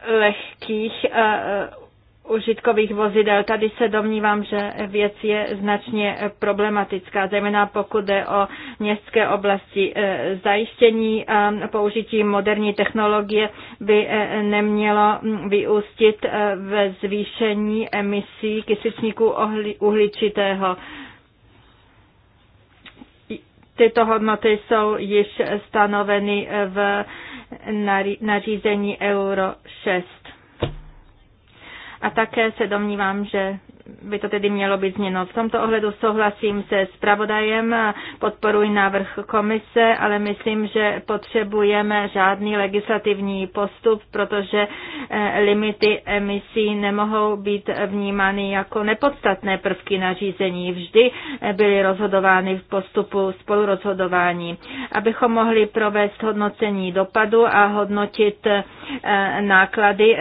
lehkých užitkových vozidel. Tady se domnívám, že věc je značně problematická, zejména pokud jde o městské oblasti. E, zajištění e, použití moderní technologie by e, nemělo vyústit ve zvýšení emisí kysličníků uhličitého tyto hodnoty jsou již stanoveny v nařízení Euro 6. A také se domnívám, že by to tedy mělo být změno. V tomto ohledu souhlasím se zpravodajem, podporuji návrh komise, ale myslím, že potřebujeme žádný legislativní postup, protože eh, limity emisí nemohou být vnímány jako nepodstatné prvky nařízení. Vždy eh, byly rozhodovány v postupu spolurozhodování. Abychom mohli provést hodnocení dopadu a hodnotit eh, náklady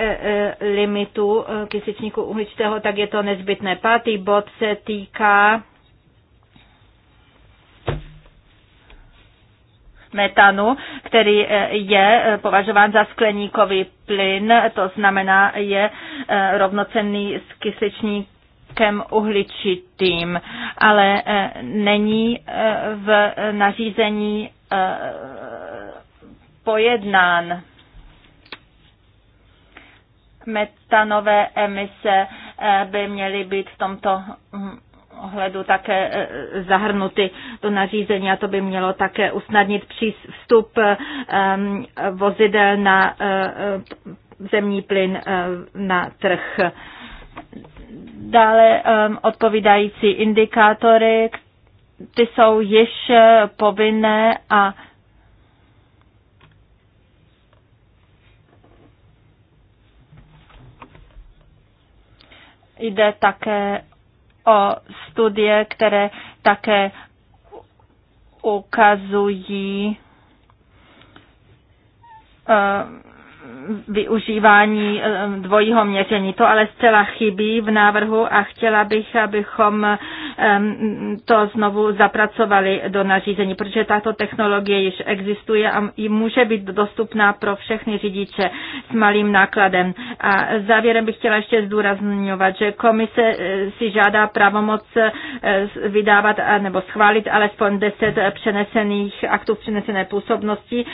limitu kysličníku uhličitého, tak je to nezbytné nezbytné. Pátý bod se týká metanu, který eh, je eh, považován za skleníkový plyn, to znamená je eh, rovnocenný s kysličníkem uhličitým, ale není v nařízení pojednán metanové emise Eh, by měly být v tomto mm, ohledu také eh, zahrnuty do nařízení a to by mělo také usnadnit přístup eh, vozidel na zemní plyn na trh. Dále odpovídající indikátory, ty jsou již povinné a Jde také o studie, které také ukazují eh, využívání eh, dvojího měření. To ale zcela chybí v návrhu a chtěla bych, abychom to znovu zapracovali do nařízení, protože tato technologie již existuje a může být dostupná pro všechny řidiče s malým nákladem. A závěrem bych chtěla ještě zdůrazňovat, že komise eh, si žádá pravomoc eh, vydávat nebo schválit alespoň 10 přenesených aktů přenesené působnosti,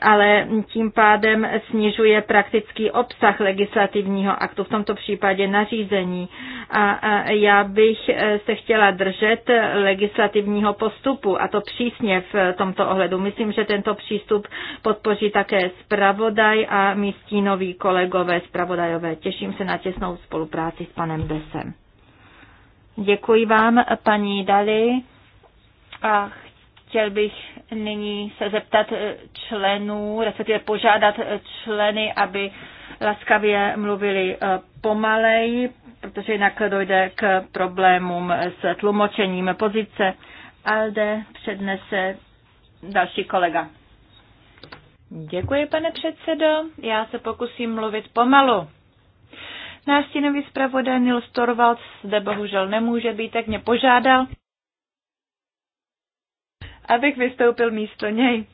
ale tím pádem snižuje praktický obsah legislativního aktu, v tomto případě nařízení. A já bych eh, se chtěla chtěla držet legislativního postupu a to přísně v tomto ohledu. Myslím, že tento přístup podpoří také zpravodaj a místí noví kolegové zpravodajové. Těším se na těsnou spolupráci s panem Desem. Děkuji vám, paní Dali. A chtěl bych nyní se zeptat členů, respektive požádat členy, aby laskavě mluvili eh, pomalej, protože jinak dojde k problémům s tlumočením pozice. Alde přednese další kolega. Děkuji, pane předsedo. Já se pokusím mluvit pomalu. Náš stínový zpravodaj Nils Torvalds zde bohužel nemůže být, tak mě požádal, abych vystoupil místo něj.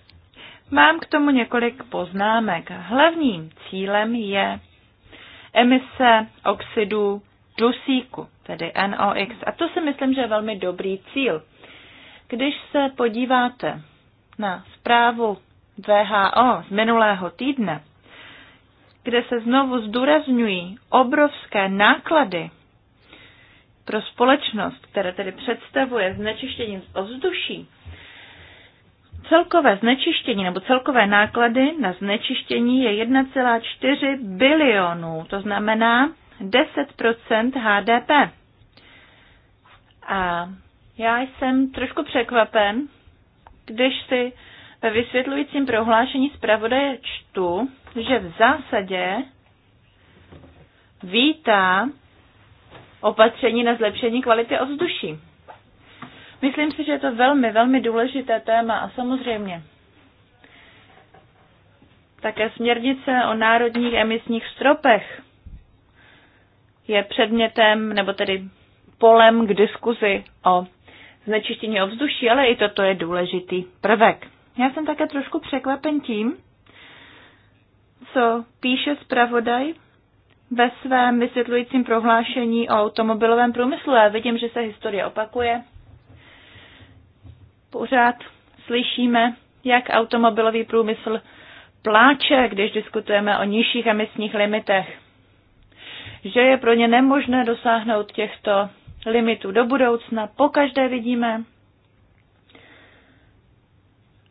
Mám k tomu několik poznámek. Hlavním cílem je emise oxidu dusíku, tedy NOx. A to si myslím, že je velmi dobrý cíl. Když se podíváte na zprávu VHO z minulého týdne, kde se znovu zdůrazňují obrovské náklady pro společnost, které tedy představuje znečištění ovzduší, Celkové znečištění nebo celkové náklady na znečištění je 1,4 bilionů, to znamená 10 HDP. A já jsem trošku překvapen, když si ve vysvětlujícím prohlášení zpravodaje čtu, že v zásadě vítá opatření na zlepšení kvality ovzduší. Myslím si, že je to velmi, velmi důležité téma a samozřejmě také směrnice o národních emisních stropech je předmětem, nebo tedy polem k diskuzi o znečištění ovzduší, ale i toto je důležitý prvek. Já jsem také trošku překvapen tím, co píše zpravodaj ve svém vysvětlujícím prohlášení o automobilovém průmyslu. Já vidím, že se historie opakuje. Pořád slyšíme, jak automobilový průmysl pláče, když diskutujeme o nižších emisních limitech. Že je pro ně nemožné dosáhnout těchto limitů do budoucna, po každé vidíme,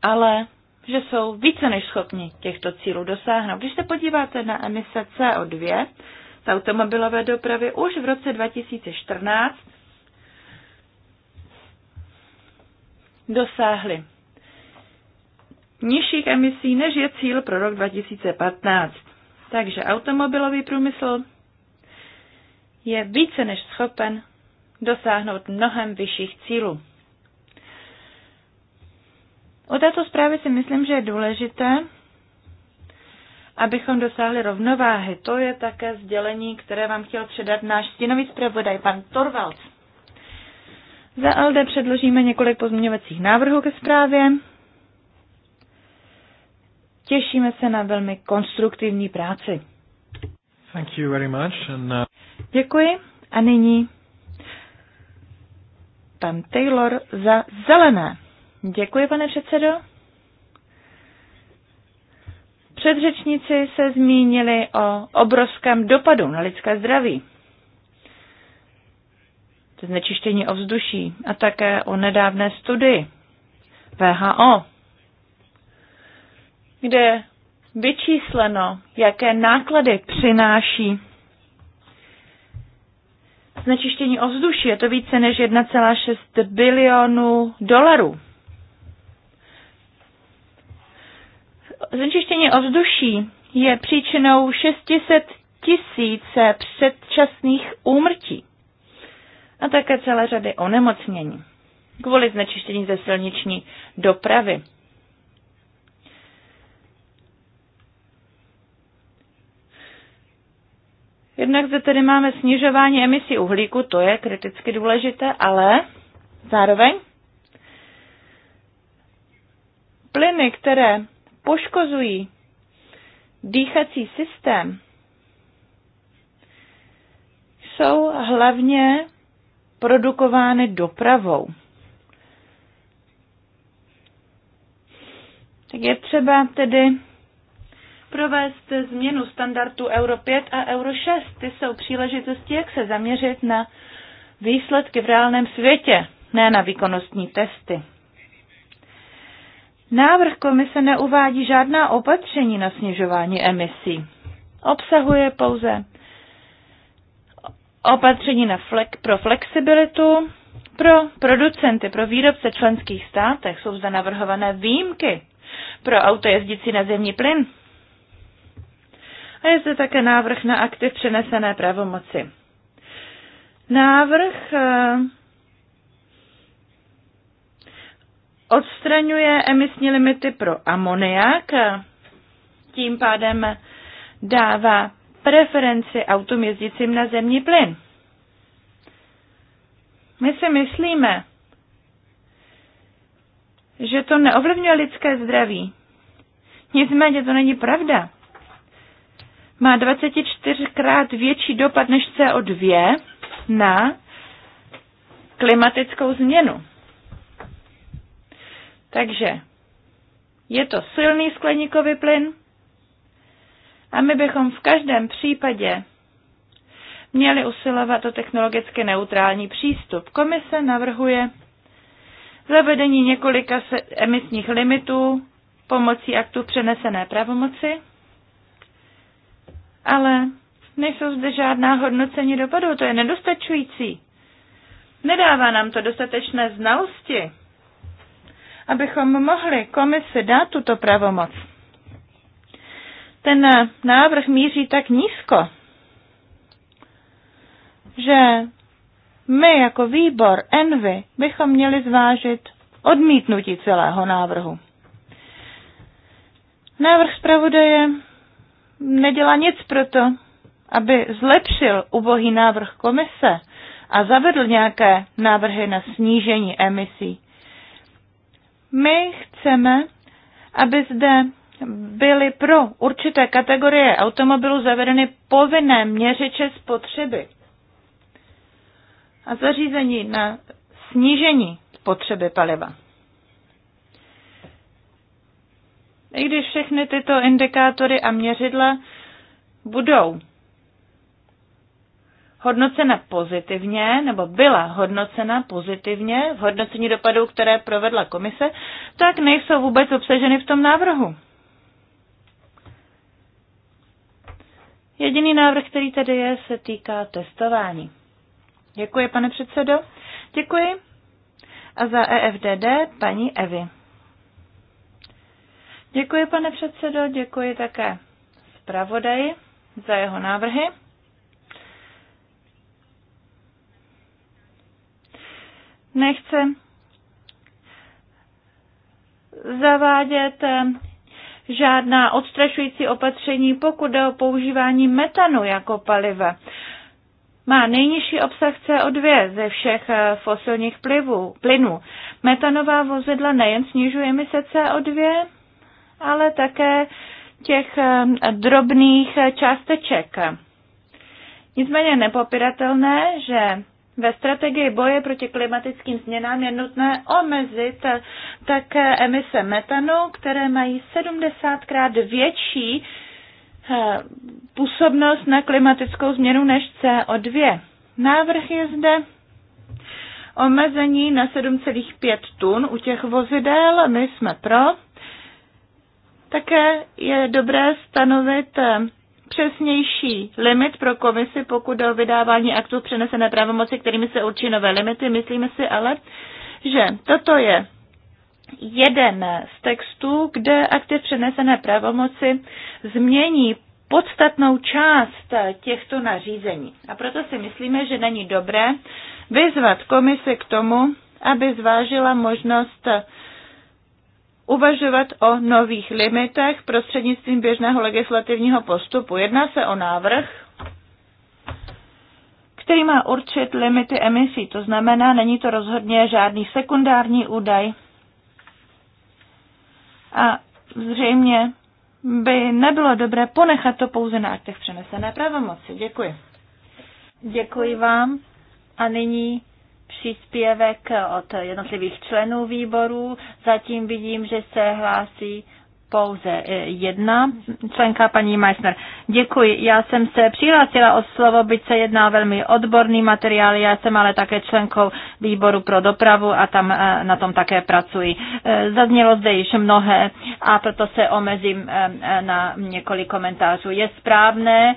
ale že jsou více než schopni těchto cílů dosáhnout. Když se podíváte na emise CO2 z automobilové dopravy už v roce 2014, dosáhli nižších emisí, než je cíl pro rok 2015. Takže automobilový průmysl je více než schopen dosáhnout mnohem vyšších cílů. O této zprávě si myslím, že je důležité, abychom dosáhli rovnováhy. To je také sdělení, které vám chtěl předat náš stěnový zpravodaj, pan Torvalds. Za ALDE předložíme několik pozměňovacích návrhů ke zprávě. Těšíme se na velmi konstruktivní práci. Thank you very much and, uh... Děkuji a nyní pan Taylor za zelené. Děkuji, pane předsedo. Předřečníci se zmínili o obrovském dopadu na lidské zdraví znečištění ovzduší a také o nedávné studii VHO, kde je vyčísleno, jaké náklady přináší znečištění ovzduší. Je to více než 1,6 bilionů dolarů. Znečištění ovzduší je příčinou 600 tisíce předčasných úmrtí a také celé řady onemocnění kvůli znečištění ze silniční dopravy. Jednak zde tedy máme snižování emisí uhlíku, to je kriticky důležité, ale zároveň plyny, které poškozují dýchací systém, jsou hlavně produkovány dopravou. Tak je třeba tedy provést změnu standardu Euro 5 a Euro 6. Ty jsou příležitosti, jak se zaměřit na výsledky v reálném světě, ne na výkonnostní testy. Návrh komise neuvádí žádná opatření na snižování emisí. Obsahuje pouze opatření na flek, pro flexibilitu pro producenty, pro výrobce členských státech jsou zde navrhované výjimky pro auto jezdící na zemní plyn. A je zde také návrh na aktiv přenesené pravomoci. Návrh eh, odstraňuje emisní limity pro amoniak, eh, tím pádem dává preferenci autům jezdícím na zemní plyn. My si myslíme, že to neovlivňuje lidské zdraví. Nicméně to není pravda. Má 24krát větší dopad než CO2 na klimatickou změnu. Takže je to silný skleníkový plyn, a my bychom v každém případě měli usilovat o technologicky neutrální přístup. Komise navrhuje zavedení několika emisních limitů pomocí aktu přenesené pravomoci, ale nejsou zde žádná hodnocení dopadů, to je nedostačující. Nedává nám to dostatečné znalosti, abychom mohli komisi dát tuto pravomoc ten návrh míří tak nízko, že my jako výbor Envy bychom měli zvážit odmítnutí celého návrhu. Návrh zpravodaje nedělá nic proto, aby zlepšil ubohý návrh komise a zavedl nějaké návrhy na snížení emisí. My chceme, aby zde byly pro určité kategorie automobilů zavedeny povinné měřiče spotřeby a zařízení na snížení spotřeby paliva. I když všechny tyto indikátory a měřidla budou hodnocena pozitivně, nebo byla hodnocena pozitivně v hodnocení dopadů, které provedla komise, tak nejsou vůbec obsaženy v tom návrhu. Jediný návrh, který tady je, se týká testování. Děkuji, pane předsedo. Děkuji. A za EFDD paní Evy. Děkuji, pane předsedo, děkuji také zpravodaji za jeho návrhy. Nechce zavádět eh, žádná odstrašující opatření, pokud jde o používání metanu jako paliva. Má nejnižší obsah CO2 ze všech eh, fosilních plivů, plynů. Metanová vozidla nejen snižují emise CO2, ale také těch eh, drobných eh, částeček. Nicméně nepopiratelné, že ve strategii boje proti klimatickým změnám je nutné omezit také emise metanu, které mají 70krát větší eh, působnost na klimatickou změnu než CO2. Návrh je zde omezení na 7,5 tun u těch vozidel, my jsme pro. Také je dobré stanovit eh, přesnější limit pro komisi, pokud jde o vydávání aktů přenesené pravomoci, kterými se určí nové limity. Myslíme si ale, že toto je jeden z textů, kde akty přenesené pravomoci změní podstatnou část těchto nařízení. A proto si myslíme, že není dobré vyzvat komisi k tomu, aby zvážila možnost uvažovat o nových limitech prostřednictvím běžného legislativního postupu. Jedná se o návrh, který má určit limity emisí, to znamená, není to rozhodně žádný sekundární údaj. A zřejmě by nebylo dobré ponechat to pouze na aktech přenesené pravomoci. Děkuji. Děkuji vám. A nyní příspěvek od jednotlivých členů výboru. Zatím vidím, že se hlásí pouze eh, jedna členka, paní Meissner. Děkuji. Já jsem se přihlásila o slovo, byť se jedná velmi odborný materiál. Já jsem ale také členkou výboru pro dopravu a tam eh, na tom také pracuji. Eh, zaznělo zde již mnohé a proto se omezím na několik komentářů. Je správné,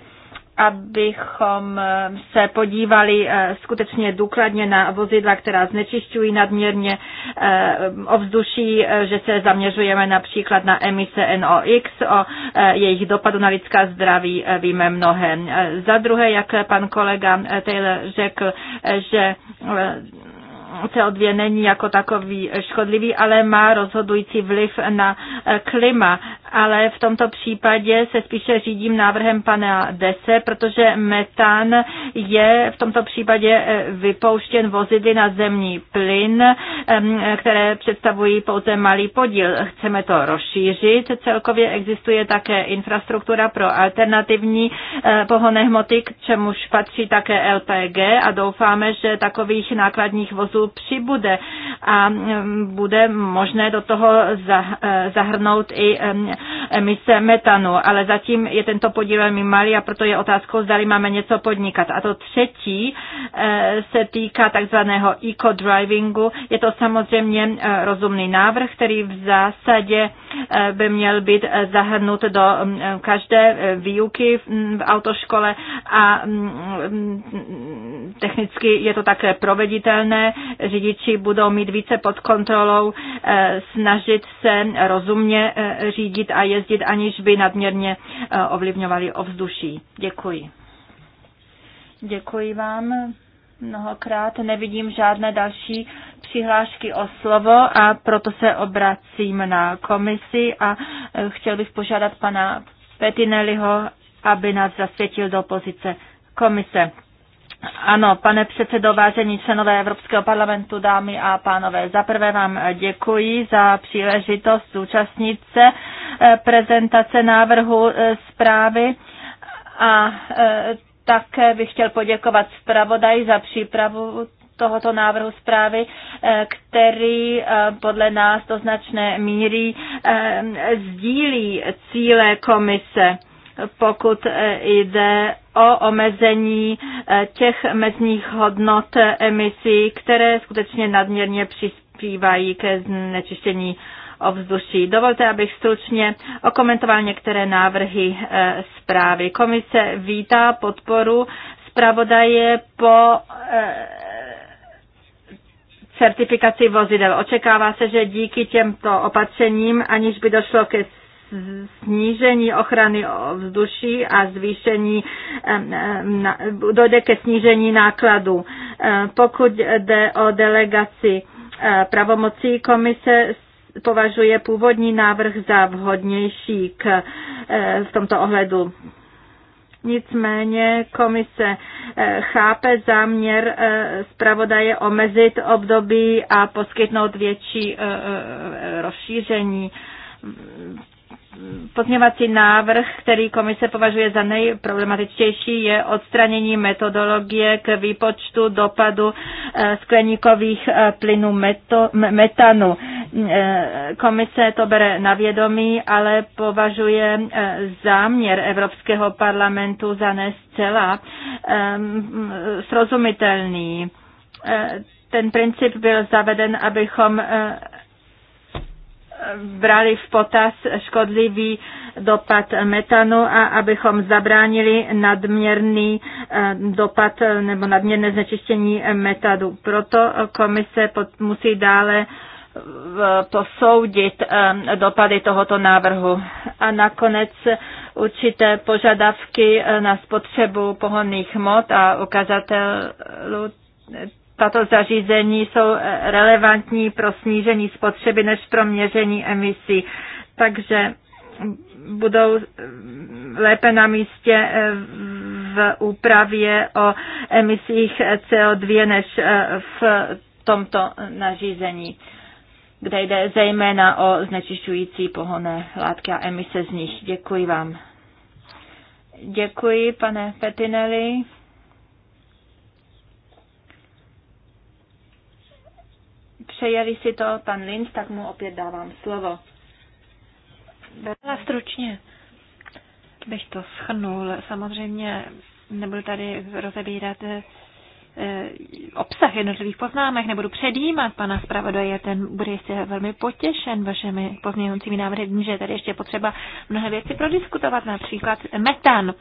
abychom eh, se podívali eh, skutečně důkladně na vozidla, která znečišťují nadměrně eh, ovzduší, že se zaměřujeme například na emise NOx, o jejich dopadu na lidská zdraví víme mnohem. Za druhé, jak pan kolega Taylor řekl, že CO2 není jako takový škodlivý, ale má rozhodující vliv na klima ale v tomto případě se spíše řídím návrhem pana Dese, protože metan je v tomto případě eh, vypouštěn vozidly na zemní plyn, ehm, které představují pouze malý podíl. Chceme to rozšířit. Celkově existuje také infrastruktura pro alternativní eh, pohonné hmoty, k čemuž patří také LPG a doufáme, že takových nákladních vozů přibude a ehm, bude možné do toho eh, zahrnout i ehm, emise metanu, ale zatím je tento podíl velmi malý a proto je otázkou, zda máme něco podnikat. A to třetí eh, se týká takzvaného eco-drivingu. Je to samozřejmě eh, rozumný návrh, který v zásadě eh, by měl být zahrnut do mm, každé výuky mm, v autoškole a mm, technicky je to také proveditelné. Řidiči budou mít více pod kontrolou, snažit se rozumně řídit a jezdit, aniž by nadměrně eh, ovlivňovali ovzduší. Děkuji. Děkuji vám mnohokrát. Nevidím žádné další přihlášky o slovo a proto se obracím na komisi a eh, chtěl bych požádat pana Petinelliho, aby nás zasvětil do pozice komise. Ano, pane předsedo, vážení členové Evropského parlamentu, dámy a pánové, zaprvé vám děkuji za příležitost zúčastnit se eh, prezentace návrhu eh, zprávy a eh, také bych chtěl poděkovat zpravodaji za přípravu tohoto návrhu zprávy, který podle nás do značné míry sdílí cíle komise pokud eh, jde o omezení eh, těch mezních hodnot eh, emisí, které skutečně nadměrně přispívají ke znečištění ovzduší. Dovolte, abych stručně okomentoval některé návrhy zprávy. Komise vítá podporu zpravodaje po certifikaci vozidel. Očekává se, že díky těmto opatřením, aniž by došlo ke snížení ochrany vzduší a zvýšení, dojde ke snížení nákladů. Eh, pokud jde o delegaci eh, pravomocí komise, považuje původní návrh za vhodnější k, eh, v tomto ohledu. Nicméně komise chápe záměr zpravodaje omezit období a poskytnout větší rozšíření Pozměvací návrh, který komise považuje za nejproblematičtější, je odstranění metodologie k výpočtu dopadu eh, skleníkových eh, plynů meto, metanu. Eh, komise to bere na vědomí, ale považuje záměr Evropského parlamentu za ne zcela srozumitelný. Ten princip byl zaveden, abychom brali v potaz škodlivý dopad metanu a abychom zabránili nadměrný eh, dopad nebo nadměrné znečištění metadu. Proto komise musí dále posoudit eh, eh, dopady tohoto návrhu. A nakonec určité požadavky na spotřebu pohonných hmot a ukazatelů tato zařízení jsou eh, relevantní pro snížení spotřeby než pro měření emisí. Takže budou eh, lépe na místě eh, v úpravě o emisích CO2 než v tomto nařízení, kde jde zejména o znečišťující pohonné látky a emise z nich. Děkuji vám. Děkuji, pane Petinelli. přejeli si to pan Linz, tak mu opět dávám slovo. Byla stručně bych to schrnul. Samozřejmě nebudu tady rozebírat eh, obsah jednotlivých poznámek, nebudu předjímat pana zpravodaje, ten bude jistě velmi potěšen vašimi pozměňujícími návrhy, vím, že je tady ještě potřeba mnohé věci prodiskutovat, například metan.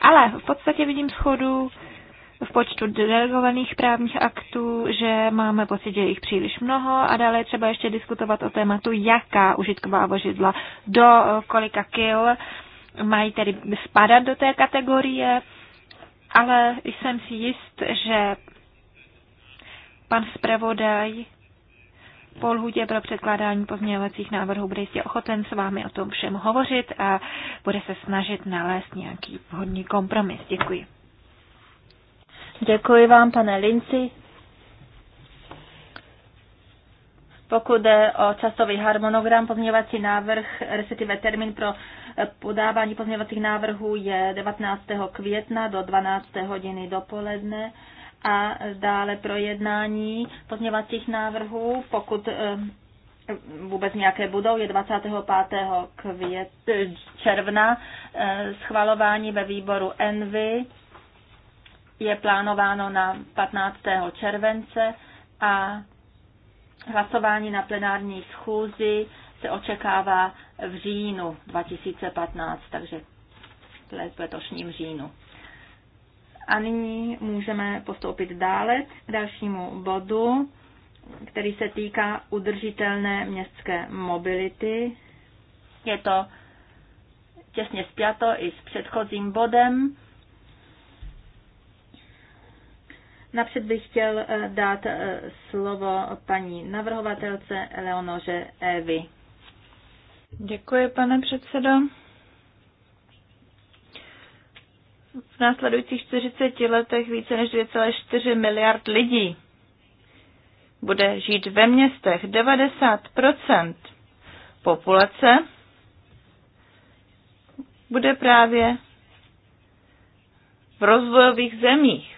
Ale v podstatě vidím schodu v počtu delegovaných právních aktů, že máme pocit, že je jich příliš mnoho a dále třeba ještě diskutovat o tématu, jaká užitková vožidla do eh, kolika kil mají tedy spadat do té kategorie, ale jsem si jist, že pan zpravodaj po lhůtě pro předkládání pozměňovacích návrhů bude jistě ochoten s vámi o tom všem hovořit a bude se snažit nalézt nějaký vhodný kompromis. Děkuji. Děkuji vám, pane Linci. Pokud jde o časový harmonogram, pozměňovací návrh, respektive termín pro eh, podávání pozměňovacích návrhů je 19. května do 12. hodiny dopoledne a dále projednání pozměňovacích návrhů, pokud eh, vůbec nějaké budou, je 25. Květ, eh, června schvalování ve výboru Envy je plánováno na 15. července a hlasování na plenární schůzi se očekává v říjnu 2015, takže v letošním říjnu. A nyní můžeme postoupit dále k dalšímu bodu, který se týká udržitelné městské mobility. Je to těsně spjato i s předchozím bodem Napřed bych chtěl eh, dát eh, slovo paní navrhovatelce Leonoře Evy. Děkuji, pane předsedo. V následujících 40 letech více než 2,4 miliard lidí bude žít ve městech. 90 populace bude právě v rozvojových zemích.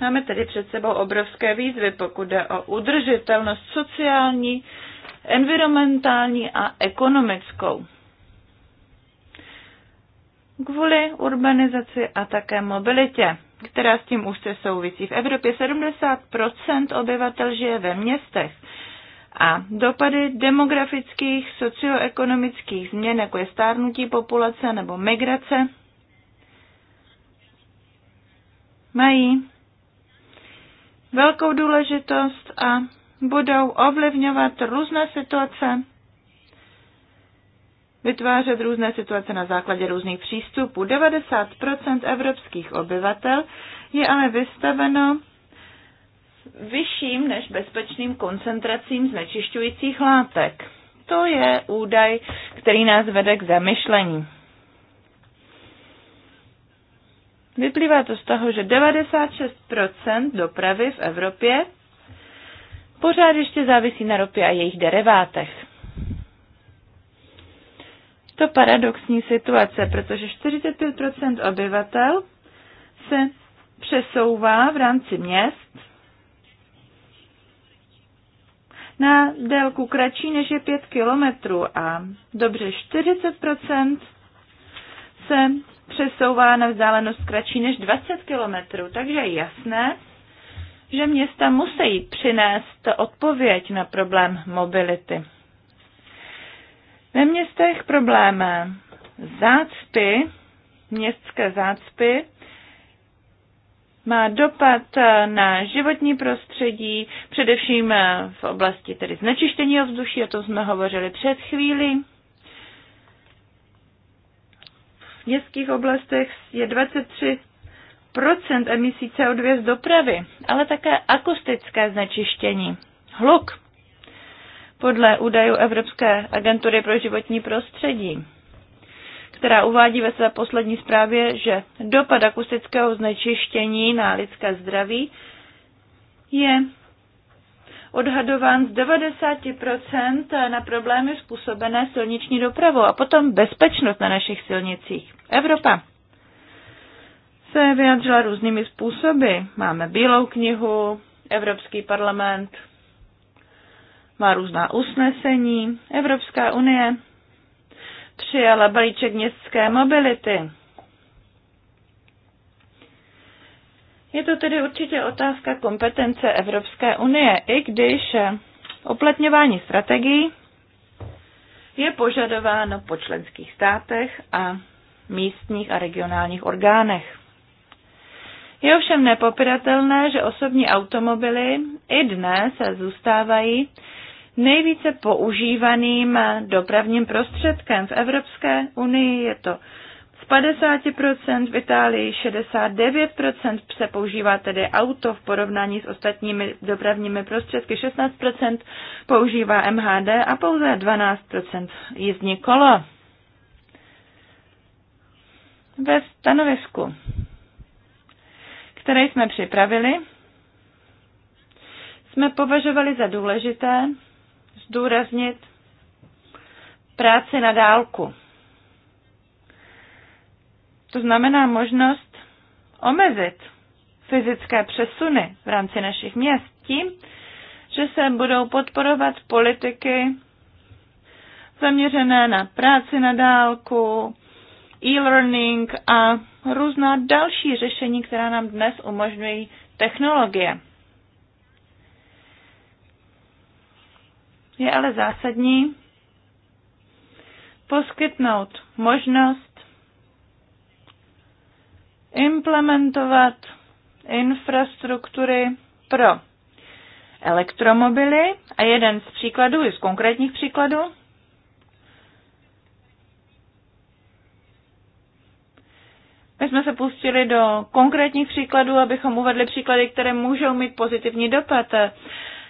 Máme tedy před sebou obrovské výzvy, pokud jde o udržitelnost sociální, environmentální a ekonomickou. Kvůli urbanizaci a také mobilitě, která s tím úzce souvisí. V Evropě 70 obyvatel žije ve městech a dopady demografických, socioekonomických změn, jako je stárnutí populace nebo migrace, mají velkou důležitost a budou ovlivňovat různé situace, vytvářet různé situace na základě různých přístupů. 90 evropských obyvatel je ale vystaveno vyšším než bezpečným koncentracím znečišťujících látek. To je údaj, který nás vede k zamyšlení. Vyplývá to z toho, že 96% dopravy v Evropě pořád ještě závisí na ropě a jejich derivátech. To paradoxní situace, protože 45% obyvatel se přesouvá v rámci měst na délku kratší než je 5 kilometrů a dobře 40% se přesouvá na vzdálenost kratší než 20 kilometrů, takže je jasné, že města musí přinést odpověď na problém mobility. Ve městech problém zácpy, městské zácpy, má dopad na životní prostředí, především v oblasti tedy znečištění ovzduší, o tom jsme hovořili před chvílí. městských oblastech je 23 emisí CO2 z dopravy, ale také akustické znečištění, hluk, podle údajů Evropské agentury pro životní prostředí, která uvádí ve své poslední zprávě, že dopad akustického znečištění na lidské zdraví je odhadován z 90% na problémy způsobené silniční dopravou a potom bezpečnost na našich silnicích. Evropa se vyjádřila různými způsoby. Máme Bílou knihu, Evropský parlament má různá usnesení, Evropská unie přijala balíček městské mobility. Je to tedy určitě otázka kompetence Evropské unie, i když opletňování eh, strategií je požadováno po členských státech a místních a regionálních orgánech. Je ovšem nepopiratelné, že osobní automobily i dnes zůstávají nejvíce používaným dopravním prostředkem. V Evropské unii je to 50%, v Itálii 69% se používá tedy auto v porovnání s ostatními dopravními prostředky, 16% používá MHD a pouze 12% jízdní kolo. Ve stanovisku, které jsme připravili, jsme považovali za důležité zdůraznit práci na dálku to znamená možnost omezit fyzické přesuny v rámci našich měst tím, že se budou podporovat politiky zaměřené na práci na dálku, e-learning a různá další řešení, která nám dnes umožňují technologie. Je ale zásadní poskytnout možnost implementovat infrastruktury pro elektromobily a jeden z příkladů, je z konkrétních příkladů, My jsme se pustili do konkrétních příkladů, abychom uvedli příklady, které můžou mít pozitivní dopad.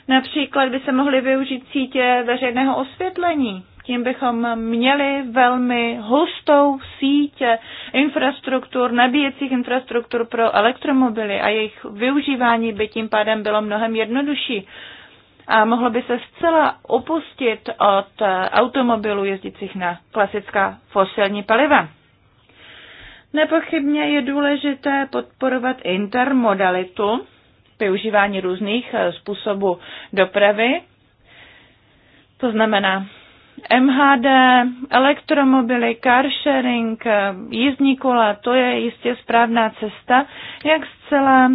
Například by se mohly využít sítě veřejného osvětlení tím bychom měli velmi hustou síť infrastruktur, nabíjecích infrastruktur pro elektromobily a jejich využívání by tím pádem bylo mnohem jednodušší. A mohlo by se zcela opustit od automobilů jezdících na klasická fosilní paliva. Nepochybně je důležité podporovat intermodalitu, využívání různých způsobů dopravy, to znamená MHD, elektromobily, carsharing, jízdní kola, to je jistě správná cesta, jak zcela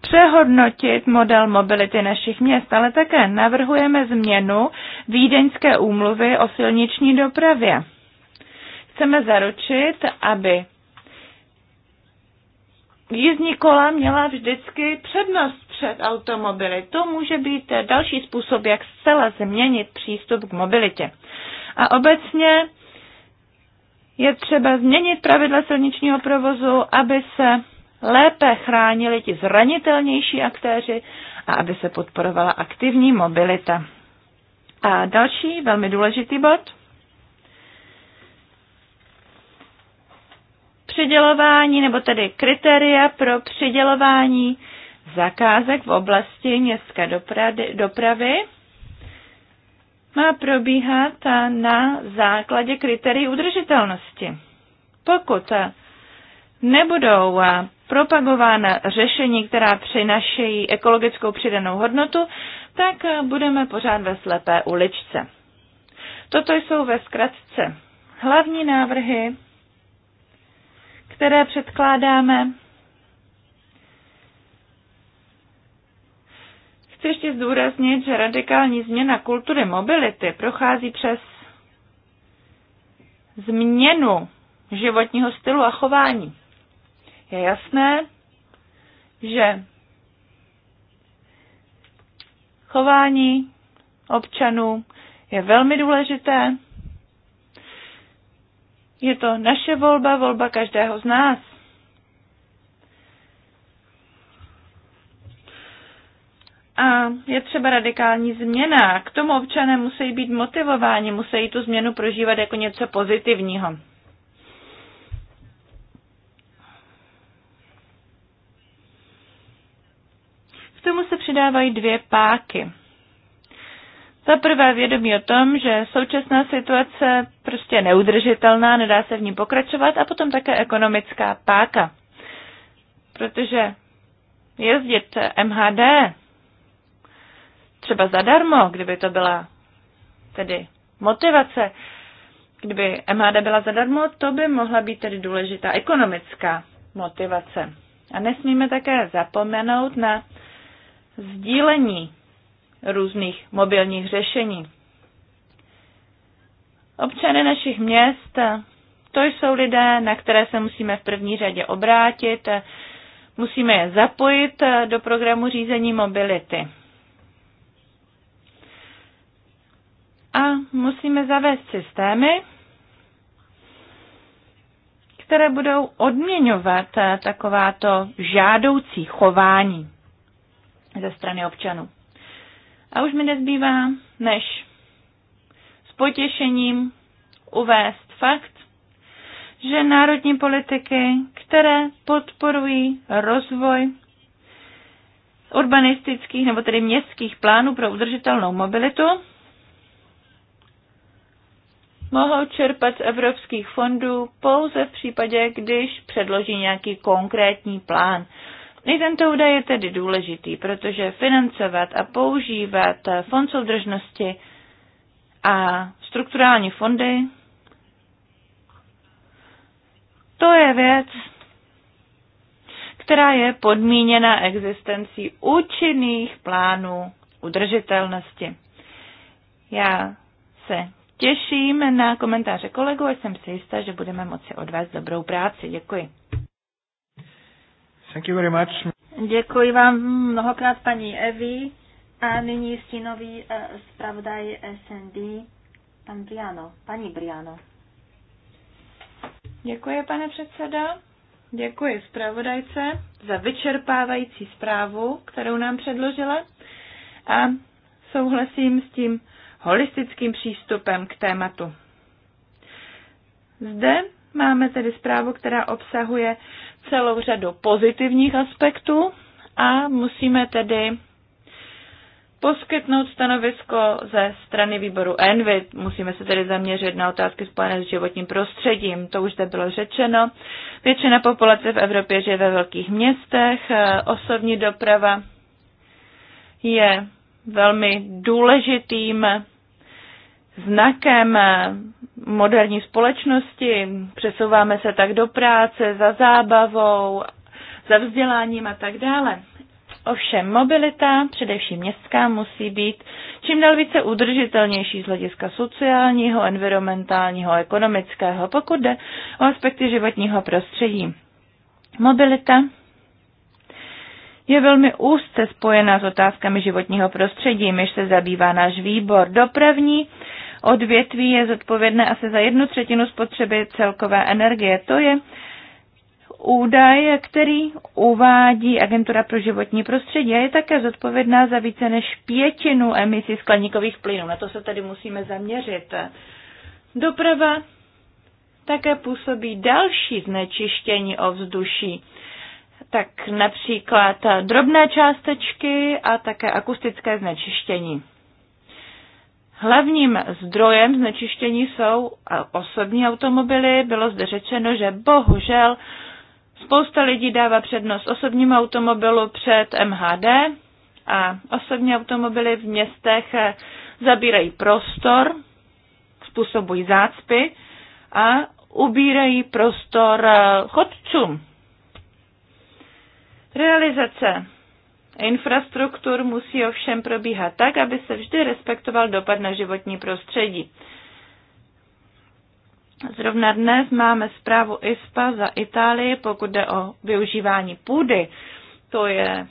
přehodnotit model mobility našich měst, ale také navrhujeme změnu Vídeňské úmluvy o silniční dopravě. Chceme zaručit, aby jízdní kola měla vždycky přednost před automobily. To může být další způsob, jak zcela změnit přístup k mobilitě. A obecně je třeba změnit pravidla silničního provozu, aby se lépe chránili ti zranitelnější aktéři a aby se podporovala aktivní mobilita. A další velmi důležitý bod. Přidělování, nebo tedy kritéria pro přidělování zakázek v oblasti městské dopravy, dopravy má probíhat na základě kritérií udržitelnosti. Pokud nebudou propagována řešení, která přinašejí ekologickou přidanou hodnotu, tak budeme pořád ve slepé uličce. Toto jsou ve zkratce hlavní návrhy, které předkládáme Chci ještě zdůraznit, že radikální změna kultury mobility prochází přes změnu životního stylu a chování. Je jasné, že chování občanů je velmi důležité. Je to naše volba, volba každého z nás. A je třeba radikální změna. K tomu občané musí být motivováni, musí tu změnu prožívat jako něco pozitivního. K tomu se přidávají dvě páky. Za prvé vědomí o tom, že současná situace prostě neudržitelná, nedá se v ní pokračovat a potom také ekonomická páka. Protože jezdit MHD třeba zadarmo, kdyby to byla tedy motivace, kdyby MHD byla zadarmo, to by mohla být tedy důležitá ekonomická motivace. A nesmíme také zapomenout na sdílení různých mobilních řešení. Občany našich měst, to jsou lidé, na které se musíme v první řadě obrátit, musíme je zapojit do programu řízení mobility. A musíme zavést systémy, které budou odměňovat eh, takováto žádoucí chování ze strany občanů. A už mi nezbývá, než s potěšením uvést fakt, že národní politiky, které podporují rozvoj urbanistických nebo tedy městských plánů pro udržitelnou mobilitu, mohou čerpat z evropských fondů pouze v případě, když předloží nějaký konkrétní plán. I tento údaj je tedy důležitý, protože financovat a používat fond soudržnosti a strukturální fondy, to je věc, která je podmíněna existencí účinných plánů udržitelnosti. Já se těším na komentáře kolegu a jsem si jistá, že budeme moci odvést dobrou práci. Děkuji. Thank you very much. Děkuji vám mnohokrát, paní Evi. A nyní stínový eh, zpravodaj SND, pan Briano, paní Briano. Děkuji, pane předsedo. Děkuji zpravodajce za vyčerpávající zprávu, kterou nám předložila. A souhlasím s tím holistickým přístupem k tématu. Zde máme tedy zprávu, která obsahuje celou řadu pozitivních aspektů a musíme tedy poskytnout stanovisko ze strany výboru Envy. Musíme se tedy zaměřit na otázky spojené s životním prostředím. To už zde bylo řečeno. Většina populace v Evropě žije ve velkých městech. Osobní doprava je velmi důležitým znakem moderní společnosti. Přesouváme se tak do práce, za zábavou, za vzděláním a tak dále. Ovšem mobilita, především městská, musí být čím dál více udržitelnější z hlediska sociálního, environmentálního, ekonomického, pokud jde o aspekty životního prostředí. Mobilita je velmi úzce spojena s otázkami životního prostředí, než se zabývá náš výbor. Dopravní odvětví je zodpovědné asi za jednu třetinu spotřeby celkové energie. To je údaj, který uvádí Agentura pro životní prostředí a je také zodpovědná za více než pětinu emisí skleníkových plynů. Na to se tady musíme zaměřit. Doprava také působí další znečištění ovzduší tak například drobné částečky a také akustické znečištění. Hlavním zdrojem znečištění jsou osobní automobily. Bylo zde řečeno, že bohužel spousta lidí dává přednost osobnímu automobilu před MHD a osobní automobily v městech zabírají prostor, způsobují zácpy a ubírají prostor chodcům. Realizace infrastruktur musí ovšem probíhat tak, aby se vždy respektoval dopad na životní prostředí. Zrovna dnes máme zprávu ISPA za Itálii, pokud jde o využívání půdy. To je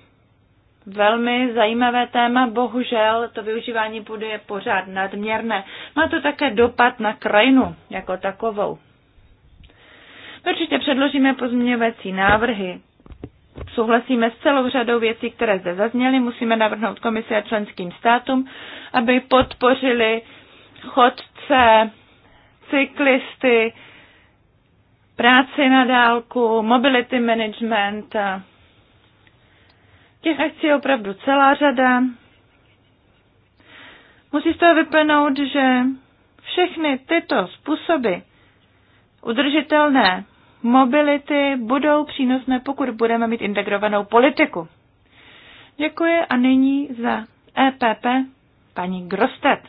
velmi zajímavé téma. Bohužel to využívání půdy je pořád nadměrné. Má to také dopad na krajinu jako takovou. Určitě předložíme pozměňovací návrhy Souhlasíme s celou řadou věcí, které zde zazněly. Musíme navrhnout komisi a členským státům, aby podpořili chodce, cyklisty, práci na dálku, mobility management. Těch akcí je opravdu celá řada. Musí z toho vyplnout, že všechny tyto způsoby udržitelné mobility budou přínosné, pokud budeme mít integrovanou politiku. Děkuji a nyní za EPP paní Grostet.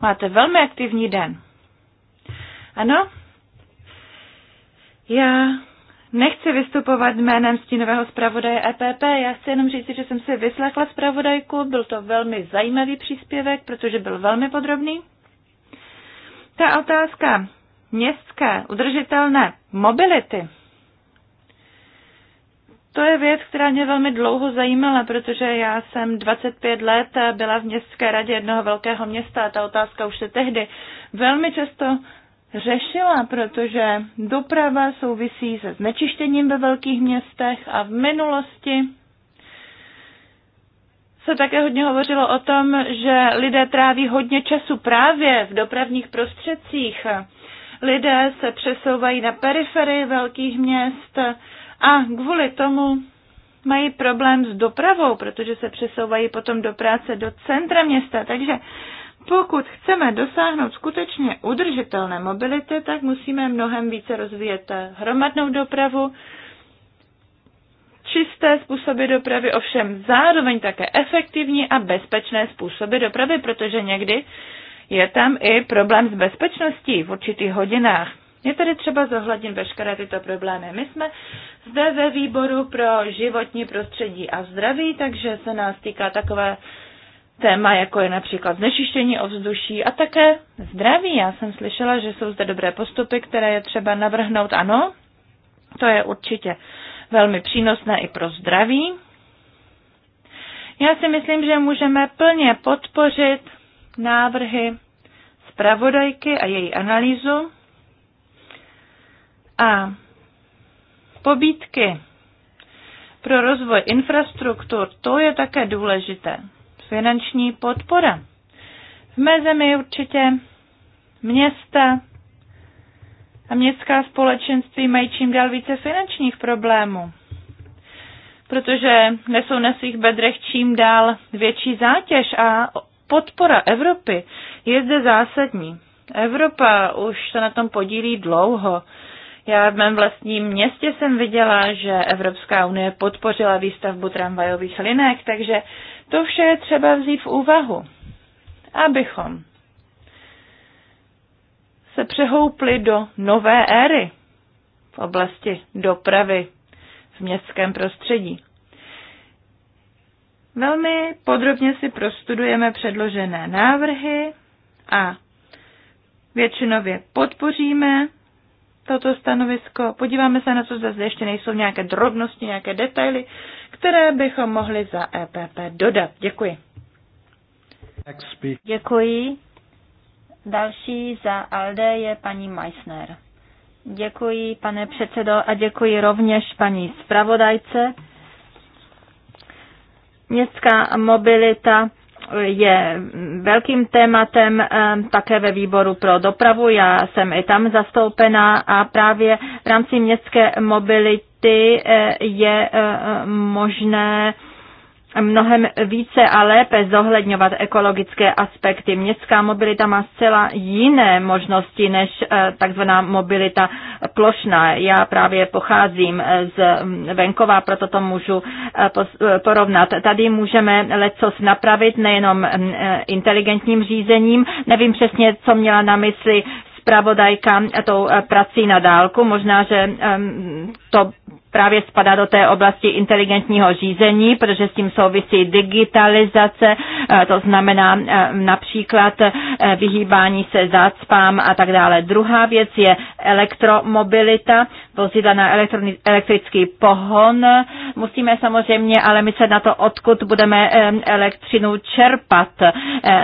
Máte velmi aktivní den. Ano? Já nechci vystupovat jménem stínového zpravodaje EPP, já chci jenom říct, že jsem si vyslechla zpravodajku, byl to velmi zajímavý příspěvek, protože byl velmi podrobný. Ta otázka městské udržitelné mobility, to je věc, která mě velmi dlouho zajímala, protože já jsem 25 let byla v městské radě jednoho velkého města a ta otázka už se tehdy velmi často řešila, protože doprava souvisí se znečištěním ve velkých městech a v minulosti se také hodně hovořilo o tom, že lidé tráví hodně času právě v dopravních prostředcích lidé se přesouvají na periferii velkých měst a kvůli tomu mají problém s dopravou, protože se přesouvají potom do práce do centra města. Takže pokud chceme dosáhnout skutečně udržitelné mobility, tak musíme mnohem více rozvíjet hromadnou dopravu, čisté způsoby dopravy, ovšem zároveň také efektivní a bezpečné způsoby dopravy, protože někdy je tam i problém s bezpečností v určitých hodinách. Je tady třeba zohlednit veškeré tyto problémy. My jsme zde ve výboru pro životní prostředí a zdraví, takže se nás týká takové téma, jako je například znečištění ovzduší a také zdraví. Já jsem slyšela, že jsou zde dobré postupy, které je třeba navrhnout. Ano, to je určitě velmi přínosné i pro zdraví. Já si myslím, že můžeme plně podpořit návrhy zpravodajky a její analýzu a pobídky pro rozvoj infrastruktur, to je také důležité. Finanční podpora. V mé zemi určitě města a městská společenství mají čím dál více finančních problémů, protože nesou na svých bedrech čím dál větší zátěž a podpora Evropy je zde zásadní. Evropa už se na tom podílí dlouho. Já v mém vlastním městě jsem viděla, že Evropská unie podpořila výstavbu tramvajových linek, takže to vše je třeba vzít v úvahu, abychom se přehoupli do nové éry v oblasti dopravy v městském prostředí. Velmi podrobně si prostudujeme předložené návrhy a většinově podpoříme toto stanovisko. Podíváme se na to, zda zde ještě nejsou nějaké drobnosti, nějaké detaily, které bychom mohli za EPP dodat. Děkuji. Děkuji. Další za ALDE je paní Meissner. Děkuji, pane předsedo, a děkuji rovněž paní zpravodajce Městská mobilita je velkým tématem eh, také ve výboru pro dopravu. Já jsem i tam zastoupená a právě v rámci městské mobility eh, je eh, možné mnohem více a lépe zohledňovat ekologické aspekty. Městská mobilita má zcela jiné možnosti než eh, takzvaná mobilita plošná. Já právě pocházím eh, z mm, venkova, proto to můžu eh, porovnat. Tady můžeme lecos napravit nejenom mm, inteligentním řízením. Nevím přesně, co měla na mysli zpravodajka tou prací na dálku. Možná, že mm, to právě spadá do té oblasti inteligentního řízení, protože s tím souvisí digitalizace, e, to znamená e, například e, vyhýbání se zácpám a tak dále. Druhá věc je elektromobilita, vozidla na elektrický pohon. Musíme samozřejmě ale myslet na to, odkud budeme elektřinu čerpat.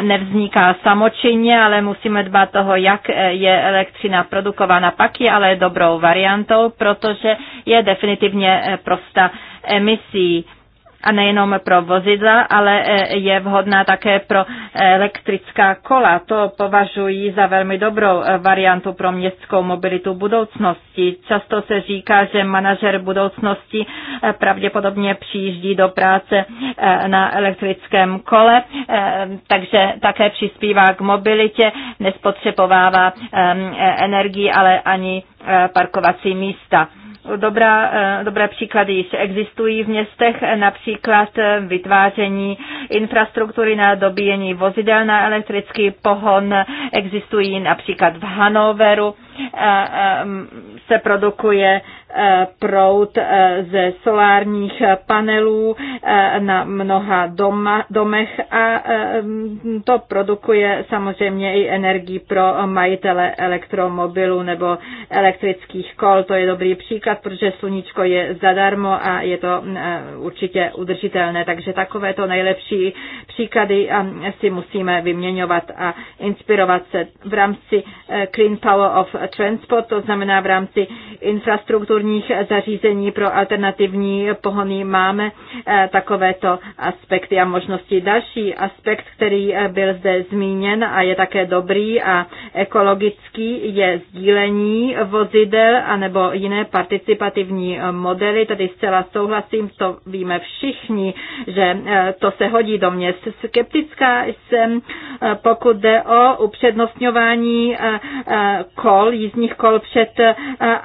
Nevzniká samočinně, ale musíme dbát toho, jak je elektřina produkována. Pak je ale dobrou variantou, protože je definitivně definitivně eh, prosta emisí a nejenom pro vozidla, ale eh, je vhodná také pro eh, elektrická kola. To považuji za velmi dobrou variantu pro městskou mobilitu budoucnosti. Často se říká, že manažer budoucnosti pravděpodobně přijíždí do práce na elektrickém kole, takže také přispívá k mobilitě, nespotřebovává energii, ale ani parkovací místa. Dobrá, eh, dobré příklady již existují v městech, například vytváření infrastruktury na dobíjení vozidel na elektrický pohon, existují například v Hanoveru se produkuje prout ze solárních panelů na mnoha doma, domech a to produkuje samozřejmě i energii pro majitele elektromobilů nebo elektrických kol. To je dobrý příklad, protože sluníčko je zadarmo a je to určitě udržitelné. Takže takovéto nejlepší příklady si musíme vyměňovat a inspirovat se v rámci e, Clean Power of e, transport, to znamená v rámci infrastrukturních zařízení pro alternativní pohony máme eh, takovéto aspekty a možnosti. Další aspekt, který eh, byl zde zmíněn a je také dobrý a ekologický, je sdílení vozidel anebo jiné participativní eh, modely. Tady zcela souhlasím, to víme všichni, že to se hodí do měst. Skeptická jsem, pokud jde o upřednostňování kol jízdních kol před eh,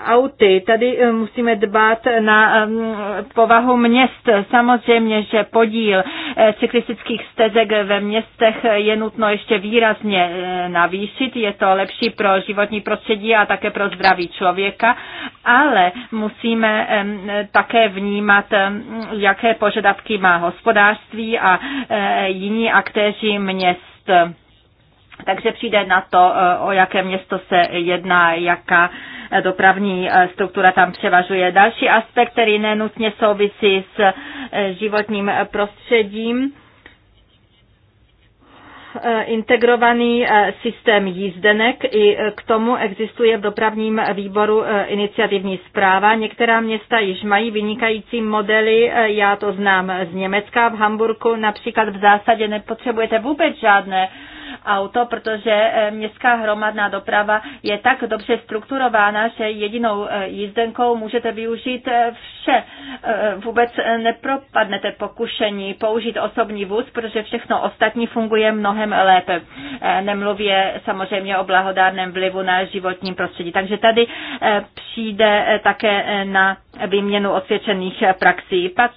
auty. Tady eh, musíme dbát na eh, povahu měst. Samozřejmě, že podíl cyklistických stezek ve městech je nutno ještě výrazně navýšit. Je to lepší pro životní prostředí a také pro zdraví člověka, ale musíme také vnímat, jaké požadavky má hospodářství a jiní aktéři měst takže přijde na to, eh, o jaké město se jedná, jaká eh, dopravní eh, struktura tam převažuje. Další aspekt, který nenutně souvisí s životním prostředím, integrovaný systém jízdenek. I k tomu existuje v dopravním výboru iniciativní zpráva. Některá města již mají vynikající modely, já to znám z Německa, v Hamburgu například v zásadě nepotřebujete vůbec žádné auto, protože eh, městská hromadná doprava je tak dobře strukturována, že jedinou eh, jízdenkou můžete využít eh, vše. Vůbec nepropadnete pokušení použít osobní vůz, protože všechno ostatní funguje mnohem lépe. Nemluvě samozřejmě o blahodárném vlivu na životní prostředí. Takže tady přijde také na výměnu osvědčených praxí. Pak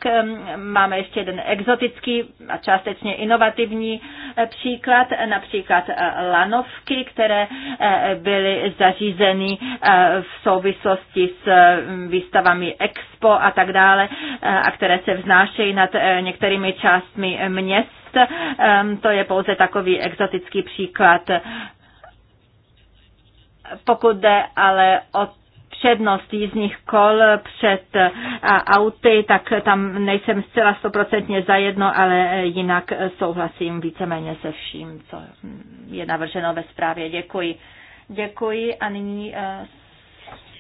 máme ještě jeden exotický a částečně inovativní Eh, příklad, eh, například eh, lanovky, které byly zařízeny v souvislosti s mm, výstavami Expo a tak dále, a které se vznášejí nad některými částmi měst. Ehm, to je pouze takový exotický příklad. Pokud jde ale o přednost jízdních kol před eh, auty, tak tam nejsem zcela stoprocentně zajedno, ale eh, jinak eh, souhlasím víceméně se vším, co mm, je navrženo ve zprávě. Děkuji. Děkuji a nyní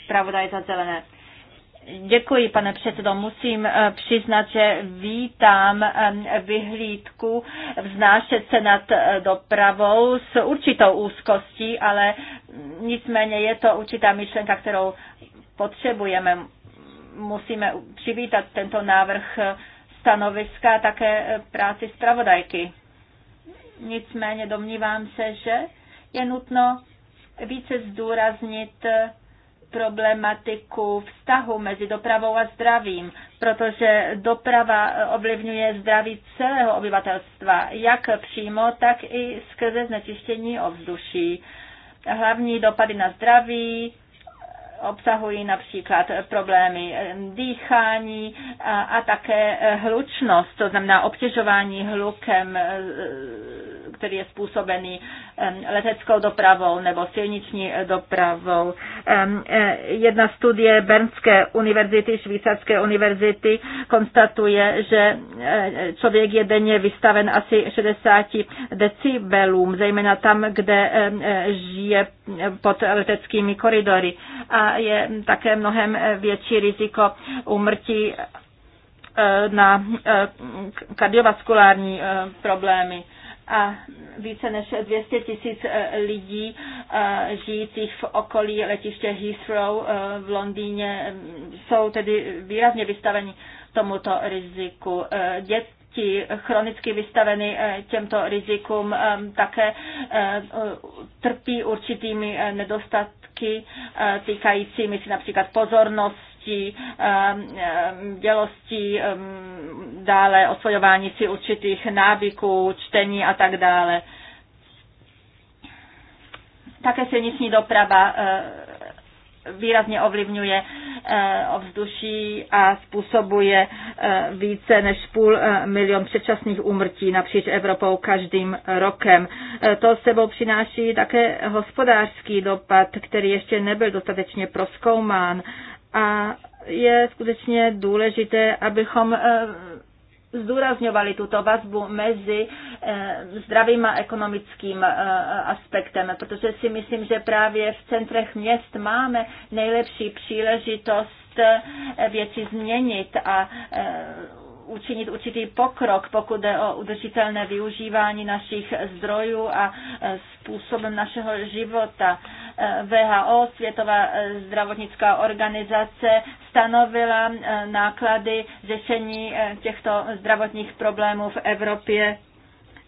zpravodaj za zelené. Děkuji, pane předsedo. Musím eh, přiznat, že vítám eh, vyhlídku vznášet se nad eh, dopravou s určitou úzkostí, ale nicméně je to určitá myšlenka, kterou potřebujeme. Musíme přivítat tento návrh stanoviska a také práci zpravodajky. Nicméně domnívám se, že je nutno více zdůraznit problematiku vztahu mezi dopravou a zdravím, protože doprava ovlivňuje zdraví celého obyvatelstva, jak přímo, tak i skrze znečištění ovzduší. Hlavní dopady na zdraví, obsahují například problémy dýchání a, a také hlučnost, to znamená obtěžování hlukem, e, který je způsobený leteckou dopravou nebo silniční dopravou. E, jedna studie Bernské univerzity, Švýcarské univerzity konstatuje, že e, člověk je denně vystaven asi 60 decibelům, zejména tam, kde žije pod leteckými koridory. A je také mnohem větší riziko úmrtí eh, na eh, kardiovaskulární eh, problémy a více než 200 tisíc lidí žijících v okolí letiště Heathrow v Londýně jsou tedy výrazně vystaveni tomuto riziku. Děti chronicky vystaveny těmto rizikům také trpí určitými nedostatky prvky eh, týkajícími si například pozornosti, eh, eh, dělosti, dále osvojování si určitých návyků, čtení a tak dále. Také silniční doprava výrazně ovlivňuje eh, ovzduší a způsobuje eh, více než půl eh, milion předčasných úmrtí napříč Evropou každým rokem. To sebou přináší také hospodářský dopad, který ještě nebyl dostatečně proskoumán a je skutečně důležité, abychom zdůrazňovali tuto vazbu mezi eh, zdravým a ekonomickým eh, aspektem, protože si myslím, že právě v centrech měst máme nejlepší příležitost eh, věci změnit a učinit určitý pokrok, pokud jde o udržitelné využívání našich zdrojů a způsobem našeho života. VHO, Světová eh, zdravotnická organizace, stanovila eh, náklady řešení eh, těchto zdravotních problémů v Evropě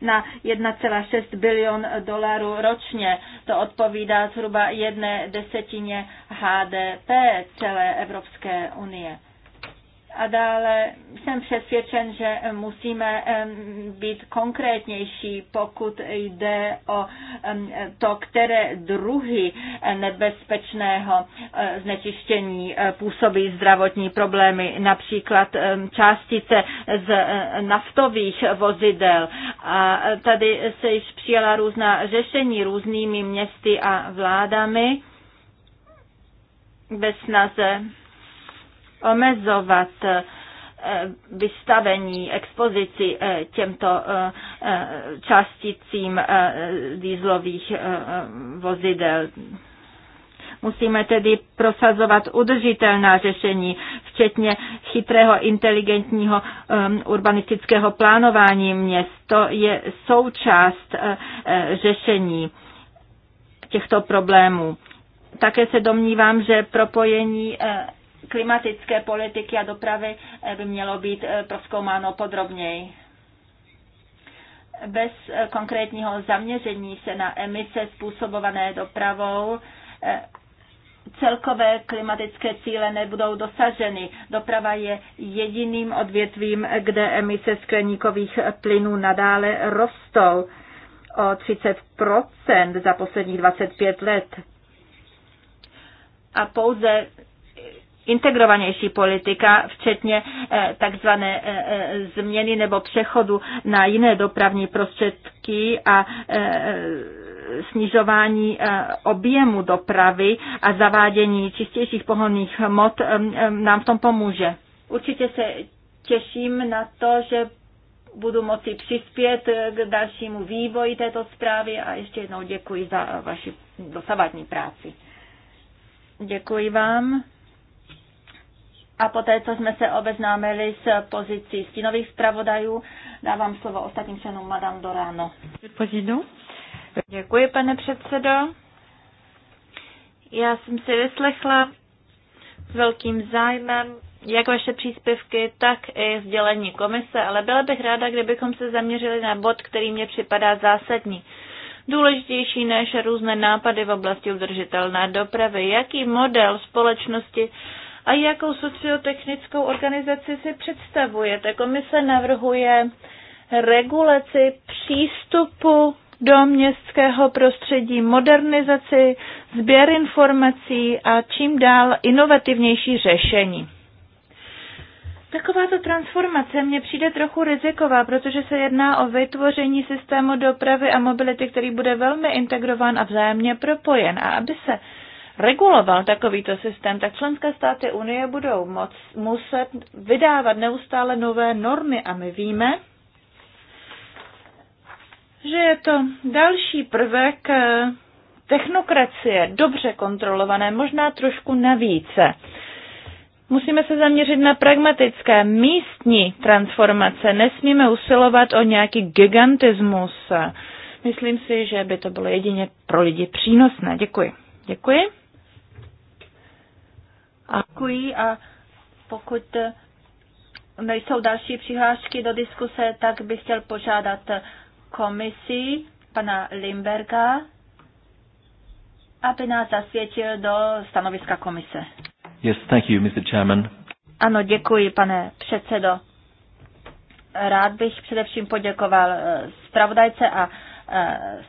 na 1,6 bilion dolarů ročně. To odpovídá zhruba jedné desetině HDP celé Evropské unie. A dále jsem přesvědčen, že musíme být konkrétnější, pokud jde o to, které druhy nebezpečného eh, znečištění eh, působí zdravotní problémy, například částice z eh, naftových vozidel. A tady se již přijela různá řešení různými městy a vládami ve snaze omezovat eh, vystavení, expozici eh, těmto eh, částicím dýzlových vozidel. Musíme tedy prosazovat udržitelná řešení, včetně chytrého, inteligentního um, urbanistického plánování měst. To je součást uh, řešení těchto problémů. Také se domnívám, že propojení uh, klimatické politiky a dopravy eh, by mělo být eh, proskoumáno podrobněji. Bez eh, konkrétního zaměření se na emise způsobované dopravou celkové klimatické cíle nebudou dosaženy. Doprava je jediným odvětvím, kde emise skleníkových plynů nadále rostou o 30 za posledních 25 let. A pouze integrovanější politika, včetně eh, takzvané eh, eh, změny nebo přechodu na jiné dopravní prostředky a snižování objemu dopravy a zavádění čistějších pohonných mod nám v tom pomůže. Určitě se těším na to, že budu moci přispět k dalšímu vývoji této zprávy a ještě jednou děkuji za vaši dosavadní práci. Děkuji vám. A poté, co jsme se obeznámili s pozicí stínových zpravodajů, dávám slovo ostatním členům Madame Dorano. Děkuji, pane předsedo. Já jsem si vyslechla s velkým zájmem jak vaše příspěvky, tak i sdělení komise, ale byla bych ráda, kdybychom se zaměřili na bod, který mě připadá zásadní. Důležitější než různé nápady v oblasti udržitelné dopravy. Jaký model společnosti a jakou sociotechnickou organizaci si představujete. Komise navrhuje regulaci přístupu do městského prostředí, modernizaci, sběr informací a čím dál inovativnější řešení. Takováto transformace mně přijde trochu riziková, protože se jedná o vytvoření systému dopravy a mobility, který bude velmi integrován a vzájemně propojen. A aby se reguloval takovýto systém, tak členské státy Unie budou moc, muset vydávat neustále nové normy a my víme, že je to další prvek eh, technokracie, dobře kontrolované, možná trošku navíce. Musíme se zaměřit na pragmatické místní transformace. Nesmíme usilovat o nějaký gigantismus. Myslím si, že by to bylo jedině pro lidi přínosné. Děkuji. Děkuji. A děkuji a pokud nejsou další přihlášky do diskuse, tak bych chtěl požádat komisi pana Limberga, aby nás zasvětil do stanoviska komise. Yes, thank you, Mr. Chairman. Ano, děkuji, pane předsedo. Rád bych především poděkoval eh, zpravodajce a eh,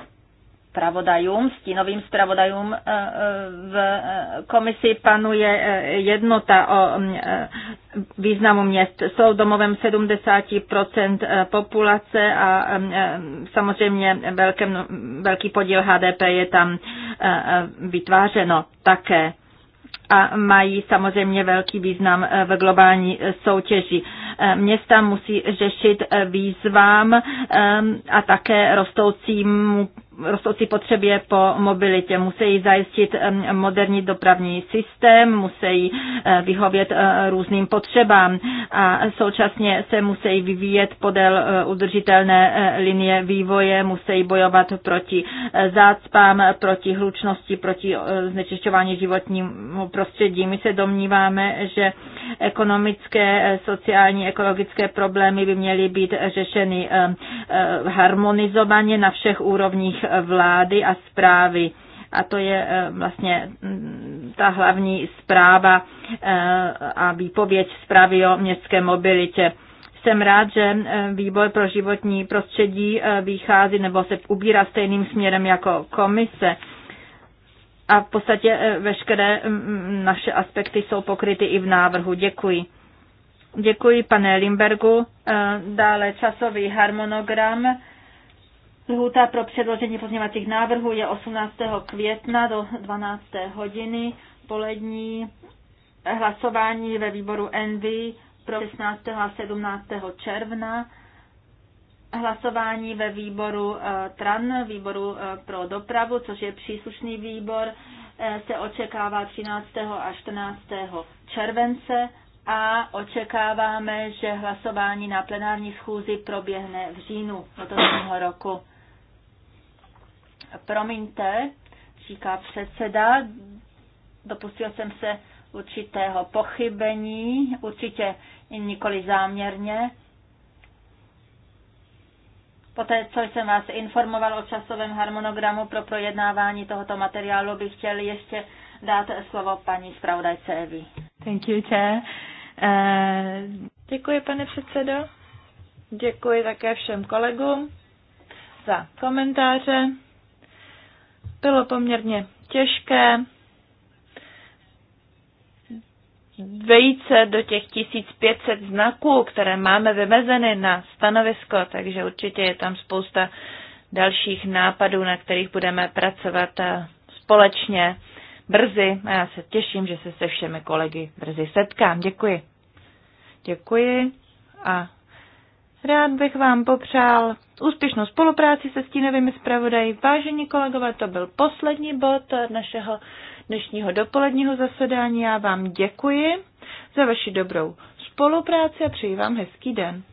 spravodajům, stínovým spravodajům eh, eh, v eh, komisi panuje jednota o mm, významu měst. Jsou domovem 70% populace a mm, samozřejmě velký, velký podíl HDP je tam vytvářeno také a mají samozřejmě velký význam v globální soutěži. Města musí řešit výzvám a také rostoucímu rostoucí potřebě po mobilitě. Musí zajistit moderní dopravní systém, musí eh, vyhovět eh, různým potřebám a současně se musí vyvíjet podél eh, udržitelné linie vývoje, musí bojovat proti zácpám, proti hlučnosti, proti znečišťování životního prostředí. My se domníváme, že ekonomické, sociální, ekologické problémy by měly být řešeny harmonizovaně na všech úrovních vlády a zprávy. A to je eh, vlastně mm, ta hlavní zpráva eh, a výpověď zprávy o městské mobilitě. Jsem rád, že eh, výbor pro životní prostředí vychází nebo se ubírá stejným směrem jako komise. A v podstatě veškeré mm, naše aspekty jsou pokryty i v návrhu. Děkuji. Děkuji, pane Limbergu. Dále časový harmonogram Lhůta pro předložení pozměňovacích návrhů je 18. května do 12. hodiny polední. Hlasování ve výboru NV pro 16. a 17. června. Hlasování ve výboru eh, TRAN, výboru eh, pro dopravu, což je příslušný výbor, eh, se očekává 13. a 14. července a očekáváme, že hlasování na plenární schůzi proběhne v říjnu letošního roku. Promiňte, říká předseda, dopustil jsem se určitého pochybení, určitě nikoli záměrně. Poté, co jsem vás informoval o časovém harmonogramu pro projednávání tohoto materiálu, bych chtěl ještě dát slovo paní zpravodajce Evi. Thank you, chair. Uh, děkuji, pane předsedo. Děkuji také všem kolegům za komentáře bylo poměrně těžké vejít se do těch 1500 znaků, které máme vymezeny na stanovisko, takže určitě je tam spousta dalších nápadů, na kterých budeme pracovat eh, společně brzy a já se těším, že se se všemi kolegy brzy setkám. Děkuji. Děkuji a Rád bych vám popřál úspěšnou spolupráci se stínovými zpravodají. Vážení kolegové, to byl poslední bod našeho dnešního dopoledního zasedání. Já vám děkuji za vaši dobrou spolupráci a přeji vám hezký den.